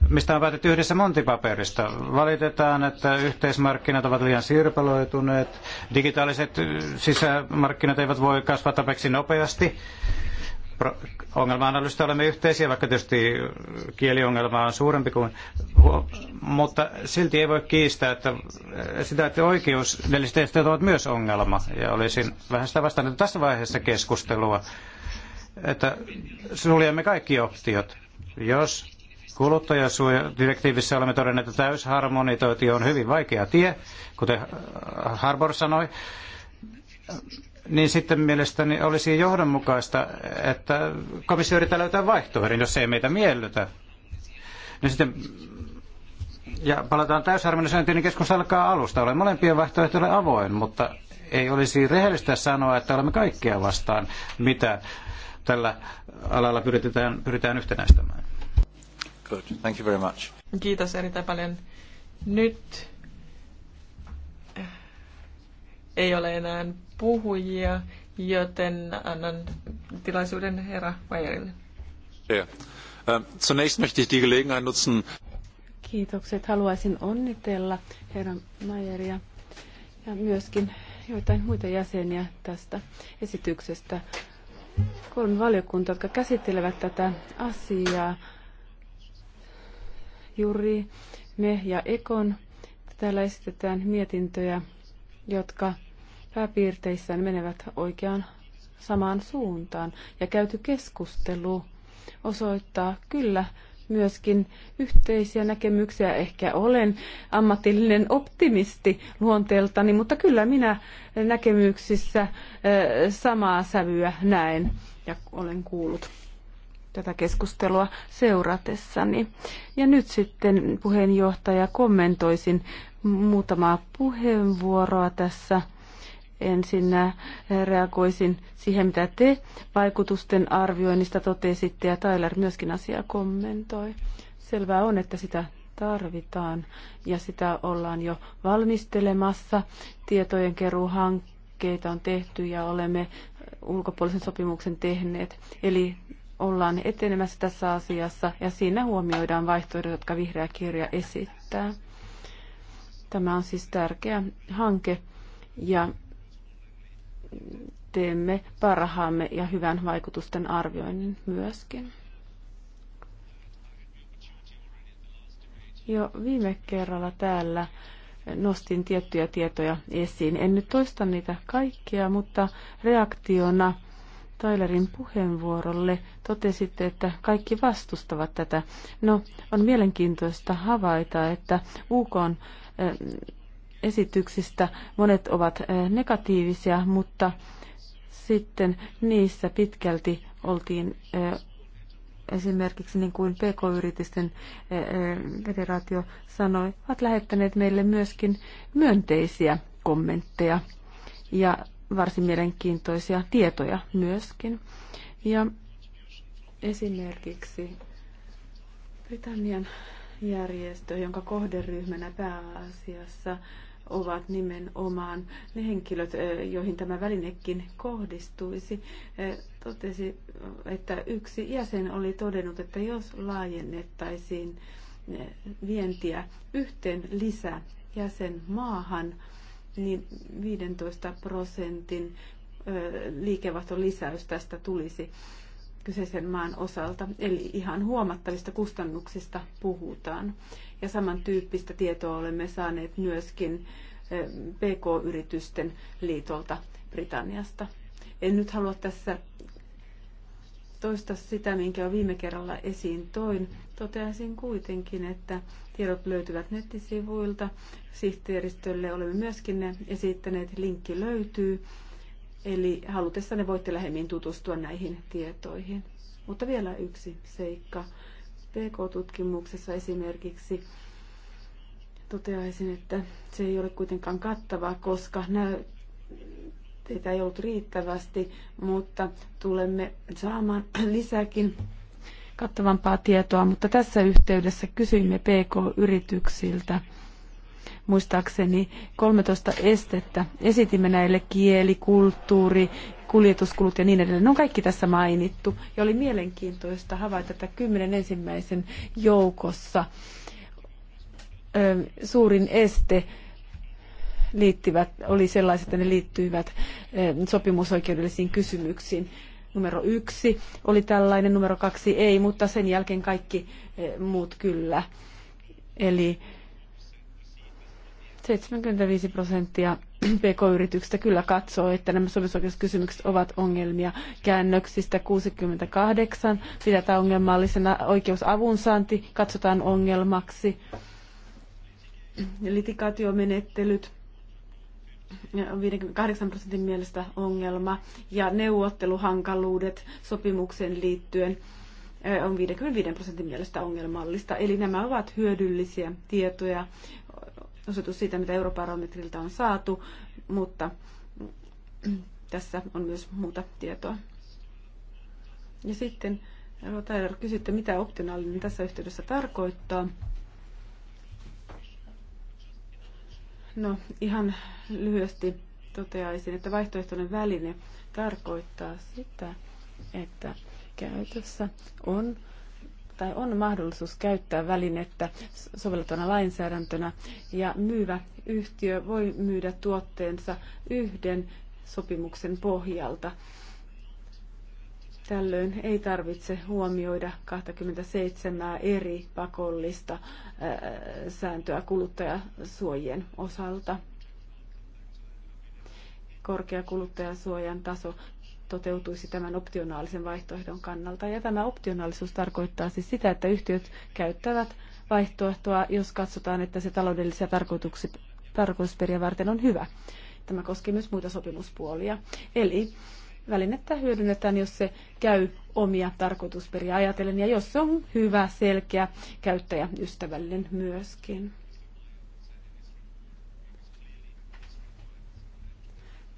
mistä on päätetty yhdessä Montipaperista. Valitetaan, että yhteismarkkinat ovat liian sirpaloituneet, digitaaliset sisämarkkinat eivät voi kasvaa tapeksi nopeasti ongelma-analyysistä olemme yhteisiä, vaikka tietysti kieliongelma on suurempi kuin, mutta silti ei voi kiistää että sitä, että oikeudelliset ovat myös ongelma. Ja olisin vähän sitä vastannut tässä vaiheessa keskustelua, että suljemme kaikki optiot. Jos kuluttajasuojadirektiivissä olemme todenneet, että täysharmonisointi on hyvin vaikea tie, kuten Harbour sanoi niin sitten mielestäni olisi johdonmukaista, että komissio yrittää löytää vaihtoehdon, jos ei meitä miellytä. Niin sitten, ja palataan täysharmonisointiin, niin keskus alkaa alusta. Olen molempien vaihtoehtojen avoin, mutta ei olisi rehellistä sanoa, että olemme kaikkia vastaan, mitä tällä alalla pyritään, pyritään yhtenäistämään. Good. Thank you very much. Kiitos erittäin paljon. Nyt eh, ei ole enää puhujia, joten annan tilaisuuden herra Majerille. Ähm, zunächst möchte ich die Gelegenheit nutzen. Kiitokset. Haluaisin onnitella herra Mayeria ja myöskin joitain muita jäseniä tästä esityksestä. Kolme valiokuntaa, jotka käsittelevät tätä asiaa. Juri, me ja Ekon. Täällä esitetään mietintöjä, jotka pääpiirteissään menevät oikeaan samaan suuntaan. Ja käyty keskustelu osoittaa kyllä myöskin yhteisiä näkemyksiä. Ehkä olen ammatillinen optimisti luonteeltani, mutta kyllä minä näkemyksissä eh, samaa sävyä näen ja olen kuullut tätä keskustelua seuratessani. Ja nyt sitten puheenjohtaja kommentoisin muutamaa puheenvuoroa tässä ensin äh, reagoisin siihen, mitä te vaikutusten arvioinnista totesitte, ja Tyler myöskin asiaa kommentoi. Selvää on, että sitä tarvitaan, ja sitä ollaan jo valmistelemassa. Tietojen keruuhankkeita on tehty, ja olemme ulkopuolisen sopimuksen tehneet. Eli ollaan etenemässä tässä asiassa, ja siinä huomioidaan vaihtoehdot, jotka vihreä kirja esittää. Tämä on siis tärkeä hanke, ja teemme parhaamme ja hyvän vaikutusten arvioinnin myöskin. Jo viime kerralla täällä nostin tiettyjä tietoja esiin. En nyt toista niitä kaikkia, mutta reaktiona Tylerin puheenvuorolle totesitte, että kaikki vastustavat tätä. No, on mielenkiintoista havaita, että UK on eh, esityksistä. Monet ovat eh, negatiivisia, mutta sitten niissä pitkälti oltiin eh, esimerkiksi niin kuin PK-yritysten eh, federaatio sanoi, ovat lähettäneet meille myöskin myönteisiä kommentteja ja varsin mielenkiintoisia tietoja myöskin. Ja esimerkiksi Britannian järjestö, jonka kohderyhmänä pääasiassa ovat nimenomaan ne henkilöt, eh, joihin tämä välinekin kohdistuisi. Eh, totesi, eh, että yksi jäsen oli todennut, että jos laajennettaisiin vientiä yhteen lisä jäsenmaahan, niin 15 prosentin liikevaihton lisäys tästä tulisi kyseisen maan osalta. Eli ihan huomattavista kustannuksista puhutaan ja samantyyppistä tietoa olemme saaneet myöskin eh, PK-yritysten liitolta Britanniasta. En nyt halua tässä toista sitä, minkä on viime kerralla esiin toin. Toteaisin kuitenkin, että tiedot löytyvät nettisivuilta. Sihteeristölle olemme myöskin ne esittäneet. Linkki löytyy. Eli halutessanne voitte lähemmin tutustua näihin tietoihin. Mutta vielä yksi seikka. PK-tutkimuksessa esimerkiksi toteaisin, että se ei ole kuitenkaan kattavaa, koska näytteitä ei ollut riittävästi, mutta tulemme saamaan lisääkin kattavampaa tietoa, mutta tässä yhteydessä kysyimme PK-yrityksiltä, muistaakseni 13 estettä esitimme näille kieli, kulttuuri, kuljetuskulut ja niin edelleen. Ne on kaikki tässä mainittu. Ja oli mielenkiintoista havaita, että kymmenen ensimmäisen joukossa ö, suurin este liittyvät, oli sellaiset, että ne liittyivät ö, sopimusoikeudellisiin kysymyksiin. Numero yksi oli tällainen, numero kaksi ei, mutta sen jälkeen kaikki ö, muut kyllä. Eli 75 prosenttia PK-yrityksistä kyllä katsoo, että nämä sopimusoikeuskysymykset ovat ongelmia. Käännöksistä 68 pidetään ongelmallisena oikeusavunsaanti, katsotaan ongelmaksi. Litikaatiomenettelyt 58 prosentin mielestä ongelma ja neuvotteluhankaluudet sopimukseen liittyen on 55 prosentin mielestä ongelmallista. Eli nämä ovat hyödyllisiä tietoja osoitus siitä, mitä eurobarometrilta on saatu, mutta tässä on myös muuta tietoa. Ja sitten Rotainer kysytte, mitä optionaalinen tässä yhteydessä tarkoittaa. No ihan lyhyesti toteaisin, että vaihtoehtoinen väline tarkoittaa sitä, että käytössä on tai on mahdollisuus käyttää välinettä sovellettuna lainsäädäntönä ja myyvä yhtiö voi myydä tuotteensa yhden sopimuksen pohjalta. Tällöin ei tarvitse huomioida 27 eri pakollista äh, sääntöä kuluttajasuojien osalta korkea kuluttajasuojan taso toteutuisi tämän optionaalisen vaihtoehdon kannalta. Ja tämä optionaalisuus tarkoittaa siis sitä, että yhtiöt käyttävät vaihtoehtoa, jos katsotaan, että se taloudellisia tarkoitusperiä varten on hyvä. Tämä koskee myös muita sopimuspuolia. Eli välinettä hyödynnetään, jos se käy omia tarkoitusperiä ajatellen ja jos se on hyvä, selkeä, käyttäjäystävällinen myöskin.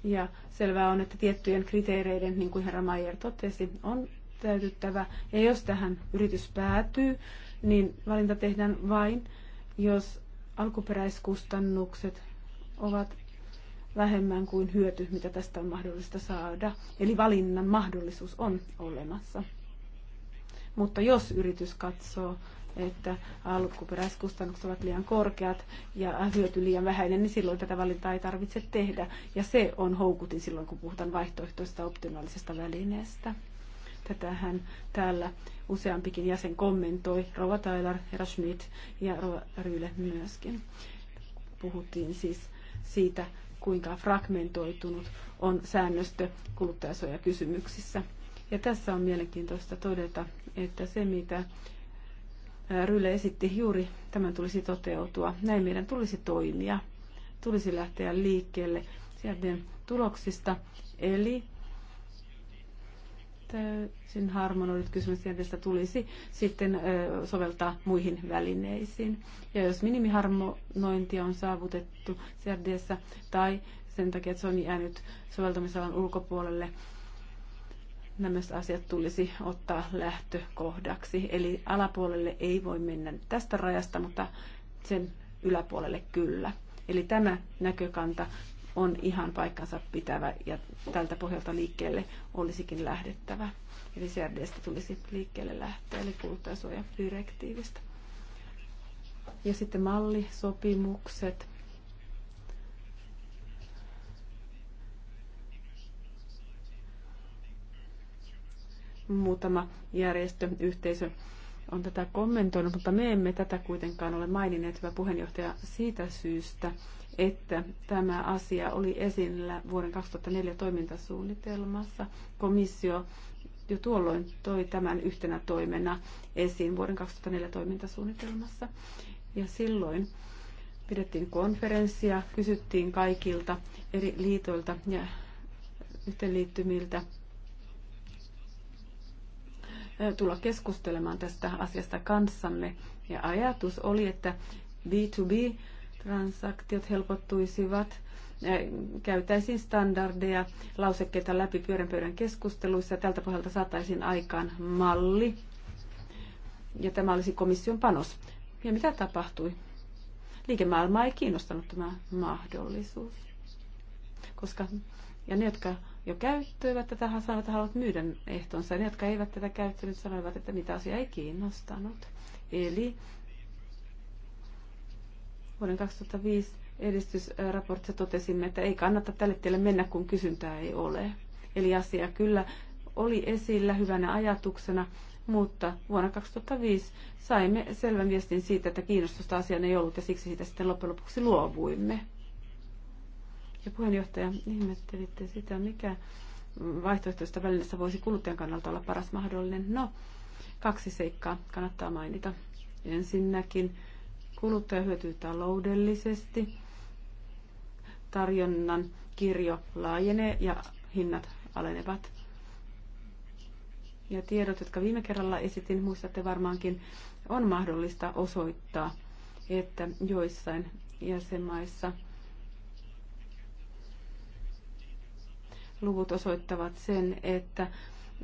Ja selvää on, että tiettyjen kriteereiden, niin kuin herra Mayer totesi, on täytyttävä. Ja jos tähän yritys päätyy, niin valinta tehdään vain, jos alkuperäiskustannukset ovat vähemmän kuin hyöty, mitä tästä on mahdollista saada. Eli valinnan mahdollisuus on olemassa. Mutta jos yritys katsoo, että alkuperäiskustannukset ovat liian korkeat ja hyöty liian vähäinen, niin silloin tätä valintaa ei tarvitse tehdä. Ja se on houkutin silloin, kun puhutaan vaihtoehtoisesta optimaalisesta välineestä. Tätähän täällä useampikin jäsen kommentoi, Rova Tyler, Herra Schmidt ja Rova Ryle myöskin. Puhuttiin siis siitä, kuinka fragmentoitunut on säännöstö kuluttajasuojakysymyksissä. Ja tässä on mielenkiintoista todeta, että se mitä Rylle esitti juuri, tämän tulisi toteutua. Näin meidän tulisi toimia. Tulisi lähteä liikkeelle sieltä tuloksista. Eli täysin harmonoidut kysymysjärjestä tulisi sitten soveltaa muihin välineisiin. Ja jos minimiharmonointia on saavutettu CRDssä tai sen takia, että se on jäänyt soveltamisalan ulkopuolelle, nämä asiat tulisi ottaa lähtökohdaksi. Eli alapuolelle ei voi mennä tästä rajasta, mutta sen yläpuolelle kyllä. Eli tämä näkökanta on ihan paikkansa pitävä ja tältä pohjalta liikkeelle olisikin lähdettävä. Eli CRDstä tulisi liikkeelle lähteä, eli kuluttajasuojadirektiivistä. Ja sitten mallisopimukset. Muutama järjestö, yhteisö on tätä kommentoinut, mutta me emme tätä kuitenkaan ole maininneet, hyvä puheenjohtaja, siitä syystä, että tämä asia oli esillä vuoden 2004 toimintasuunnitelmassa. Komissio jo tuolloin toi tämän yhtenä toimena esiin vuoden 2004 toimintasuunnitelmassa. Ja silloin pidettiin konferenssia, kysyttiin kaikilta eri liitoilta ja yhteenliittymiltä tulla keskustelemaan tästä asiasta kanssamme. Ja ajatus oli, että B2B-transaktiot helpottuisivat käytäisiin standardeja, lausekkeita läpi pyörän pöydän keskusteluissa. Tältä pohjalta saataisiin aikaan malli. Ja tämä olisi komission panos. Ja mitä tapahtui? Liikemaailmaa ei kiinnostanut tämä mahdollisuus. Koska, ja ne, jotka jo käyttöivät tätä sanoivat, että haluavat myydä ehtonsa. Ne, jotka eivät tätä käyttäneet, sanoivat, että niitä asia ei kiinnostanut. Eli vuoden 2005 edistysraportissa totesimme, että ei kannata tälle tielle mennä, kun kysyntää ei ole. Eli asia kyllä oli esillä hyvänä ajatuksena, mutta vuonna 2005 saimme selvän viestin siitä, että kiinnostusta asiaan ei ollut ja siksi siitä sitten loppujen lopuksi luovuimme. Ja puheenjohtaja, ihmettelitte sitä, mikä vaihtoehtoista välineestä voisi kuluttajan kannalta olla paras mahdollinen. No, kaksi seikkaa kannattaa mainita. Ensinnäkin kuluttaja hyötyy taloudellisesti, tarjonnan kirjo laajenee ja hinnat alenevat. Ja tiedot, jotka viime kerralla esitin, muistatte varmaankin, on mahdollista osoittaa, että joissain jäsenmaissa – luvut osoittavat sen, että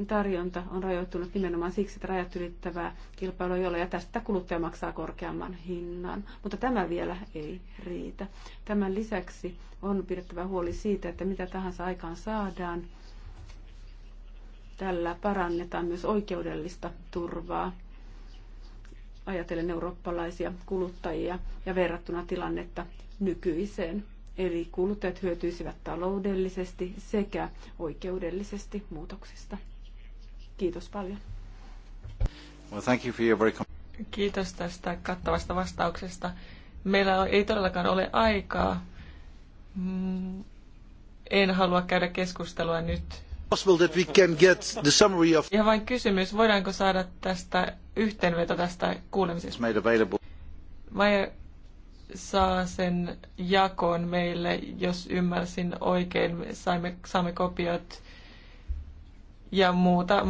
tarjonta on rajoittunut nimenomaan siksi, että rajat ylittävää kilpailua ei ole, ja tästä kuluttaja maksaa korkeamman hinnan. Mutta tämä vielä ei riitä. Tämän lisäksi on pidettävä huoli siitä, että mitä tahansa aikaan saadaan, tällä parannetaan myös oikeudellista turvaa ajatellen eurooppalaisia kuluttajia ja verrattuna tilannetta nykyiseen. Eli kuluttajat hyötyisivät taloudellisesti sekä oikeudellisesti muutoksista. Kiitos paljon. Well, thank you for your very... Kiitos tästä kattavasta vastauksesta. Meillä ei todellakaan ole aikaa. Mm, en halua käydä keskustelua nyt. Ja vain kysymys, voidaanko saada tästä yhteenveto tästä kuulemisesta? Meyer saa sen jakoon meille, jos ymmärsin oikein. Saimme, saamme kopiot ja muuta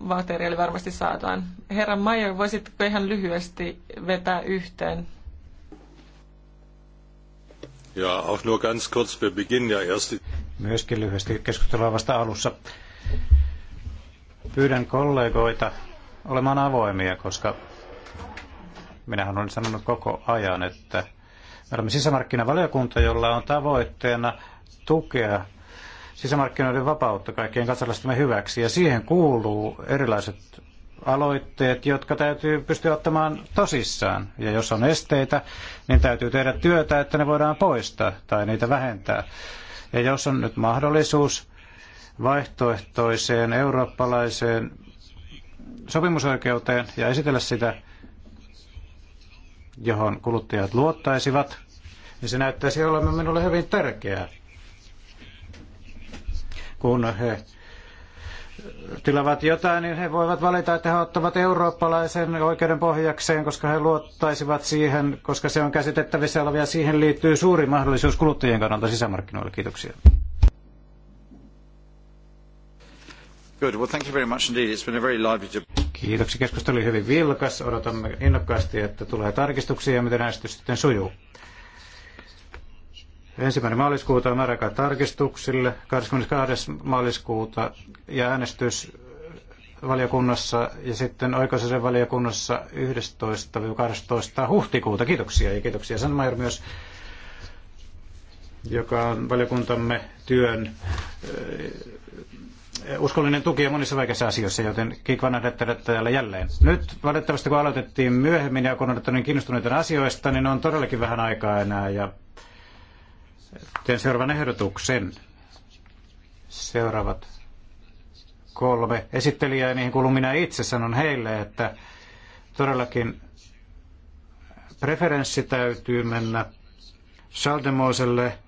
materiaali varmasti saadaan. Herra Maija, voisitko ihan lyhyesti vetää yhteen? Ja auch nur ganz kurz, wir beginnen ja erst... Myöskin lyhyesti keskustelua vasta alussa. Pyydän kollegoita olemaan avoimia, koska Minähän olen sanonut koko ajan, että me olemme sisämarkkinavaliokunta, jolla on tavoitteena tukea sisämarkkinoiden vapautta kaikkien kansalaistemme hyväksi, ja siihen kuuluu erilaiset aloitteet, jotka täytyy pystyä ottamaan tosissaan. Ja jos on esteitä, niin täytyy tehdä työtä, että ne voidaan poistaa tai niitä vähentää. Ja jos on nyt mahdollisuus vaihtoehtoiseen eurooppalaiseen sopimusoikeuteen ja esitellä sitä, johon kuluttajat luottaisivat, niin se näyttäisi olevan minulle hyvin tärkeää, kun he tilavat jotain, niin he voivat valita, että he ottavat eurooppalaisen oikeuden pohjakseen, koska he luottaisivat siihen, koska se on käsitettävissä oleva ja siihen liittyy suuri mahdollisuus kuluttajien kannalta sisämarkkinoille. Kiitoksia. Good. Well, thank you very much indeed. It's been a very lively debate. Kiitoksia. Keskustelu oli hyvin vilkas. Odotamme innokkaasti, että tulee tarkistuksia ja miten äänestys sitten sujuu. Ensimmäinen maaliskuuta on määräaika tarkistuksille, 22. maaliskuuta ja äänestys valiokunnassa ja sitten oikeusasen valiokunnassa 11-12 huhtikuuta. Kiitoksia ja kiitoksia Sanmajer myös, joka on valiokuntamme työn uskollinen tuki on monissa vaikeissa asioissa, joten kikvan täällä jälleen. Nyt valitettavasti kun aloitettiin myöhemmin ja kun olette niin kiinnostuneita asioista, niin on todellakin vähän aikaa enää ja teen seuraavan ehdotuksen. Seuraavat kolme esittelijää, niihin kuulun minä itse, sanon heille, että todellakin preferenssi täytyy mennä Schaldemoselle,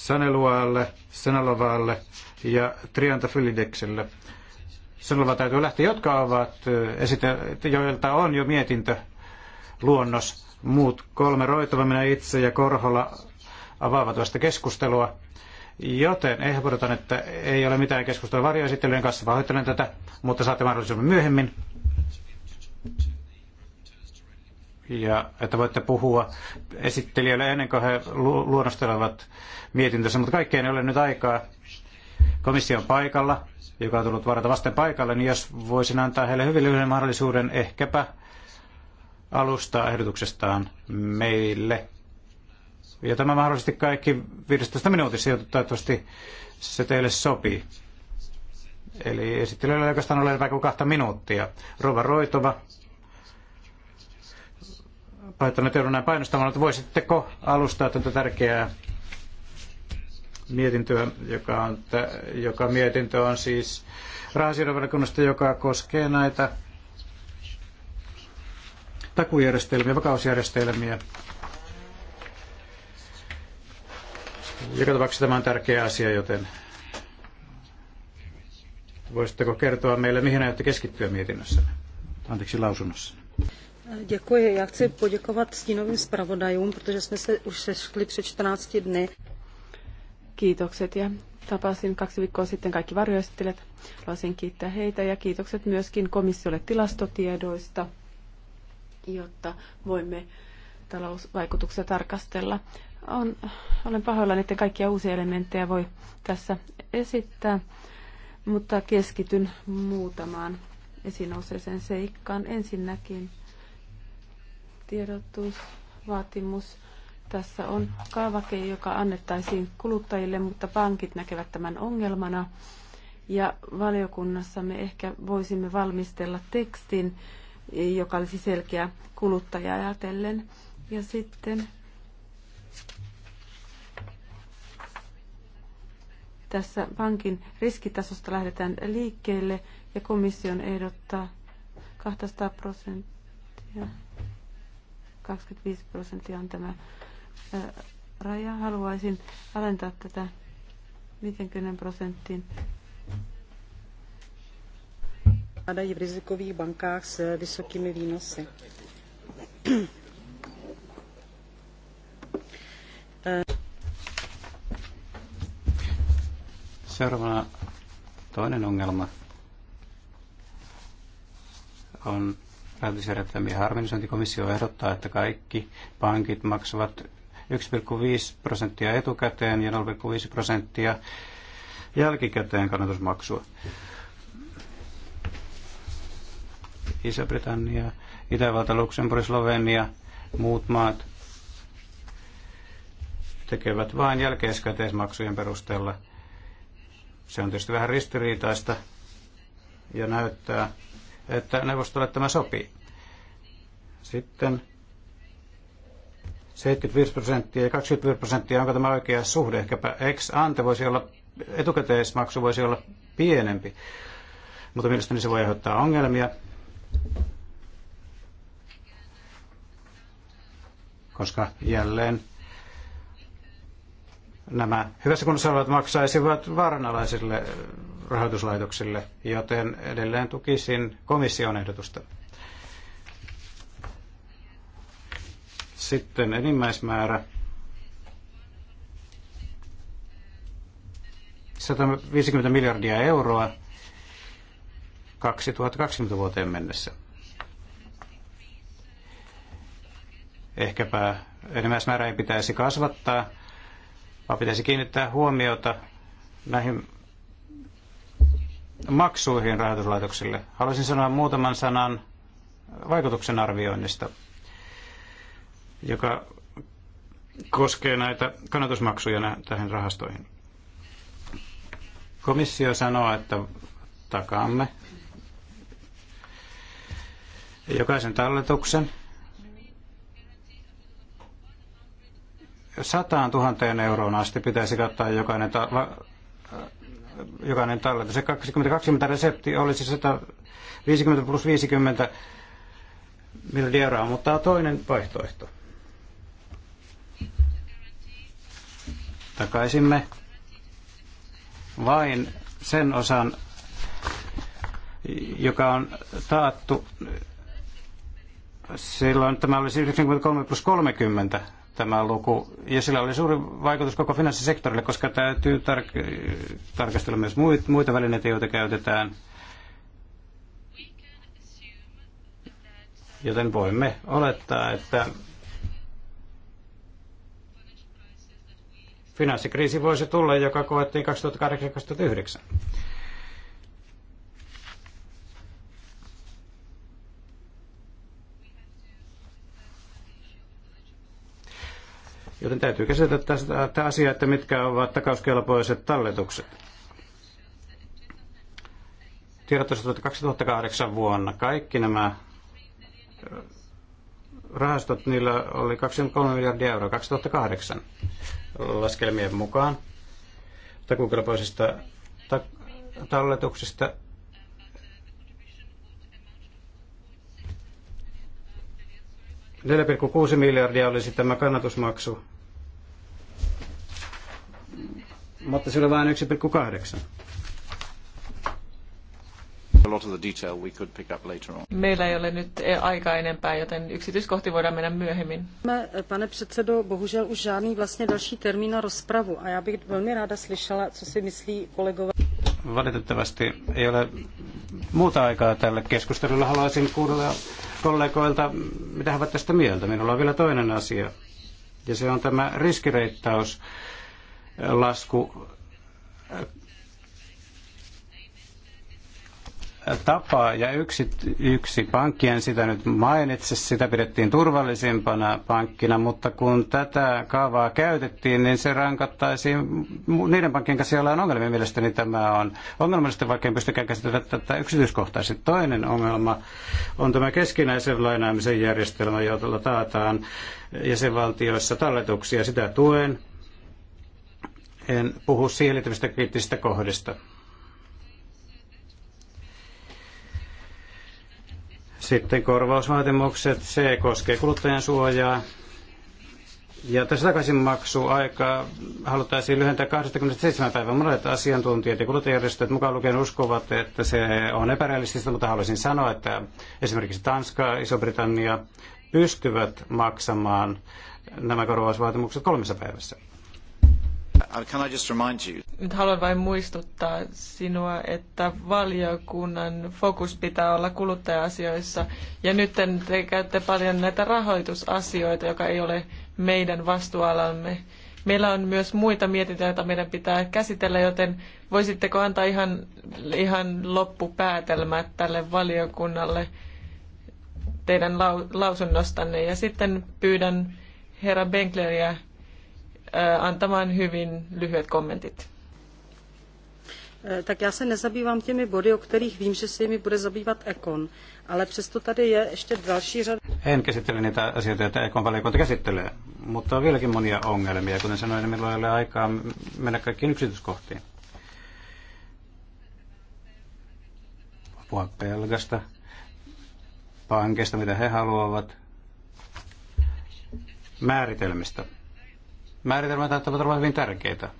Sanelualle, Senalovaalle, ja Trianta Fylidekselle. Sinulla täytyy lähteä, jotka ovat, joilta on jo mietintö luonnos. Muut kolme Roitova, minä itse ja Korhola avaavat vasta keskustelua. Joten ehdotan, että ei ole mitään keskustelua varjoesittelyjen kanssa, pahoittelen tätä, mutta saatte mahdollisuuden myöhemmin. Ja että voitte puhua esittelijöille ennen kuin he luonnostelevat mietintönsä, mutta kaikkeen ei ole nyt aikaa komission paikalla, joka on tullut varata vasten paikalle, niin jos voisin antaa heille hyvin lyhyen mahdollisuuden ehkäpä alustaa ehdotuksestaan meille. Ja tämä mahdollisesti kaikki 15 minuutissa, jotta toivottavasti se teille sopii. Eli esittelyllä ei oikeastaan ole enempää kuin kahta minuuttia. Rova Roitova, pahoittelen, että joudun näin painostamaan, että voisitteko alustaa tätä tärkeää mietintöä, joka, on, joka mietintö on siis rahansiirrovalikunnasta, joka koskee näitä takujärjestelmiä, vakausjärjestelmiä. Joka tapauksessa tämä on tärkeä asia, joten voisitteko kertoa meille, mihin aiotte keskittyä mietinnössä? Anteeksi, lausunnossa. Děkuji. Já chci poděkovat stínovým zpravodajům, protože jsme se už sešli před 14 dny. Kiitokset ja tapasin kaksi viikkoa sitten kaikki varjoistelijat. Haluaisin kiittää heitä ja kiitokset myöskin komissiolle tilastotiedoista, jotta voimme talousvaikutuksia tarkastella. On, olen pahoillani, että kaikkia uusia elementtejä voi tässä esittää, mutta keskityn muutamaan esinouseeseen seikkaan. Ensinnäkin tiedotusvaatimus tässä on kaavake, joka annettaisiin kuluttajille, mutta pankit näkevät tämän ongelmana. Ja valiokunnassa me ehkä voisimme valmistella tekstin, joka olisi selkeä kuluttaja ajatellen. Ja sitten tässä pankin riskitasosta lähdetään liikkeelle ja komission ehdottaa 200 prosenttia. 25 prosenttia on tämä raja. Haluaisin alentaa tätä 50 prosenttiin. je v rizikových bankách s vysokými výnosy. Seuraavana toinen ongelma on rahoitusjärjestelmien harmonisointikomissio ehdottaa, että kaikki pankit maksavat 1,5 prosenttia etukäteen ja 0,5 prosenttia jälkikäteen kannatusmaksua. Iso-Britannia, Itävalta, Luxemburg, Slovenia, muut maat tekevät vain jälkeiskäteismaksujen perusteella. Se on tietysti vähän ristiriitaista ja näyttää, että neuvostolle tämä sopii. Sitten 75 prosenttia ja 25 prosenttia, onko tämä oikea suhde? Ehkäpä ex ante voisi olla, etukäteismaksu voisi olla pienempi, mutta mielestäni se voi aiheuttaa ongelmia. koska jälleen nämä hyvässä kunnossa olevat maksaisivat vaaranalaisille rahoituslaitoksille, joten edelleen tukisin komission ehdotusta. Sitten enimmäismäärä 150 miljardia euroa 2020 vuoteen mennessä. Ehkäpä enimmäismäärä ei pitäisi kasvattaa, vaan pitäisi kiinnittää huomiota näihin maksuihin rahoituslaitoksille. Haluaisin sanoa muutaman sanan vaikutuksen arvioinnista joka koskee näitä kannatusmaksuja tähän rahastoihin. Komissio sanoo, että takaamme jokaisen talletuksen 100 000 euroon asti pitäisi kattaa jokainen, ta- la- jokainen talletus. Se 2020 resepti olisi 150 plus 50 miljardia euroa, mutta on toinen vaihtoehto. takaisimme vain sen osan, joka on taattu. Silloin tämä oli 93 plus 30 tämä luku, ja sillä oli suuri vaikutus koko finanssisektorille, koska täytyy tar- tarkastella myös muita välineitä, joita käytetään. Joten voimme olettaa, että finanssikriisi voisi tulla, joka koettiin 2008-2009. Joten täytyy käsitellä tästä, asiaa, että mitkä ovat takauskelpoiset talletukset. Tiedotus 2008 vuonna kaikki nämä äh, rahastot, niillä oli 23 miljardia euroa 2008 laskelmien mukaan takuukelpoisista ta- talletuksista Neljä kuusi miljardia olisi tämä kannatusmaksu, mutta se oli vain 1,8. Meillä ei ole nyt e- aikaa enempää, joten yksityiskohti voidaan mennä myöhemmin. Pane předsedo, bohužel už žádný vlastně další termín na rozpravu a já bych velmi ráda slyšela, co si myslí kolegové. Valitettavasti ei ole muuta aikaa tälle keskustelulle. Haluaisin kuulla kollegoilta, mitä he ovat tästä mieltä. Minulla on vielä toinen asia, ja se on tämä riskireittaus lasku tapa ja yksi, yksi pankki, en sitä nyt mainitse, sitä pidettiin turvallisimpana pankkina, mutta kun tätä kaavaa käytettiin, niin se rankattaisiin niiden pankkien kanssa, joilla on ongelmia. Mielestäni tämä on ongelmallista, vaikka en pystykään käsitellä tätä yksityiskohtaisesti. Toinen ongelma on tämä keskinäisen lainaamisen järjestelmä, jolla taataan jäsenvaltioissa talletuksia. Sitä tuen. En puhu siihen liittyvistä kriittisistä kohdista Sitten korvausvaatimukset, se koskee kuluttajan suojaa. Ja tässä takaisinmaksuaikaa haluttaisiin lyhentää 27 päivää. Monet asiantuntijat ja kuluttajärjestöt mukaan lukien uskovat, että se on epärealistista, mutta haluaisin sanoa, että esimerkiksi Tanska, Iso-Britannia pystyvät maksamaan nämä korvausvaatimukset kolmessa päivässä. Uh, can I just remind you? Nyt haluan vain muistuttaa sinua, että valiokunnan fokus pitää olla kuluttaja-asioissa. Ja nyt te käytte paljon näitä rahoitusasioita, joka ei ole meidän vastuualamme. Meillä on myös muita mietintöjä, joita meidän pitää käsitellä, joten voisitteko antaa ihan, ihan loppupäätelmät tälle valiokunnalle teidän lausunnostanne. Ja sitten pyydän herra Benkleriä Eh, antamaan hyvin lyhyet kommentit. Eh, tak já se nezabývám těmi body, o kterých vím, že se jimi bude zabývat Ekon, ale přesto tady je ještě další řada. En käsittele niitä asioita, joita Ekon valiokunta käsittelee, mutta on vieläkin monia ongelmia. Kuten sanoin, niin milloin ei ole aikaa mennä kaikkiin yksityiskohtiin. Puhua pelkästä, pankista, mitä he haluavat, määritelmistä. Määritelmä näyttävät olla hyvin tärkeitä.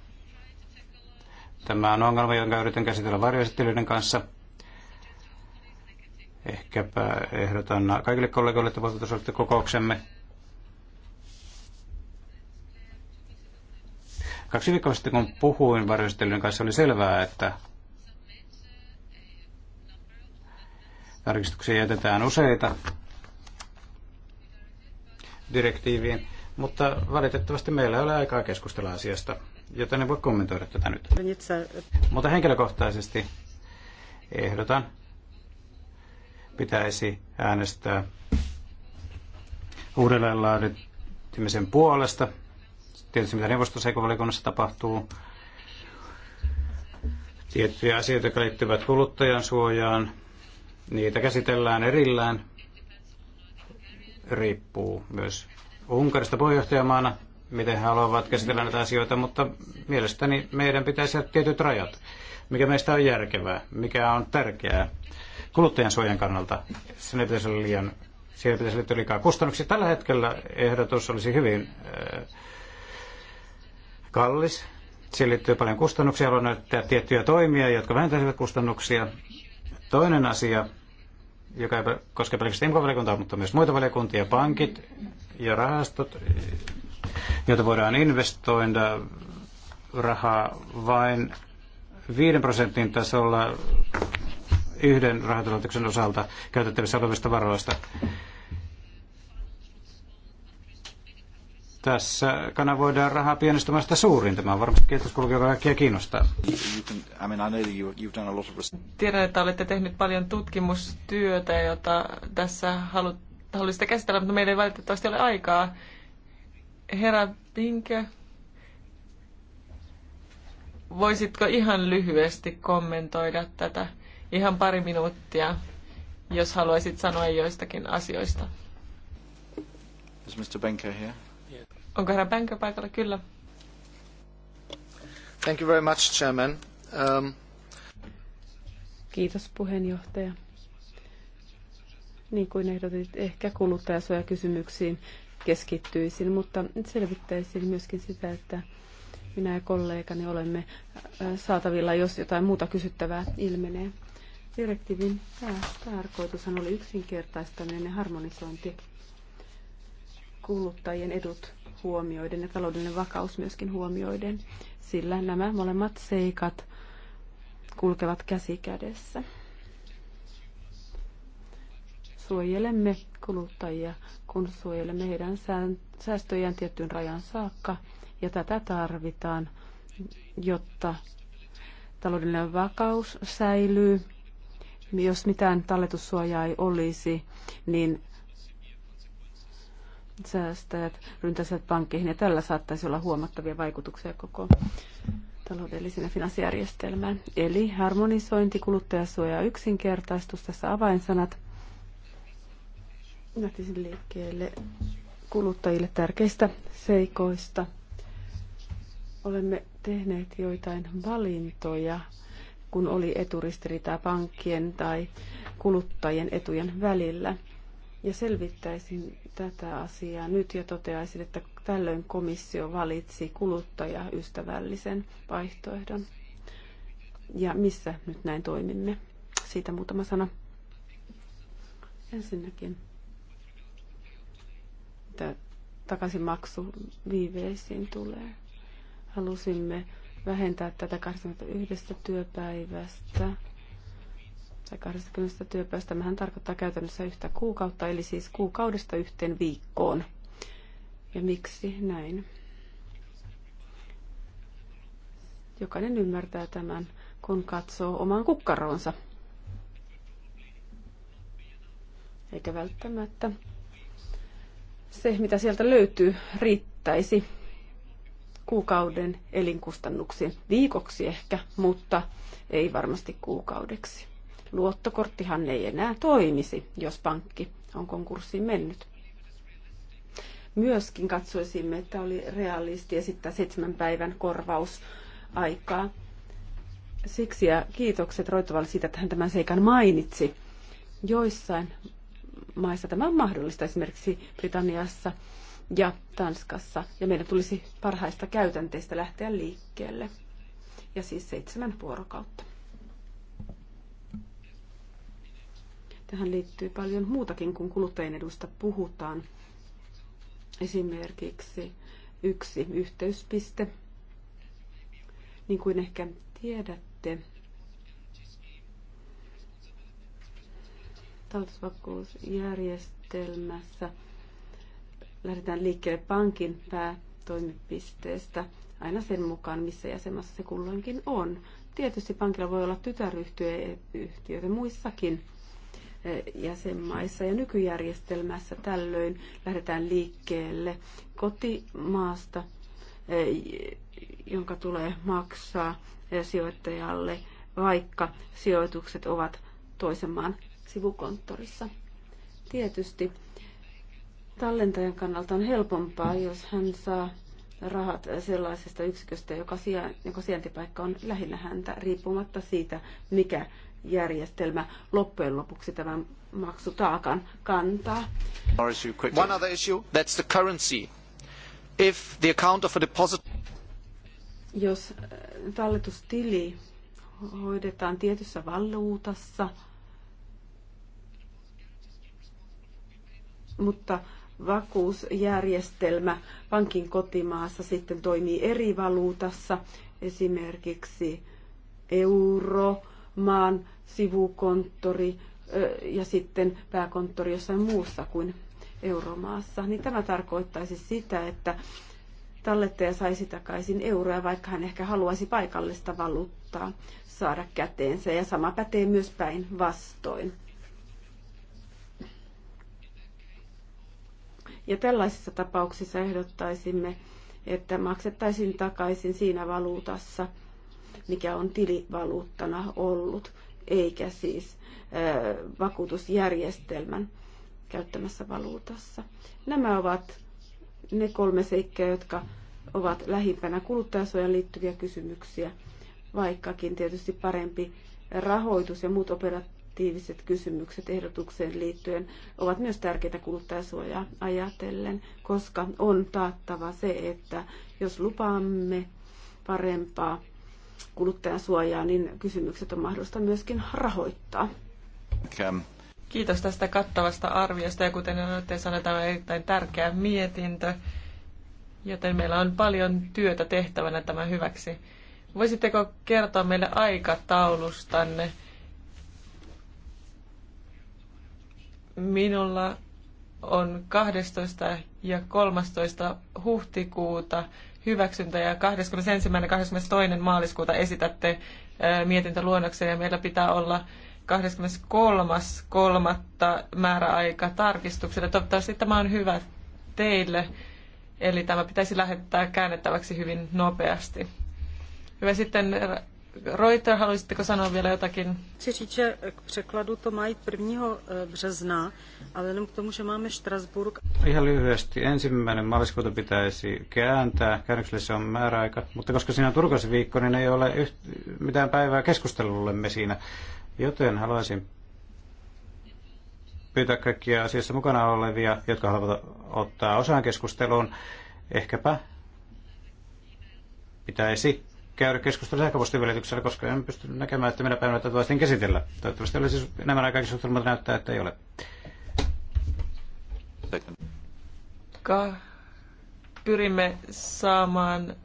Tämä on ongelma, jonka yritän käsitellä varjoesittelyiden kanssa. Ehkäpä ehdotan kaikille kollegoille, että voivat osallistua kokouksemme. Kaksi viikkoa sitten, kun puhuin varjoesittelyiden kanssa, oli selvää, että tarkistuksia jätetään useita direktiiviin. Mutta valitettavasti meillä ei ole aikaa keskustella asiasta, joten en voi kommentoida tätä nyt. Mutta henkilökohtaisesti ehdotan, pitäisi äänestää uudelleenlaadittimisen puolesta. Tietysti mitä neuvostoseikovalikunnassa tapahtuu, tiettyjä asioita, jotka liittyvät kuluttajan suojaan, niitä käsitellään erillään. Riippuu myös Unkarista puheenjohtajamaana, miten he haluavat käsitellä näitä asioita, mutta mielestäni meidän pitäisi olla tietyt rajat, mikä meistä on järkevää, mikä on tärkeää kuluttajan suojan kannalta. Se ei pitäisi olla liian, siihen pitäisi liittyä liikaa kustannuksia. Tällä hetkellä ehdotus olisi hyvin äh, kallis. Siihen liittyy paljon kustannuksia. Haluan näyttää tiettyjä toimia, jotka vähentäisivät kustannuksia. Toinen asia, joka ei koske pelkästään imkovaliokuntaa, mutta myös muita valiokuntia, pankit, ja rahastot, joita voidaan investoida rahaa vain 5 prosentin tasolla yhden rahoituslaitoksen osalta käytettävissä olevista varoista. Tässä kanavoidaan rahaa pienestämästä suuriin. Tämä on varmasti kehityskulku, joka kaikkia kiinnostaa. Tiedän, että olette tehnyt paljon tutkimustyötä, jota tässä halut, haluaisin sitä käsitellä, mutta meillä ei valitettavasti ole aikaa. Herra Pinkö, voisitko ihan lyhyesti kommentoida tätä, ihan pari minuuttia, jos haluaisit sanoa joistakin asioista? Is Mr. Benko here? Yeah. Onko herra Benko paikalla? Kyllä. Thank you very much, Chairman. Um... Kiitos puheenjohtaja niin kuin ehdotit, ehkä kuluttajasuojakysymyksiin keskittyisin, mutta selvittäisin myöskin sitä, että minä ja kollegani olemme saatavilla, jos jotain muuta kysyttävää ilmenee. Direktiivin päätarkoitushan oli yksinkertaistaminen ja harmonisointi kuluttajien edut huomioiden ja taloudellinen vakaus myöskin huomioiden, sillä nämä molemmat seikat kulkevat käsi kädessä suojelemme kuluttajia, kun suojelemme heidän säästöjään tiettyyn rajan saakka. Ja tätä tarvitaan, jotta taloudellinen vakaus säilyy. Jos mitään talletussuojaa ei olisi, niin säästäjät ryntäisivät pankkeihin ja tällä saattaisi olla huomattavia vaikutuksia koko taloudellisen ja finanssijärjestelmään. Eli harmonisointi, kuluttajasuoja ja yksinkertaistus tässä avainsanat – lähtisin liikkeelle kuluttajille tärkeistä seikoista. Olemme tehneet joitain valintoja, kun oli eturistiriitaa pankkien tai kuluttajien etujen välillä. Ja selvittäisin tätä asiaa nyt ja toteaisin, että tällöin komissio valitsi kuluttajaystävällisen vaihtoehdon. Ja missä nyt näin toimimme? Siitä muutama sana. Ensinnäkin että takaisinmaksu viiveisiin tulee. Halusimme vähentää tätä 21 työpäivästä tai 20 työpäivästä. Tämähän tarkoittaa käytännössä yhtä kuukautta, eli siis kuukaudesta yhteen viikkoon. Ja miksi näin? Jokainen ymmärtää tämän, kun katsoo omaan kukkaroonsa. Eikä välttämättä se, mitä sieltä löytyy, riittäisi kuukauden elinkustannuksiin, viikoksi ehkä, mutta ei varmasti kuukaudeksi. Luottokorttihan ei enää toimisi, jos pankki on konkurssiin mennyt. Myöskin katsoisimme, että oli realisti esittää seitsemän päivän korvausaikaa. Siksi ja kiitokset Roitovalle siitä, että hän tämän seikan mainitsi. Joissain maissa tämä on mahdollista, esimerkiksi Britanniassa ja Tanskassa. Ja meidän tulisi parhaista käytänteistä lähteä liikkeelle. Ja siis seitsemän vuorokautta. Tähän liittyy paljon muutakin, kun kuluttajien edusta puhutaan. Esimerkiksi yksi yhteyspiste. Niin kuin ehkä tiedätte, talletusvakuusjärjestelmässä lähdetään liikkeelle pankin päätoimipisteestä aina sen mukaan, missä jäsenmaassa se kulloinkin on. Tietysti pankilla voi olla tytäryhtiöitä muissakin eh, jäsenmaissa ja nykyjärjestelmässä tällöin lähdetään liikkeelle kotimaasta, eh, jonka tulee maksaa eh, sijoittajalle, vaikka sijoitukset ovat toisen maan sivukonttorissa. Tietysti tallentajan kannalta on helpompaa, jos hän saa rahat sellaisesta yksiköstä, joka, sija, joka sijaintipaikka on lähinnä häntä, riippumatta siitä, mikä järjestelmä loppujen lopuksi tämän maksutaakan kantaa. One other issue, that's the currency. If the account of a deposit... Jos äh, talletustili hoidetaan tietyssä valuutassa, mutta vakuusjärjestelmä pankin kotimaassa sitten toimii eri valuutassa, esimerkiksi euro, maan sivukonttori ja sitten pääkonttori jossain muussa kuin euromaassa, niin tämä tarkoittaisi sitä, että tallettaja saisi takaisin euroja, vaikka hän ehkä haluaisi paikallista valuuttaa saada käteensä, ja sama pätee myös päin vastoin. Ja tällaisissa tapauksissa ehdottaisimme, että maksettaisiin takaisin siinä valuutassa, mikä on tilivaluuttana ollut, eikä siis vakuutusjärjestelmän käyttämässä valuutassa. Nämä ovat ne kolme seikkaa, jotka ovat lähimpänä kuluttajasuojan liittyviä kysymyksiä, vaikkakin tietysti parempi rahoitus ja muut operaatiot tiiviset kysymykset ehdotukseen liittyen ovat myös tärkeitä kuluttajasuojaa ajatellen, koska on taattava se, että jos lupaamme parempaa kuluttajasuojaa, niin kysymykset on mahdollista myöskin rahoittaa. Kiitos tästä kattavasta arviosta ja kuten olette sanoneet, tämä on erittäin tärkeä mietintö, joten meillä on paljon työtä tehtävänä tämän hyväksi. Voisitteko kertoa meille aikataulustanne? Minulla on 12. ja 13. huhtikuuta hyväksyntä ja 21. ja 22. maaliskuuta esitätte mietintöluonnoksen ja meillä pitää olla 23.3. määräaika tarkistukselle. Toivottavasti tämä on hyvä teille, eli tämä pitäisi lähettää käännettäväksi hyvin nopeasti. Hyvä sitten Reuter, haluaisitteko sanoa vielä jotakin? Chci říct, že k překladu to mají 1. E, března, ale jenom k tomu, že máme Strasburg. Ihan lyhyesti. Ensimmäinen maaliskuuta pitäisi kääntää. Käännökselle se on määräaika. Mutta koska siinä on viikko, niin ei ole yht, mitään päivää keskustelullemme siinä. Joten haluaisin pyytää kaikkia asiassa mukana olevia, jotka haluavat ottaa osaan keskusteluun. Ehkäpä pitäisi käydä keskustelua sähköpostivälityksellä, koska en pysty näkemään, että minä päivänä tätä voisin käsitellä. Toivottavasti olisi siis enemmän aikaa keskustelua, mutta näyttää, että ei ole. Ka- pyrimme saamaan ö,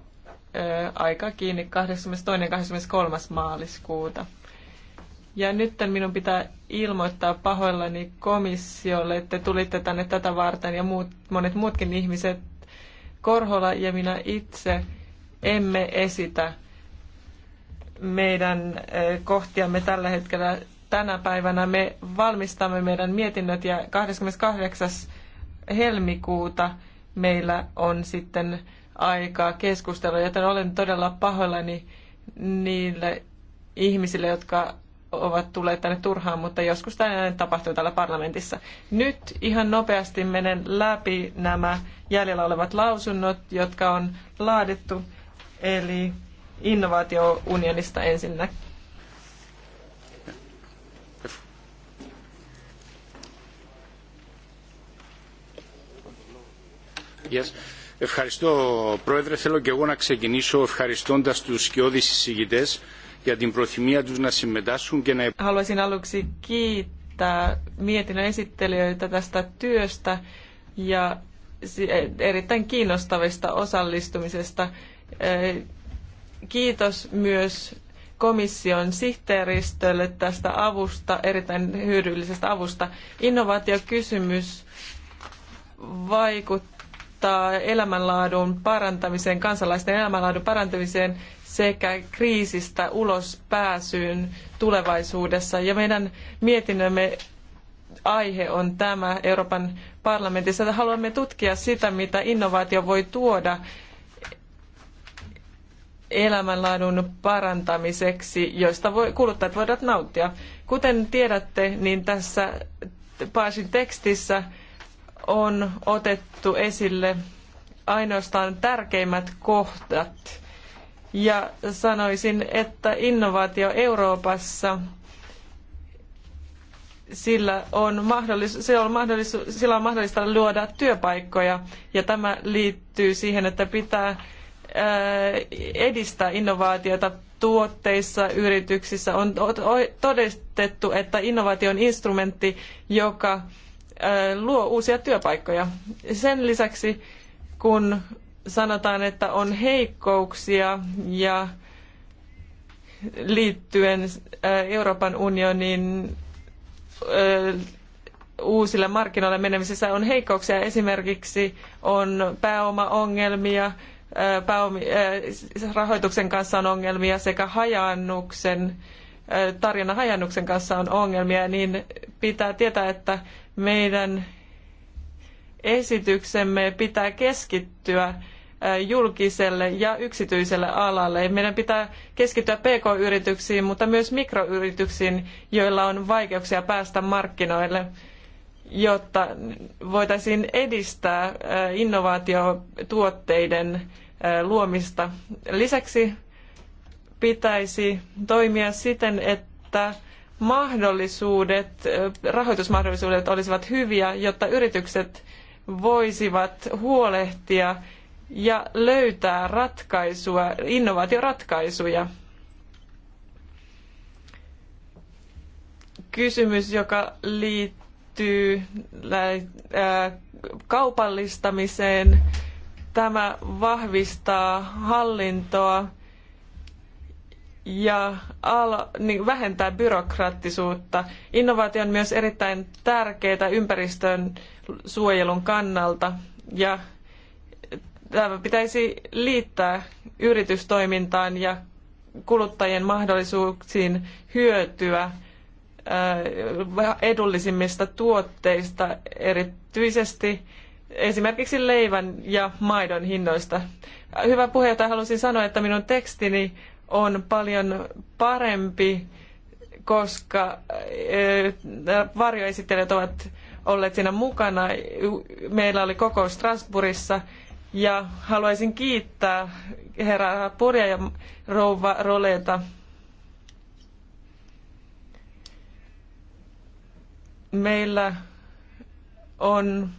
aika kiinni 22. ja 23. maaliskuuta. Ja nyt minun pitää ilmoittaa pahoillani komissiolle, että tulitte tänne tätä varten ja muut, monet muutkin ihmiset, Korhola ja minä itse, emme esitä meidän kohtiamme tällä hetkellä tänä päivänä. Me valmistamme meidän mietinnöt ja 28. helmikuuta meillä on sitten aikaa keskustella, joten olen todella pahoillani niille ihmisille, jotka ovat tulleet tänne turhaan, mutta joskus tänään tapahtuu täällä parlamentissa. Nyt ihan nopeasti menen läpi nämä jäljellä olevat lausunnot, jotka on laadittu. Eli innovaatiounionista ensinnä. Yes. Ευχαριστώ Πρόεδρε. Θέλω και εγώ να ξεκινήσω ευχαριστώντας τους σκιώδεις συζητητές για την προθυμία τους να συμμετάσχουν και να... Haluaisin aluksi kiittää mietinnön esittelijöitä tästä työstä ja erittäin kiinnostavista osallistumisesta eh, kiitos myös komission sihteeristölle tästä avusta, erittäin hyödyllisestä avusta. Innovaatiokysymys vaikuttaa elämänlaadun parantamiseen, kansalaisten elämänlaadun parantamiseen sekä kriisistä ulospääsyyn tulevaisuudessa. Ja meidän mietinnömme aihe on tämä Euroopan parlamentissa. Haluamme tutkia sitä, mitä innovaatio voi tuoda elämänlaadun parantamiseksi, joista voi, kuluttajat voivat nauttia. Kuten tiedätte, niin tässä Paasin tekstissä on otettu esille ainoastaan tärkeimmät kohdat. Ja sanoisin, että innovaatio Euroopassa sillä on, mahdollis- sillä, on mahdollis- sillä on mahdollista luoda työpaikkoja ja tämä liittyy siihen, että pitää Äh, edistää innovaatiota tuotteissa, yrityksissä. On todistettu, että innovaatio on instrumentti, joka äh, luo uusia työpaikkoja. Sen lisäksi, kun sanotaan, että on heikkouksia ja liittyen äh, Euroopan unionin uusille markkinoille menemisessä on heikkouksia. Esimerkiksi on pääomaongelmia, pääomi- äh, rahoituksen kanssa on ongelmia sekä hajannuksen, äh, tarjonnan hajannuksen kanssa on ongelmia, niin pitää tietää, että meidän esityksemme pitää keskittyä äh, julkiselle ja yksityiselle alalle. Meidän pitää keskittyä pk-yrityksiin, mutta myös mikroyrityksiin, joilla on vaikeuksia päästä markkinoille jotta voitaisiin edistää äh, innovaatiotuotteiden äh, luomista. Lisäksi pitäisi toimia siten, että mahdollisuudet, äh, rahoitusmahdollisuudet olisivat hyviä, jotta yritykset voisivat huolehtia ja löytää ratkaisua, innovaatioratkaisuja. Kysymys, joka liittyy liittyy äh, kaupallistamiseen. Tämä vahvistaa hallintoa ja niin vähentää byrokraattisuutta. Innovaatio on myös erittäin tärkeää ympäristön suojelun kannalta ja tämä pitäisi liittää yritystoimintaan ja kuluttajien mahdollisuuksiin hyötyä Äh, edullisimmista tuotteista, erityisesti esimerkiksi leivän ja maidon hinnoista. Hyvä puheenjohtaja, halusin sanoa, että minun tekstini on paljon parempi, koska äh, varjoesittelijät ovat olleet siinä mukana. Meillä oli kokous Strasbourgissa ja haluaisin kiittää herra Purja ja rouva Roleta meillä on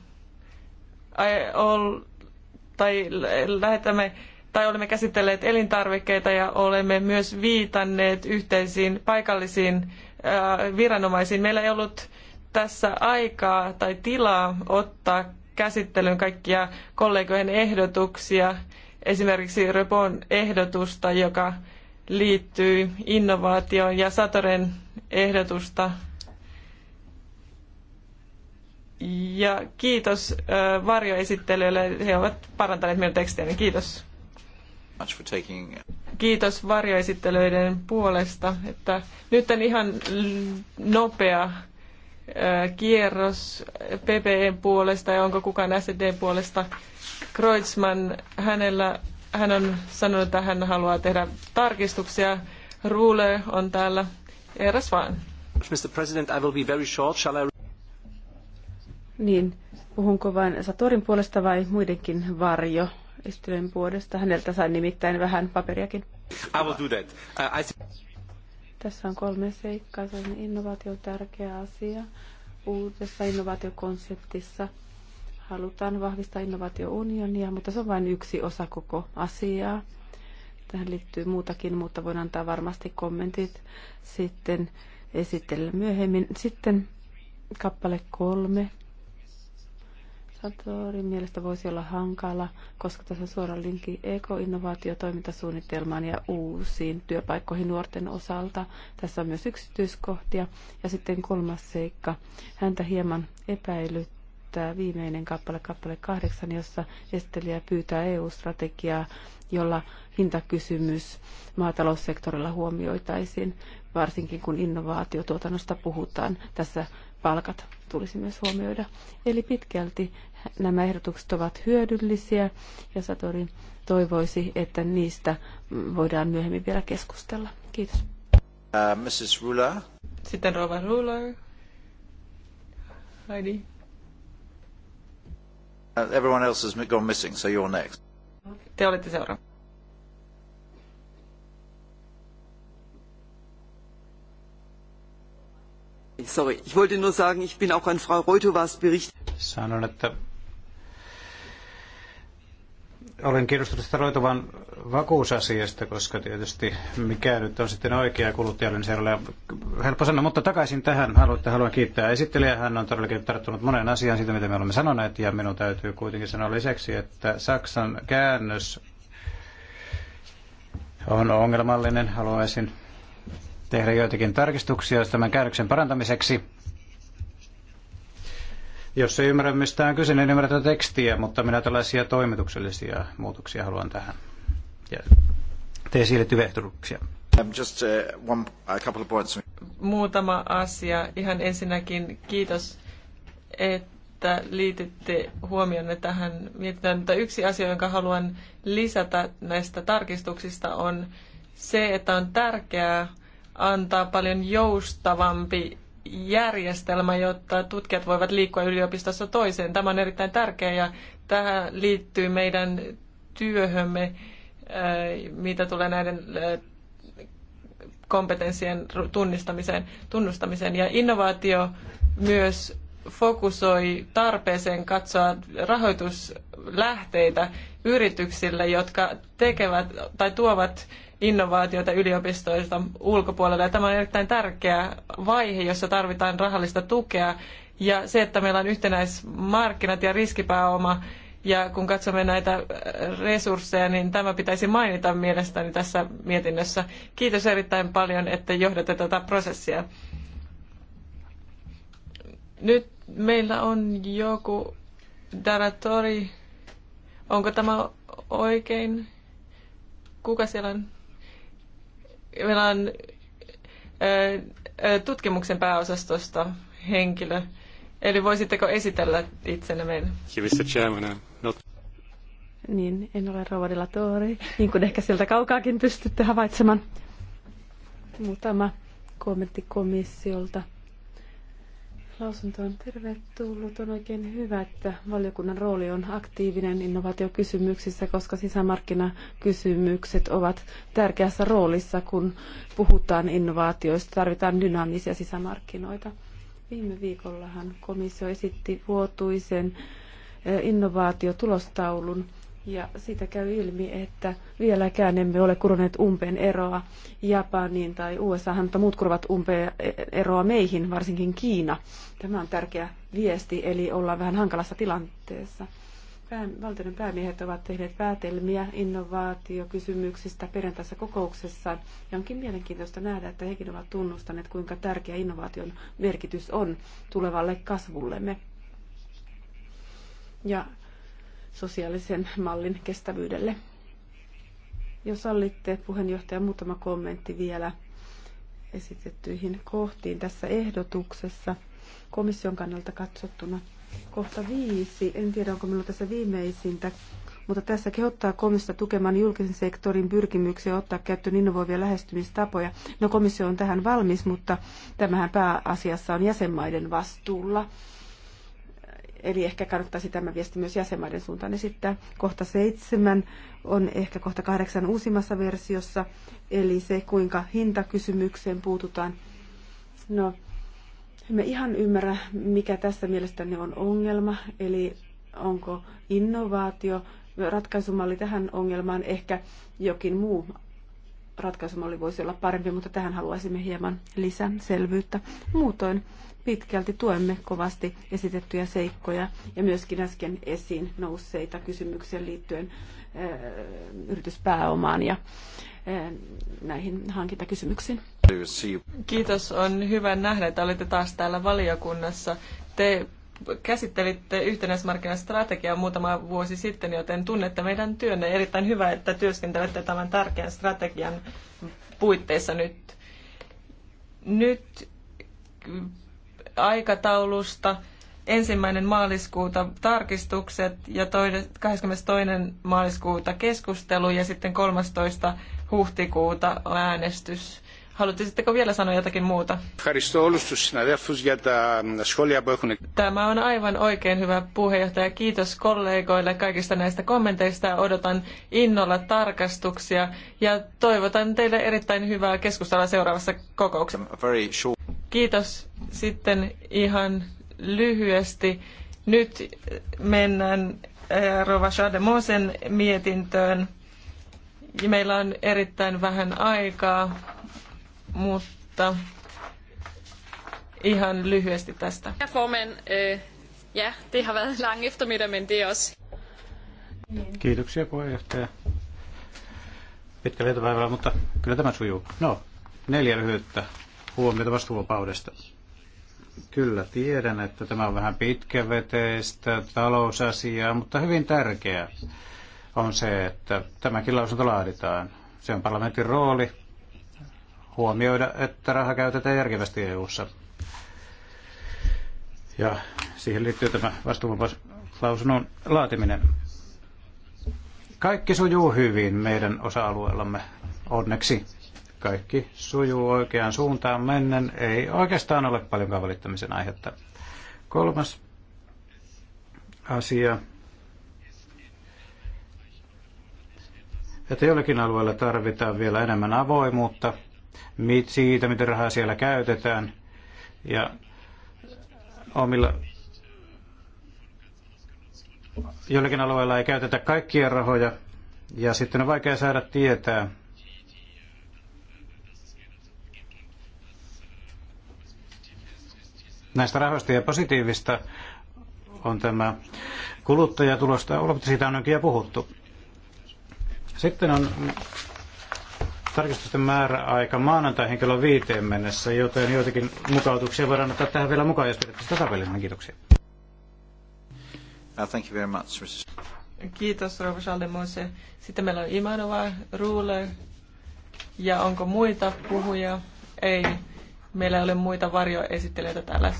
tai lähetämme tai olemme käsitelleet elintarvikkeita ja olemme myös viitanneet yhteisiin paikallisiin äh, viranomaisiin. Meillä ei ollut tässä aikaa tai tilaa ottaa käsittelyyn kaikkia kollegojen ehdotuksia, esimerkiksi Repon ehdotusta, joka liittyy innovaatioon ja Satoren ehdotusta ja kiitos varjoesittelijöille, he ovat parantaneet minun tekstiäni. Kiitos. Kiitos varjoesittelyiden puolesta. Että nyt on ihan nopea kierros PPEn puolesta ja onko kukaan SD puolesta. Kreutzmann, hänellä, hän on sanonut, että hän haluaa tehdä tarkistuksia. Ruule on täällä. Eräs vaan. Mr. President, I will be very short. Shall I... Niin, puhunko vain Satorin puolesta vai muidenkin varjo? Estilön puolesta. Häneltä sain nimittäin vähän paperiakin. I will do that. Uh, I... Tässä on kolme seikkaa. Se on innovaatio tärkeä asia. Uudessa innovaatiokonseptissa halutaan vahvistaa innovaatiounionia, mutta se on vain yksi osa koko asiaa. Tähän liittyy muutakin, mutta voin antaa varmasti kommentit sitten esitellä myöhemmin. Sitten kappale kolme. Satorin mielestä voisi olla hankala, koska tässä on suora linkki ekoinnovaatiotoimintasuunnitelmaan ja uusiin työpaikkoihin nuorten osalta. Tässä on myös yksityiskohtia. Ja sitten kolmas seikka. Häntä hieman epäilyttää viimeinen kappale, kappale kahdeksan, jossa Esteliä pyytää EU-strategiaa, jolla hintakysymys maataloussektorilla huomioitaisiin, varsinkin kun innovaatiotuotannosta puhutaan. Tässä palkat tulisi myös huomioida. Eli pitkälti nämä ehdotukset ovat hyödyllisiä ja Satori toivoisi, että niistä voidaan myöhemmin vielä keskustella. Kiitos. Uh, Mrs. Ruler. Sitten Rova Ruler. Heidi. Uh, everyone else has gone missing, so you're next. Te olette seuraava. Sorry, ich wollte nur sagen, ich bin auch an Frau Bericht. Sanon, että olen kiinnostunut tästä Roitovan vakuusasiasta, koska tietysti mikä nyt on sitten oikea kuluttajalle, niin se ei ole helppo sanoa. Mutta takaisin tähän haluan, haluan kiittää esittelijää. Hän on todellakin tarttunut moneen asiaan siitä, mitä me olemme sanoneet. Ja minun täytyy kuitenkin sanoa lisäksi, että Saksan käännös on ongelmallinen. Haluaisin tehdä joitakin tarkistuksia tämän käännöksen parantamiseksi. Jos ei ymmärrä mistään kyse, niin ymmärrä tekstiä, mutta minä tällaisia toimituksellisia muutoksia haluan tähän. Ja tee sille ehdotuksia. Um, just uh, one, a couple of points. Muutama asia. Ihan ensinnäkin kiitos, että liititte huomionne tähän mietintään. yksi asia, jonka haluan lisätä näistä tarkistuksista, on se, että on tärkeää, antaa paljon joustavampi järjestelmä, jotta tutkijat voivat liikkua yliopistossa toiseen. Tämä on erittäin tärkeää ja tähän liittyy meidän työhömme, äh, mitä tulee näiden äh, kompetenssien tunnistamiseen, tunnustamiseen. Ja innovaatio myös fokusoi tarpeeseen katsoa rahoituslähteitä yrityksille, jotka tekevät tai tuovat innovaatioita yliopistoista ulkopuolella. Ja tämä on erittäin tärkeä vaihe, jossa tarvitaan rahallista tukea. Ja se, että meillä on yhtenäismarkkinat ja riskipääoma, ja kun katsomme näitä äh, resursseja, niin tämä pitäisi mainita mielestäni tässä mietinnössä. Kiitos erittäin paljon, että johdatte tätä prosessia. Nyt meillä on joku Daratori. Onko tämä oikein? Kuka siellä on? meillä on tutkimuksen pääosastosta henkilö. Eli voisitteko esitellä itsenne meille? Niin, en ole Rovodilla Toori, niin kuin ehkä sieltä kaukaakin pystytte havaitsemaan. Muutama kommentti komissiolta Lausunto on tervetullut. On oikein hyvä, että valiokunnan rooli on aktiivinen innovaatiokysymyksissä, koska sisämarkkinakysymykset ovat tärkeässä roolissa, kun puhutaan innovaatioista. Tarvitaan dynaamisia sisämarkkinoita. Viime viikollahan komissio esitti vuotuisen eh, innovaatiotulostaulun ja siitä käy ilmi, että vieläkään emme ole kuroneet umpeen eroa Japaniin tai USA, mutta muut kurvat umpeen eroa meihin, varsinkin Kiina. Tämä on tärkeä viesti, eli ollaan vähän hankalassa tilanteessa. Pää, valtioiden päämiehet ovat tehneet päätelmiä innovaatiokysymyksistä perjantaisessa kokouksessa. Ja onkin mielenkiintoista nähdä, että hekin ovat tunnustaneet, kuinka tärkeä innovaation merkitys on tulevalle kasvullemme. Ja sosiaalisen mallin kestävyydelle. Jos sallitte puheenjohtaja muutama kommentti vielä esitettyihin kohtiin tässä ehdotuksessa komission kannalta katsottuna. Kohta viisi, en tiedä onko minulla tässä viimeisintä, mutta tässä kehottaa komissio tukemaan julkisen sektorin pyrkimyksiä ottaa käyttöön innovoivia lähestymistapoja. No komissio on tähän valmis, mutta tämähän pääasiassa on jäsenmaiden vastuulla. Eli ehkä kannattaisi tämä viesti myös jäsenmaiden suuntaan esittää. Kohta seitsemän on ehkä kohta kahdeksan uusimmassa versiossa, eli se kuinka hintakysymykseen puututaan. No, me ihan ymmärrä, mikä tässä mielestäni on ongelma, eli onko innovaatio ratkaisumalli tähän ongelmaan ehkä jokin muu ratkaisumalli voisi olla parempi, mutta tähän haluaisimme hieman lisäselvyyttä. Muutoin pitkälti tuemme kovasti esitettyjä seikkoja ja myöskin äsken esiin nousseita kysymyksiä liittyen eh, yrityspääomaan ja eh, näihin hankintakysymyksiin. Kiitos, on hyvä nähdä, että olette taas täällä valiokunnassa. Te käsittelitte yhtenäismarkkinastrategiaa muutama vuosi sitten, joten tunnette meidän työnne. Erittäin hyvä, että työskentelette tämän tärkeän strategian puitteissa nyt. Nyt aikataulusta. Ensimmäinen maaliskuuta tarkistukset ja toinen, 22. maaliskuuta keskustelu ja sitten 13. huhtikuuta äänestys. Haluaisitteko vielä sanoa jotakin muuta? Tämä on aivan oikein hyvä puheenjohtaja. Kiitos kollegoille kaikista näistä kommenteista. Odotan innolla tarkastuksia ja toivotan teille erittäin hyvää keskustelua seuraavassa kokouksessa. Kiitos. Sitten ihan lyhyesti. Nyt mennään eh, Rova Shademosen mietintöön. Meillä on erittäin vähän aikaa, mutta ihan lyhyesti tästä. Ja formen, eh, ja, det har været lang eftermiddag, men det er også. Kiitoksia puheenjohtaja. Pitkä lentopäivä, mutta kyllä tämä sujuu. No, neljä lyhyyttä huomiota vastuuvapaudesta. Kyllä, tiedän, että tämä on vähän pitkäveteistä talousasiaa, mutta hyvin tärkeää on se, että tämäkin lausunto laaditaan. Se on parlamentin rooli huomioida, että raha käytetään järkevästi EU-ssa. Ja siihen liittyy tämä vastuuvapauslausunnon laatiminen. Kaikki sujuu hyvin meidän osa-alueellamme, onneksi. Kaikki sujuu oikeaan suuntaan mennen. Ei oikeastaan ole paljonkaan valittamisen aihetta. Kolmas asia. Että jollakin alueella tarvitaan vielä enemmän avoimuutta siitä, miten rahaa siellä käytetään. Ja omilla jollakin alueella ei käytetä kaikkia rahoja ja sitten on vaikea saada tietää, näistä rahoista ja positiivista on tämä kuluttajatulosta, siitä on jo puhuttu. Sitten on tarkistusten määräaika maanantaihin kello viiteen mennessä, joten joitakin mukautuksia voidaan ottaa tähän vielä mukaan, jos pidätte sitä tapellisena. Kiitoksia. Uh, thank you very much, Mr. Kiitos, Rova Schaldemose. Sitten meillä on Imanova, Ruule. Ja onko muita puhuja? Ei. Meillä ei ole muita varjoesittelijöitä täällä.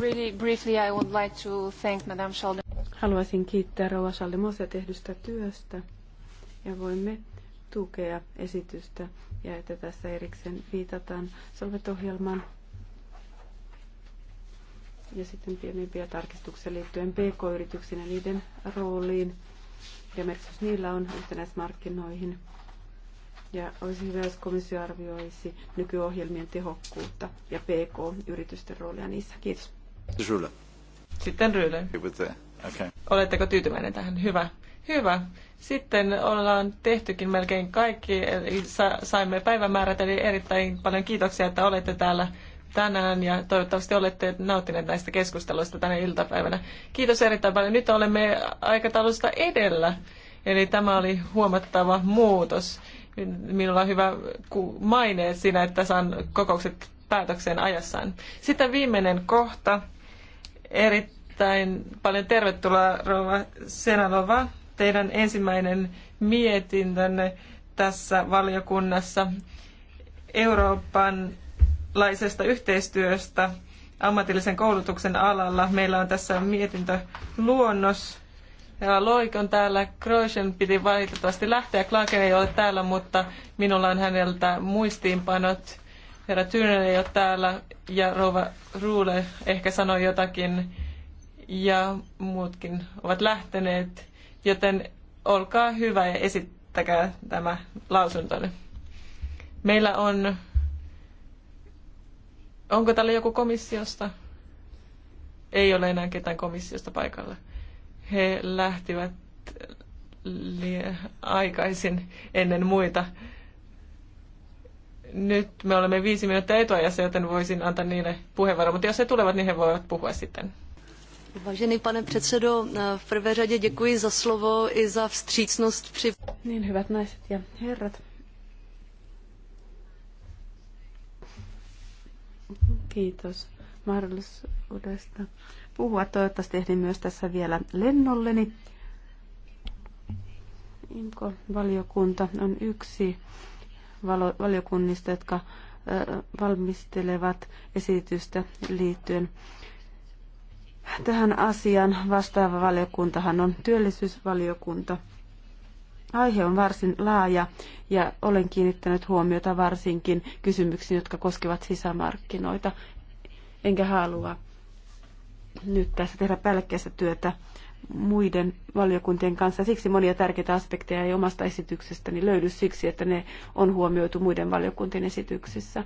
Really briefly, I would like to thank Madame Schalde. Haluaisin kiittää Rova Schaldemosia tehdystä työstä ja voimme tukea esitystä ja että tässä erikseen viitataan Solvet-ohjelman ja sitten pienempiä tarkistuksia liittyen pk-yrityksiin ja niiden rooliin ja merkitys niillä on yhtenäismarkkinoihin. Ja olisi hyvä, jos komissio arvioisi nykyohjelmien tehokkuutta ja PK-yritysten roolia niissä. Kiitos. Sitten Ryyle. Okay. Oletteko tyytyväinen tähän? Hyvä. Hyvä. Sitten ollaan tehtykin melkein kaikki, eli saimme päivämäärät, eli erittäin paljon kiitoksia, että olette täällä tänään ja toivottavasti olette nauttineet näistä keskusteluista tänä iltapäivänä. Kiitos erittäin paljon. Nyt olemme aikataulusta edellä, eli tämä oli huomattava muutos. Niin minulla on hyvä maine siinä, että saan kokoukset päätökseen ajassaan. Sitten viimeinen kohta. Erittäin paljon tervetuloa Rova Senalova. Teidän ensimmäinen mietintönne tässä valiokunnassa Euroopan laisesta yhteistyöstä ammatillisen koulutuksen alalla. Meillä on tässä mietintö luonnos Herra Loik on täällä. Croisen piti valitettavasti lähteä. Clarken ei ole täällä, mutta minulla on häneltä muistiinpanot. Herra Tyrnen ei ole täällä ja Rova Ruule ehkä sanoi jotakin ja muutkin ovat lähteneet. Joten olkaa hyvä ja esittäkää tämä lausuntonne. Meillä on... Onko täällä joku komissiosta? Ei ole enää ketään komissiosta paikalla. He lähtivät aikaisin ennen muita. Nyt me olemme viisi minuuttia etuajassa, joten voisin antaa niille puheenvuoron, mutta jos he tulevat, niin he voivat puhua sitten. Vážený pane předsedo, eh, v prvé řadě děkuji za slovo i za vstřícnost při... Niin, hyvät naiset ja herrat. Kiitos mahdollisuudesta puhua. Toivottavasti ehdin myös tässä vielä lennolleni. inko valiokunta on yksi valiokunnista, jotka valmistelevat esitystä liittyen tähän asiaan. Vastaava valiokuntahan on työllisyysvaliokunta. Aihe on varsin laaja ja olen kiinnittänyt huomiota varsinkin kysymyksiin, jotka koskevat sisämarkkinoita. Enkä halua nyt tässä tehdä päällekkäistä työtä muiden valiokuntien kanssa. Siksi monia tärkeitä aspekteja ei omasta esityksestäni löydy siksi, että ne on huomioitu muiden valiokuntien esityksissä.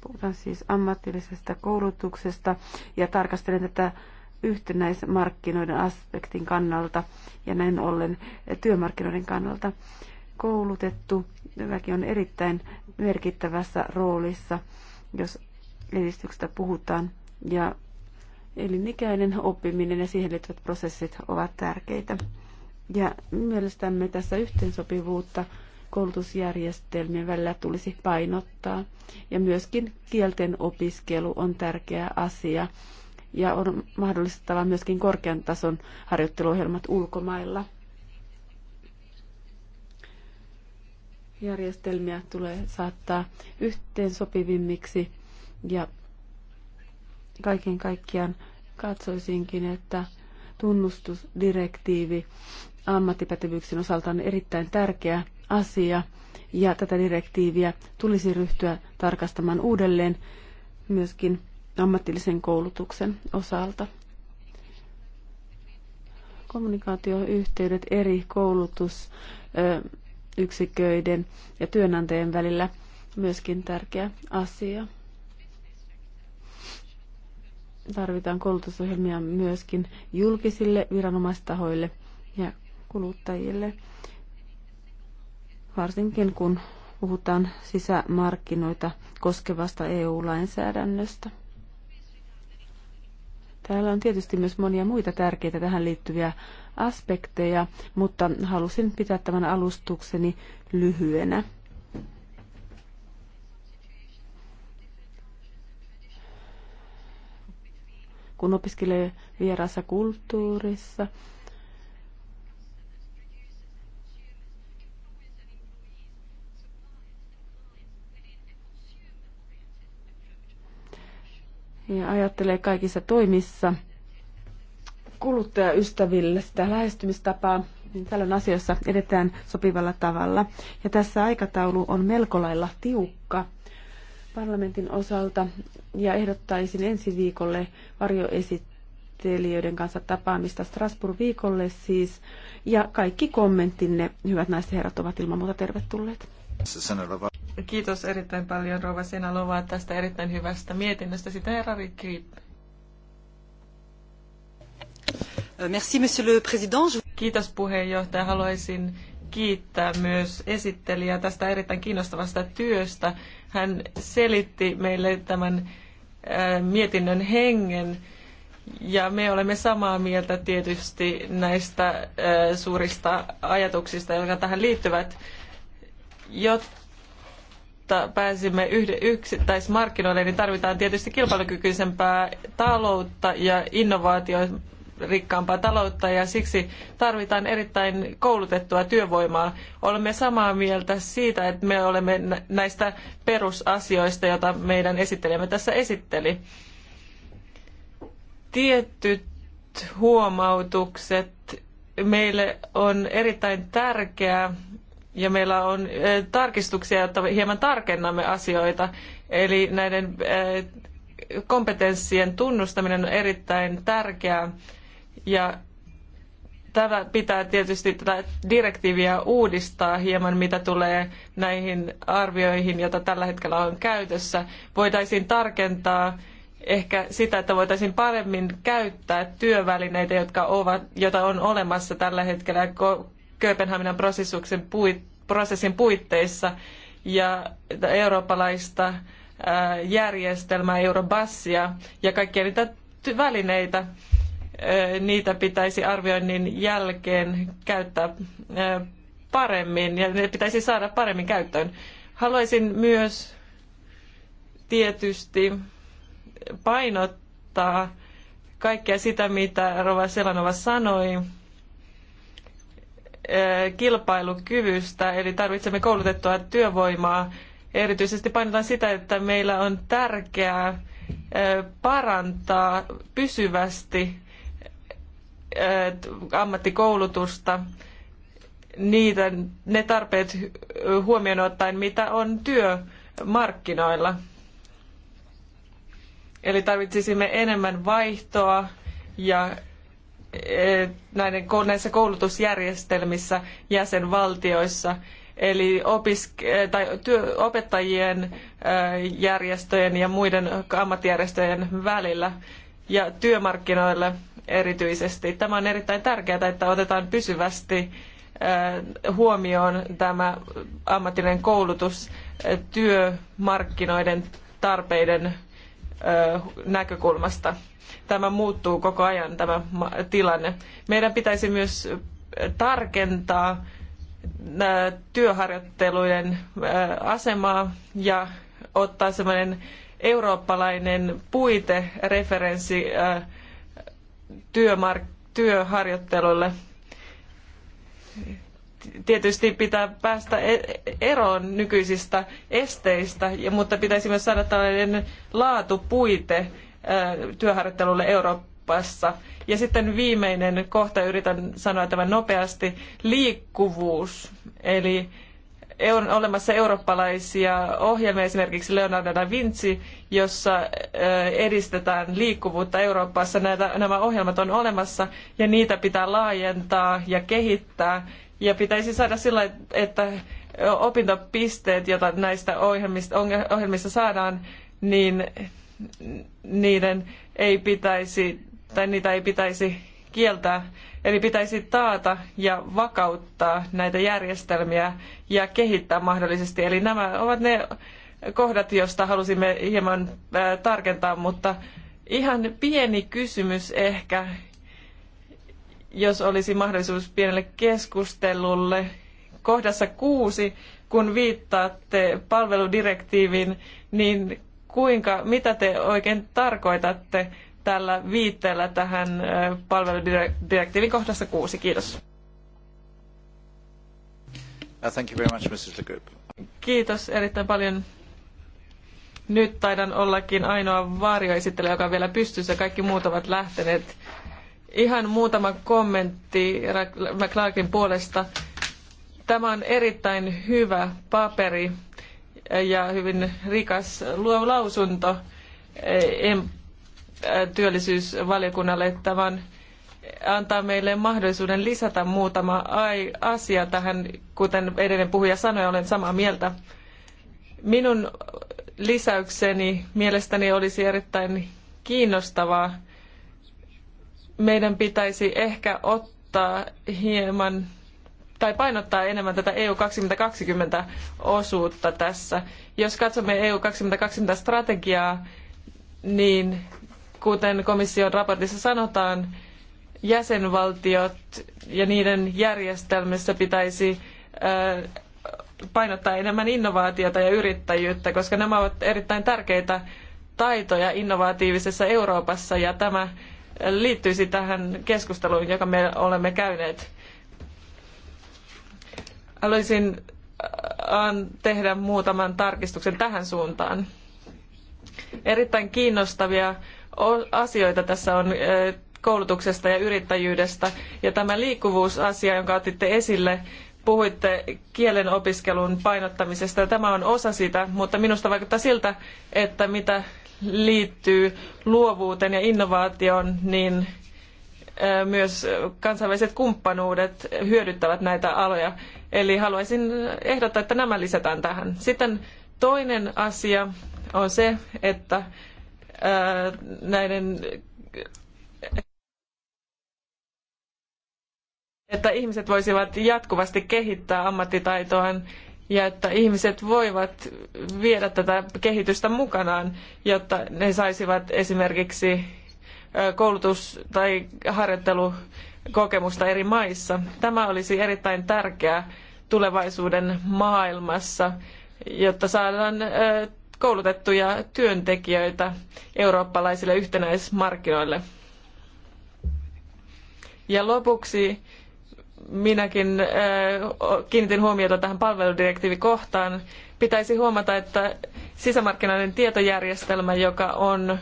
Puhutaan siis ammatillisesta koulutuksesta ja tarkastelen tätä yhtenäismarkkinoiden aspektin kannalta ja näin ollen työmarkkinoiden kannalta. Koulutettu väki on erittäin merkittävässä roolissa, jos edistyksestä puhutaan ja elinikäinen oppiminen ja siihen liittyvät prosessit ovat tärkeitä. Ja mielestämme tässä yhteensopivuutta koulutusjärjestelmien välillä tulisi painottaa. Ja myöskin kielten opiskelu on tärkeä asia. Ja on mahdollistettava myöskin korkean tason harjoitteluohjelmat ulkomailla. Järjestelmiä tulee saattaa yhteensopivimmiksi ja kaiken kaikkiaan katsoisinkin, että tunnustusdirektiivi ammattipätevyyksien osalta on erittäin tärkeä asia ja tätä direktiiviä tulisi ryhtyä tarkastamaan uudelleen myöskin ammatillisen koulutuksen osalta. Kommunikaatioyhteydet eri koulutusyksiköiden ja työnantajien välillä myöskin tärkeä asia tarvitaan koulutusohjelmia myöskin julkisille viranomaistahoille ja kuluttajille, varsinkin kun puhutaan sisämarkkinoita koskevasta EU-lainsäädännöstä. Täällä on tietysti myös monia muita tärkeitä tähän liittyviä aspekteja, mutta halusin pitää tämän alustukseni lyhyenä. kun opiskelee vieraassa kulttuurissa. Ja ajattelee kaikissa toimissa kuluttajaystäville sitä lähestymistapaa, niin tällöin asioissa edetään sopivalla tavalla. Ja tässä aikataulu on melko lailla tiukka parlamentin osalta ja ehdottaisin ensi viikolle varjoesittelijöiden kanssa tapaamista Strasbourg-viikolle siis. Ja kaikki kommenttinne, hyvät naiset ja herrat, ovat ilman muuta tervetulleet. Kiitos erittäin paljon Rova Senalova tästä erittäin hyvästä mietinnöstä. Sitä herra Rikki. Euh, merci, monsieur le président. Kiitos puheenjohtaja. Haluaisin kiittää myös esittelijää tästä erittäin kiinnostavasta työstä. Hän selitti meille tämän mietinnön hengen. Ja me olemme samaa mieltä tietysti näistä suurista ajatuksista, jotka tähän liittyvät, jotta pääsimme yksittäismarkkinoille, niin tarvitaan tietysti kilpailukykyisempää taloutta ja innovaatioita rikkaampaa taloutta ja siksi tarvitaan erittäin koulutettua työvoimaa. Olemme samaa mieltä siitä, että me olemme näistä perusasioista, joita meidän esittelemme tässä esitteli. Tietyt huomautukset meille on erittäin tärkeää ja meillä on tarkistuksia, jotta hieman tarkennamme asioita. Eli näiden kompetenssien tunnustaminen on erittäin tärkeää ja tätä pitää tietysti tätä direktiiviä uudistaa hieman, mitä tulee näihin arvioihin, joita tällä hetkellä on käytössä. Voitaisiin tarkentaa ehkä sitä, että voitaisiin paremmin käyttää työvälineitä, jotka ovat, joita on olemassa tällä hetkellä Kööpenhaminan prosessin puitteissa ja eurooppalaista järjestelmää, eurobassia ja kaikkia niitä välineitä, niitä pitäisi arvioinnin jälkeen käyttää paremmin ja ne pitäisi saada paremmin käyttöön. Haluaisin myös tietysti painottaa kaikkea sitä, mitä Rova Selanova sanoi kilpailukyvystä, eli tarvitsemme koulutettua työvoimaa. Erityisesti painotan sitä, että meillä on tärkeää parantaa pysyvästi Äh, ammattikoulutusta, niitä, ne tarpeet huomioon ottaen, mitä on työmarkkinoilla. Eli tarvitsisimme enemmän vaihtoa ja äh, näiden, näissä koulutusjärjestelmissä jäsenvaltioissa. Eli opisk- äh, tai työ, opettajien järjestöjen ja muiden ammattijärjestöjen välillä ja työmarkkinoille erityisesti. Tämä on erittäin tärkeää, että otetaan pysyvästi huomioon tämä ammatillinen koulutus työmarkkinoiden tarpeiden näkökulmasta. Tämä muuttuu koko ajan tämä tilanne. Meidän pitäisi myös tarkentaa työharjoitteluiden asemaa ja ottaa sellainen eurooppalainen puitereferenssi referenssi työharjoittelulle. Tietysti pitää päästä e- eroon nykyisistä esteistä, mutta pitäisi myös saada tällainen laatupuite työharjoittelulle Euroopassa. Ja sitten viimeinen kohta, yritän sanoa tämän nopeasti, liikkuvuus. Eli on olemassa eurooppalaisia ohjelmia, esimerkiksi Leonardo da Vinci, jossa edistetään liikkuvuutta Euroopassa. nämä ohjelmat on olemassa ja niitä pitää laajentaa ja kehittää. Ja pitäisi saada sillä, että opintopisteet, joita näistä ohjelmista, ohjelmista saadaan, niin niiden ei pitäisi, tai niitä ei pitäisi kieltää. Eli pitäisi taata ja vakauttaa näitä järjestelmiä ja kehittää mahdollisesti. Eli nämä ovat ne kohdat, joista halusimme hieman tarkentaa, mutta ihan pieni kysymys ehkä, jos olisi mahdollisuus pienelle keskustelulle. Kohdassa kuusi, kun viittaatte palveludirektiiviin, niin kuinka, mitä te oikein tarkoitatte? tällä viitteellä tähän palveludirektiivin kohdassa kuusi. Kiitos. Uh, thank you very much, Mrs. Kiitos erittäin paljon. Nyt taidan ollakin ainoa varjoesittelijä, joka on vielä pystyssä. Kaikki muut ovat lähteneet. Ihan muutama kommentti McClarkin puolesta. Tämä on erittäin hyvä paperi ja hyvin rikas lausunto. En työllisyysvaliokunnalle. Tämä antaa meille mahdollisuuden lisätä muutama asia tähän, kuten edellinen puhuja sanoi, olen samaa mieltä. Minun lisäykseni mielestäni olisi erittäin kiinnostavaa. Meidän pitäisi ehkä ottaa hieman tai painottaa enemmän tätä EU 2020 osuutta tässä. Jos katsomme EU 2020 strategiaa, niin kuten komission raportissa sanotaan, jäsenvaltiot ja niiden järjestelmissä pitäisi painottaa enemmän innovaatiota ja yrittäjyyttä, koska nämä ovat erittäin tärkeitä taitoja innovatiivisessa Euroopassa ja tämä liittyisi tähän keskusteluun, joka me olemme käyneet. Haluaisin tehdä muutaman tarkistuksen tähän suuntaan. Erittäin kiinnostavia asioita tässä on koulutuksesta ja yrittäjyydestä. Ja tämä liikkuvuusasia, jonka otitte esille, puhuitte kielen opiskelun painottamisesta. Tämä on osa sitä, mutta minusta vaikuttaa siltä, että mitä liittyy luovuuteen ja innovaatioon, niin myös kansainväliset kumppanuudet hyödyttävät näitä aloja. Eli haluaisin ehdottaa, että nämä lisätään tähän. Sitten toinen asia on se, että Äh, näiden että ihmiset voisivat jatkuvasti kehittää ammattitaitoaan ja että ihmiset voivat viedä tätä kehitystä mukanaan, jotta ne saisivat esimerkiksi äh, koulutus- tai harjoittelukokemusta eri maissa. Tämä olisi erittäin tärkeää tulevaisuuden maailmassa, jotta saadaan äh, koulutettuja työntekijöitä eurooppalaisille yhtenäismarkkinoille. Ja lopuksi minäkin äh, kiinnitin huomiota tähän palveludirektiivikohtaan. Pitäisi huomata, että sisämarkkinoiden tietojärjestelmä, joka, on, äh,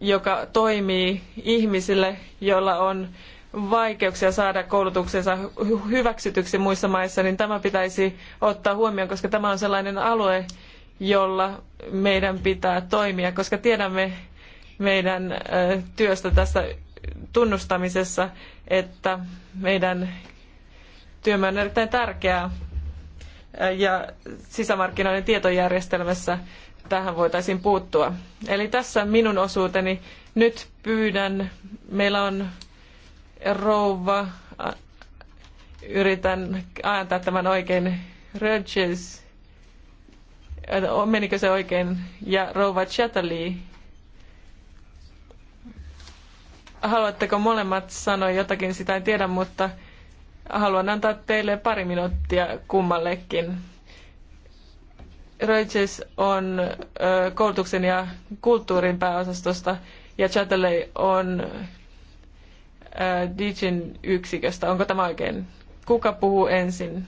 joka toimii ihmisille, joilla on vaikeuksia saada koulutuksensa hyväksytyksi muissa maissa, niin tämä pitäisi ottaa huomioon, koska tämä on sellainen alue, jolla meidän pitää toimia, koska tiedämme meidän työstä tässä tunnustamisessa, että meidän työmme on erittäin tärkeää ja sisämarkkinoiden tietojärjestelmässä tähän voitaisiin puuttua. Eli tässä minun osuuteni. Nyt pyydän, meillä on rouva, yritän ääntä tämän oikein, Röges menikö se oikein, ja rouva Chatali, haluatteko molemmat sanoa jotakin, sitä en tiedä, mutta haluan antaa teille pari minuuttia kummallekin. Reuters on koulutuksen ja kulttuurin pääosastosta ja Chatterley on Digin yksiköstä. Onko tämä oikein? Kuka puhuu ensin?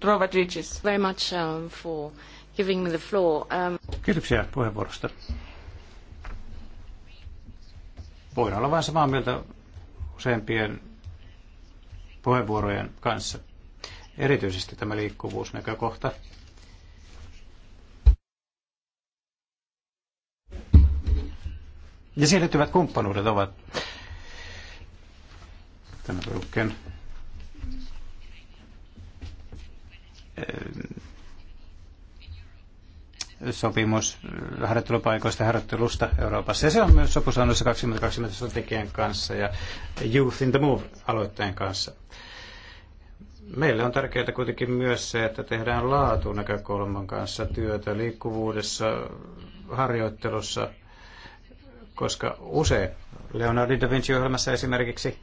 Rova Tricis. Very much um, for giving me the floor. Um, Kiitoksia puheenvuorosta. Voin olla vain samaa mieltä useimpien puheenvuorojen kanssa. Erityisesti tämä liikkuvuusnäkökohta. Ja siihen liittyvät kumppanuudet ovat tämän ruukkeen sopimus harjoittelupaikoista harjoittelusta Euroopassa. Ja se on myös sopusannossa 2020 strategian kanssa ja Youth in the Move-aloitteen kanssa. Meille on tärkeää kuitenkin myös se, että tehdään laatunäkökulman kanssa työtä liikkuvuudessa, harjoittelussa, koska usein Leonardo da Vinci-ohjelmassa esimerkiksi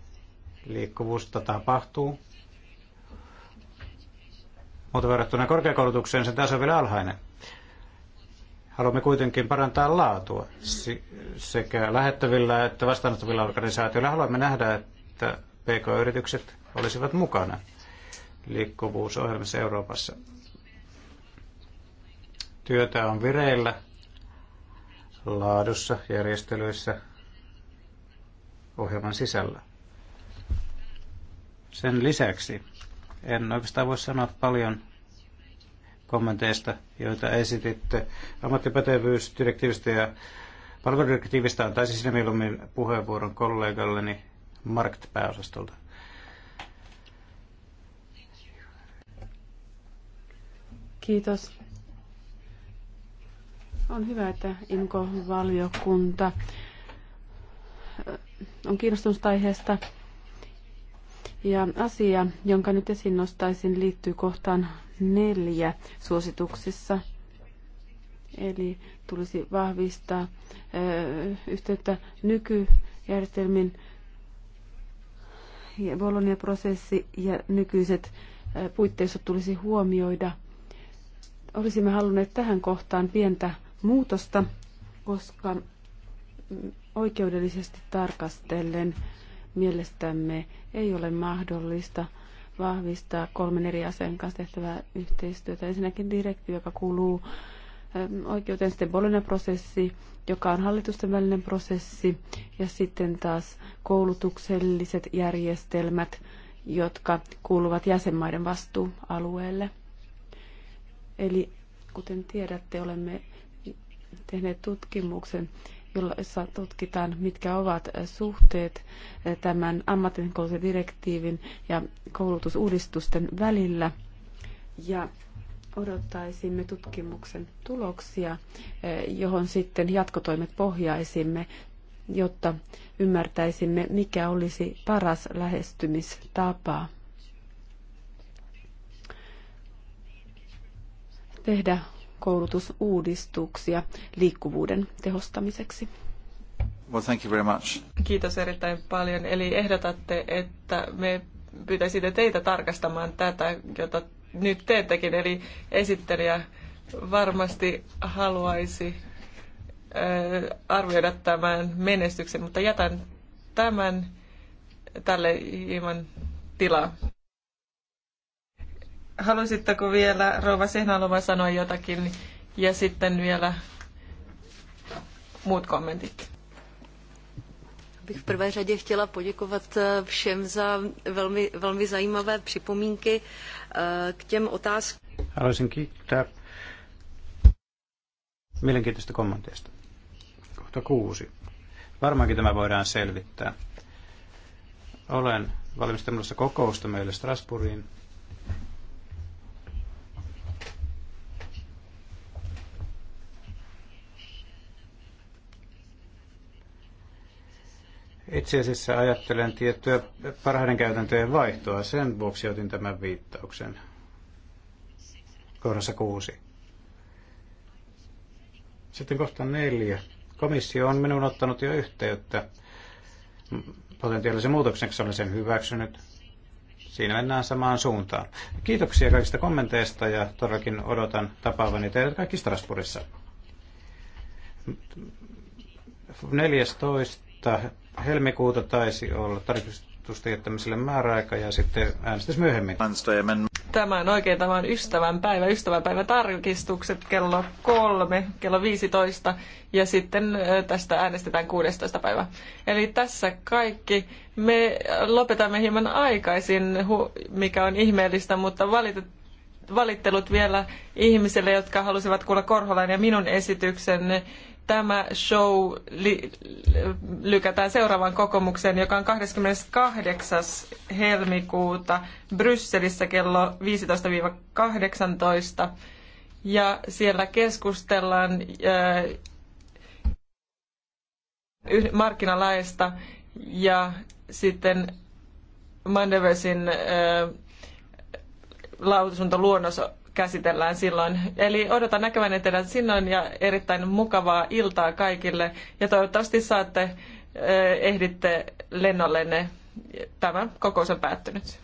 liikkuvuutta tapahtuu mutta verrattuna korkeakoulutukseen sen taso on vielä alhainen. Haluamme kuitenkin parantaa laatua sekä lähettävillä että vastaanottavilla organisaatioilla. Haluamme nähdä, että PK-yritykset olisivat mukana liikkuvuusohjelmassa Euroopassa. Työtä on vireillä laadussa, järjestelyissä, ohjelman sisällä. Sen lisäksi en oikeastaan voi sanoa paljon kommenteista, joita esititte ammattipätevyysdirektiivistä ja palveludirektiivistä antaisin sinne mieluummin puheenvuoron kollegalleni Markt-pääosastolta. Kiitos. On hyvä, että inko valiokunta on kiinnostunut aiheesta. Ja asia, jonka nyt esiin nostaisin, liittyy kohtaan neljä suosituksissa. Eli tulisi vahvistaa ö, yhteyttä nykyjärjestelmin ja Bologna-prosessi ja nykyiset ö, puitteissa tulisi huomioida. Olisimme halunneet tähän kohtaan pientä muutosta, koska mm, oikeudellisesti tarkastellen – mielestämme ei ole mahdollista vahvistaa kolmen eri asian kanssa tehtävää yhteistyötä. Ensinnäkin direktiivi, joka kuuluu ähm, oikeuteen, sitten Bologna-prosessi, joka on hallitusten välinen prosessi, ja sitten taas koulutukselliset järjestelmät, jotka kuuluvat jäsenmaiden vastuualueelle. Eli kuten tiedätte, olemme tehneet tutkimuksen jossa tutkitaan, mitkä ovat suhteet tämän ammatillisen koulutuksen direktiivin ja koulutusuudistusten välillä. Ja odottaisimme tutkimuksen tuloksia, johon sitten jatkotoimet pohjaisimme, jotta ymmärtäisimme, mikä olisi paras lähestymistapa. Tehdä koulutusuudistuksia liikkuvuuden tehostamiseksi? Well, thank you very much. Kiitos erittäin paljon. Eli ehdotatte, että me pyytäisimme teitä tarkastamaan tätä, jota nyt teettekin. Eli esittelijä varmasti haluaisi arvioida tämän menestyksen, mutta jätän tämän tälle hieman tilaa halusitteko vielä Rouva Sehnalova sanoa jotakin ja sitten vielä muut kommentit? bych v prvé řadě chtěla poděkovat eh, všem za velmi, velmi zajímavé připomínky eh, k těm otázkám. Haluaisin kiittää mielenkiintoista kommenteista. Kohta kuusi. Varmaankin tämä voidaan selvittää. Olen valmistamassa kokousta meille Strasbourgiin Itse asiassa ajattelen tiettyä parhaiden käytäntöjen vaihtoa. Sen vuoksi otin tämän viittauksen kohdassa kuusi. Sitten kohta neljä. Komissio on minun ottanut jo yhteyttä potentiaalisen muutokseksi olen sen hyväksynyt. Siinä mennään samaan suuntaan. Kiitoksia kaikista kommenteista ja todellakin odotan tapaavani teidät kaikki Strasbourgissa. 14 helmikuuta taisi olla tarkistusten jättämiselle määräaika ja sitten äänestys myöhemmin. Tämä on oikein, tämä on ystävänpäivä, ystävänpäivä tarkistukset kello kolme, kello 15 ja sitten tästä äänestetään 16. päivä. Eli tässä kaikki. Me lopetamme hieman aikaisin, mikä on ihmeellistä, mutta valitettavasti valittelut vielä ihmisille, jotka halusivat kuulla Korholan ja minun esityksen tämä show li- lykätään seuraavaan kokoukseen, joka on 28. helmikuuta Brysselissä kello 15-18. Ja siellä keskustellaan äh, markkinalaista ja sitten Mandevesin äh, lausuntoluonnos käsitellään silloin. Eli odotan näkeväni teidän sinnoin ja erittäin mukavaa iltaa kaikille. Ja toivottavasti saatte, ehditte lennollenne. Tämä kokous on päättynyt.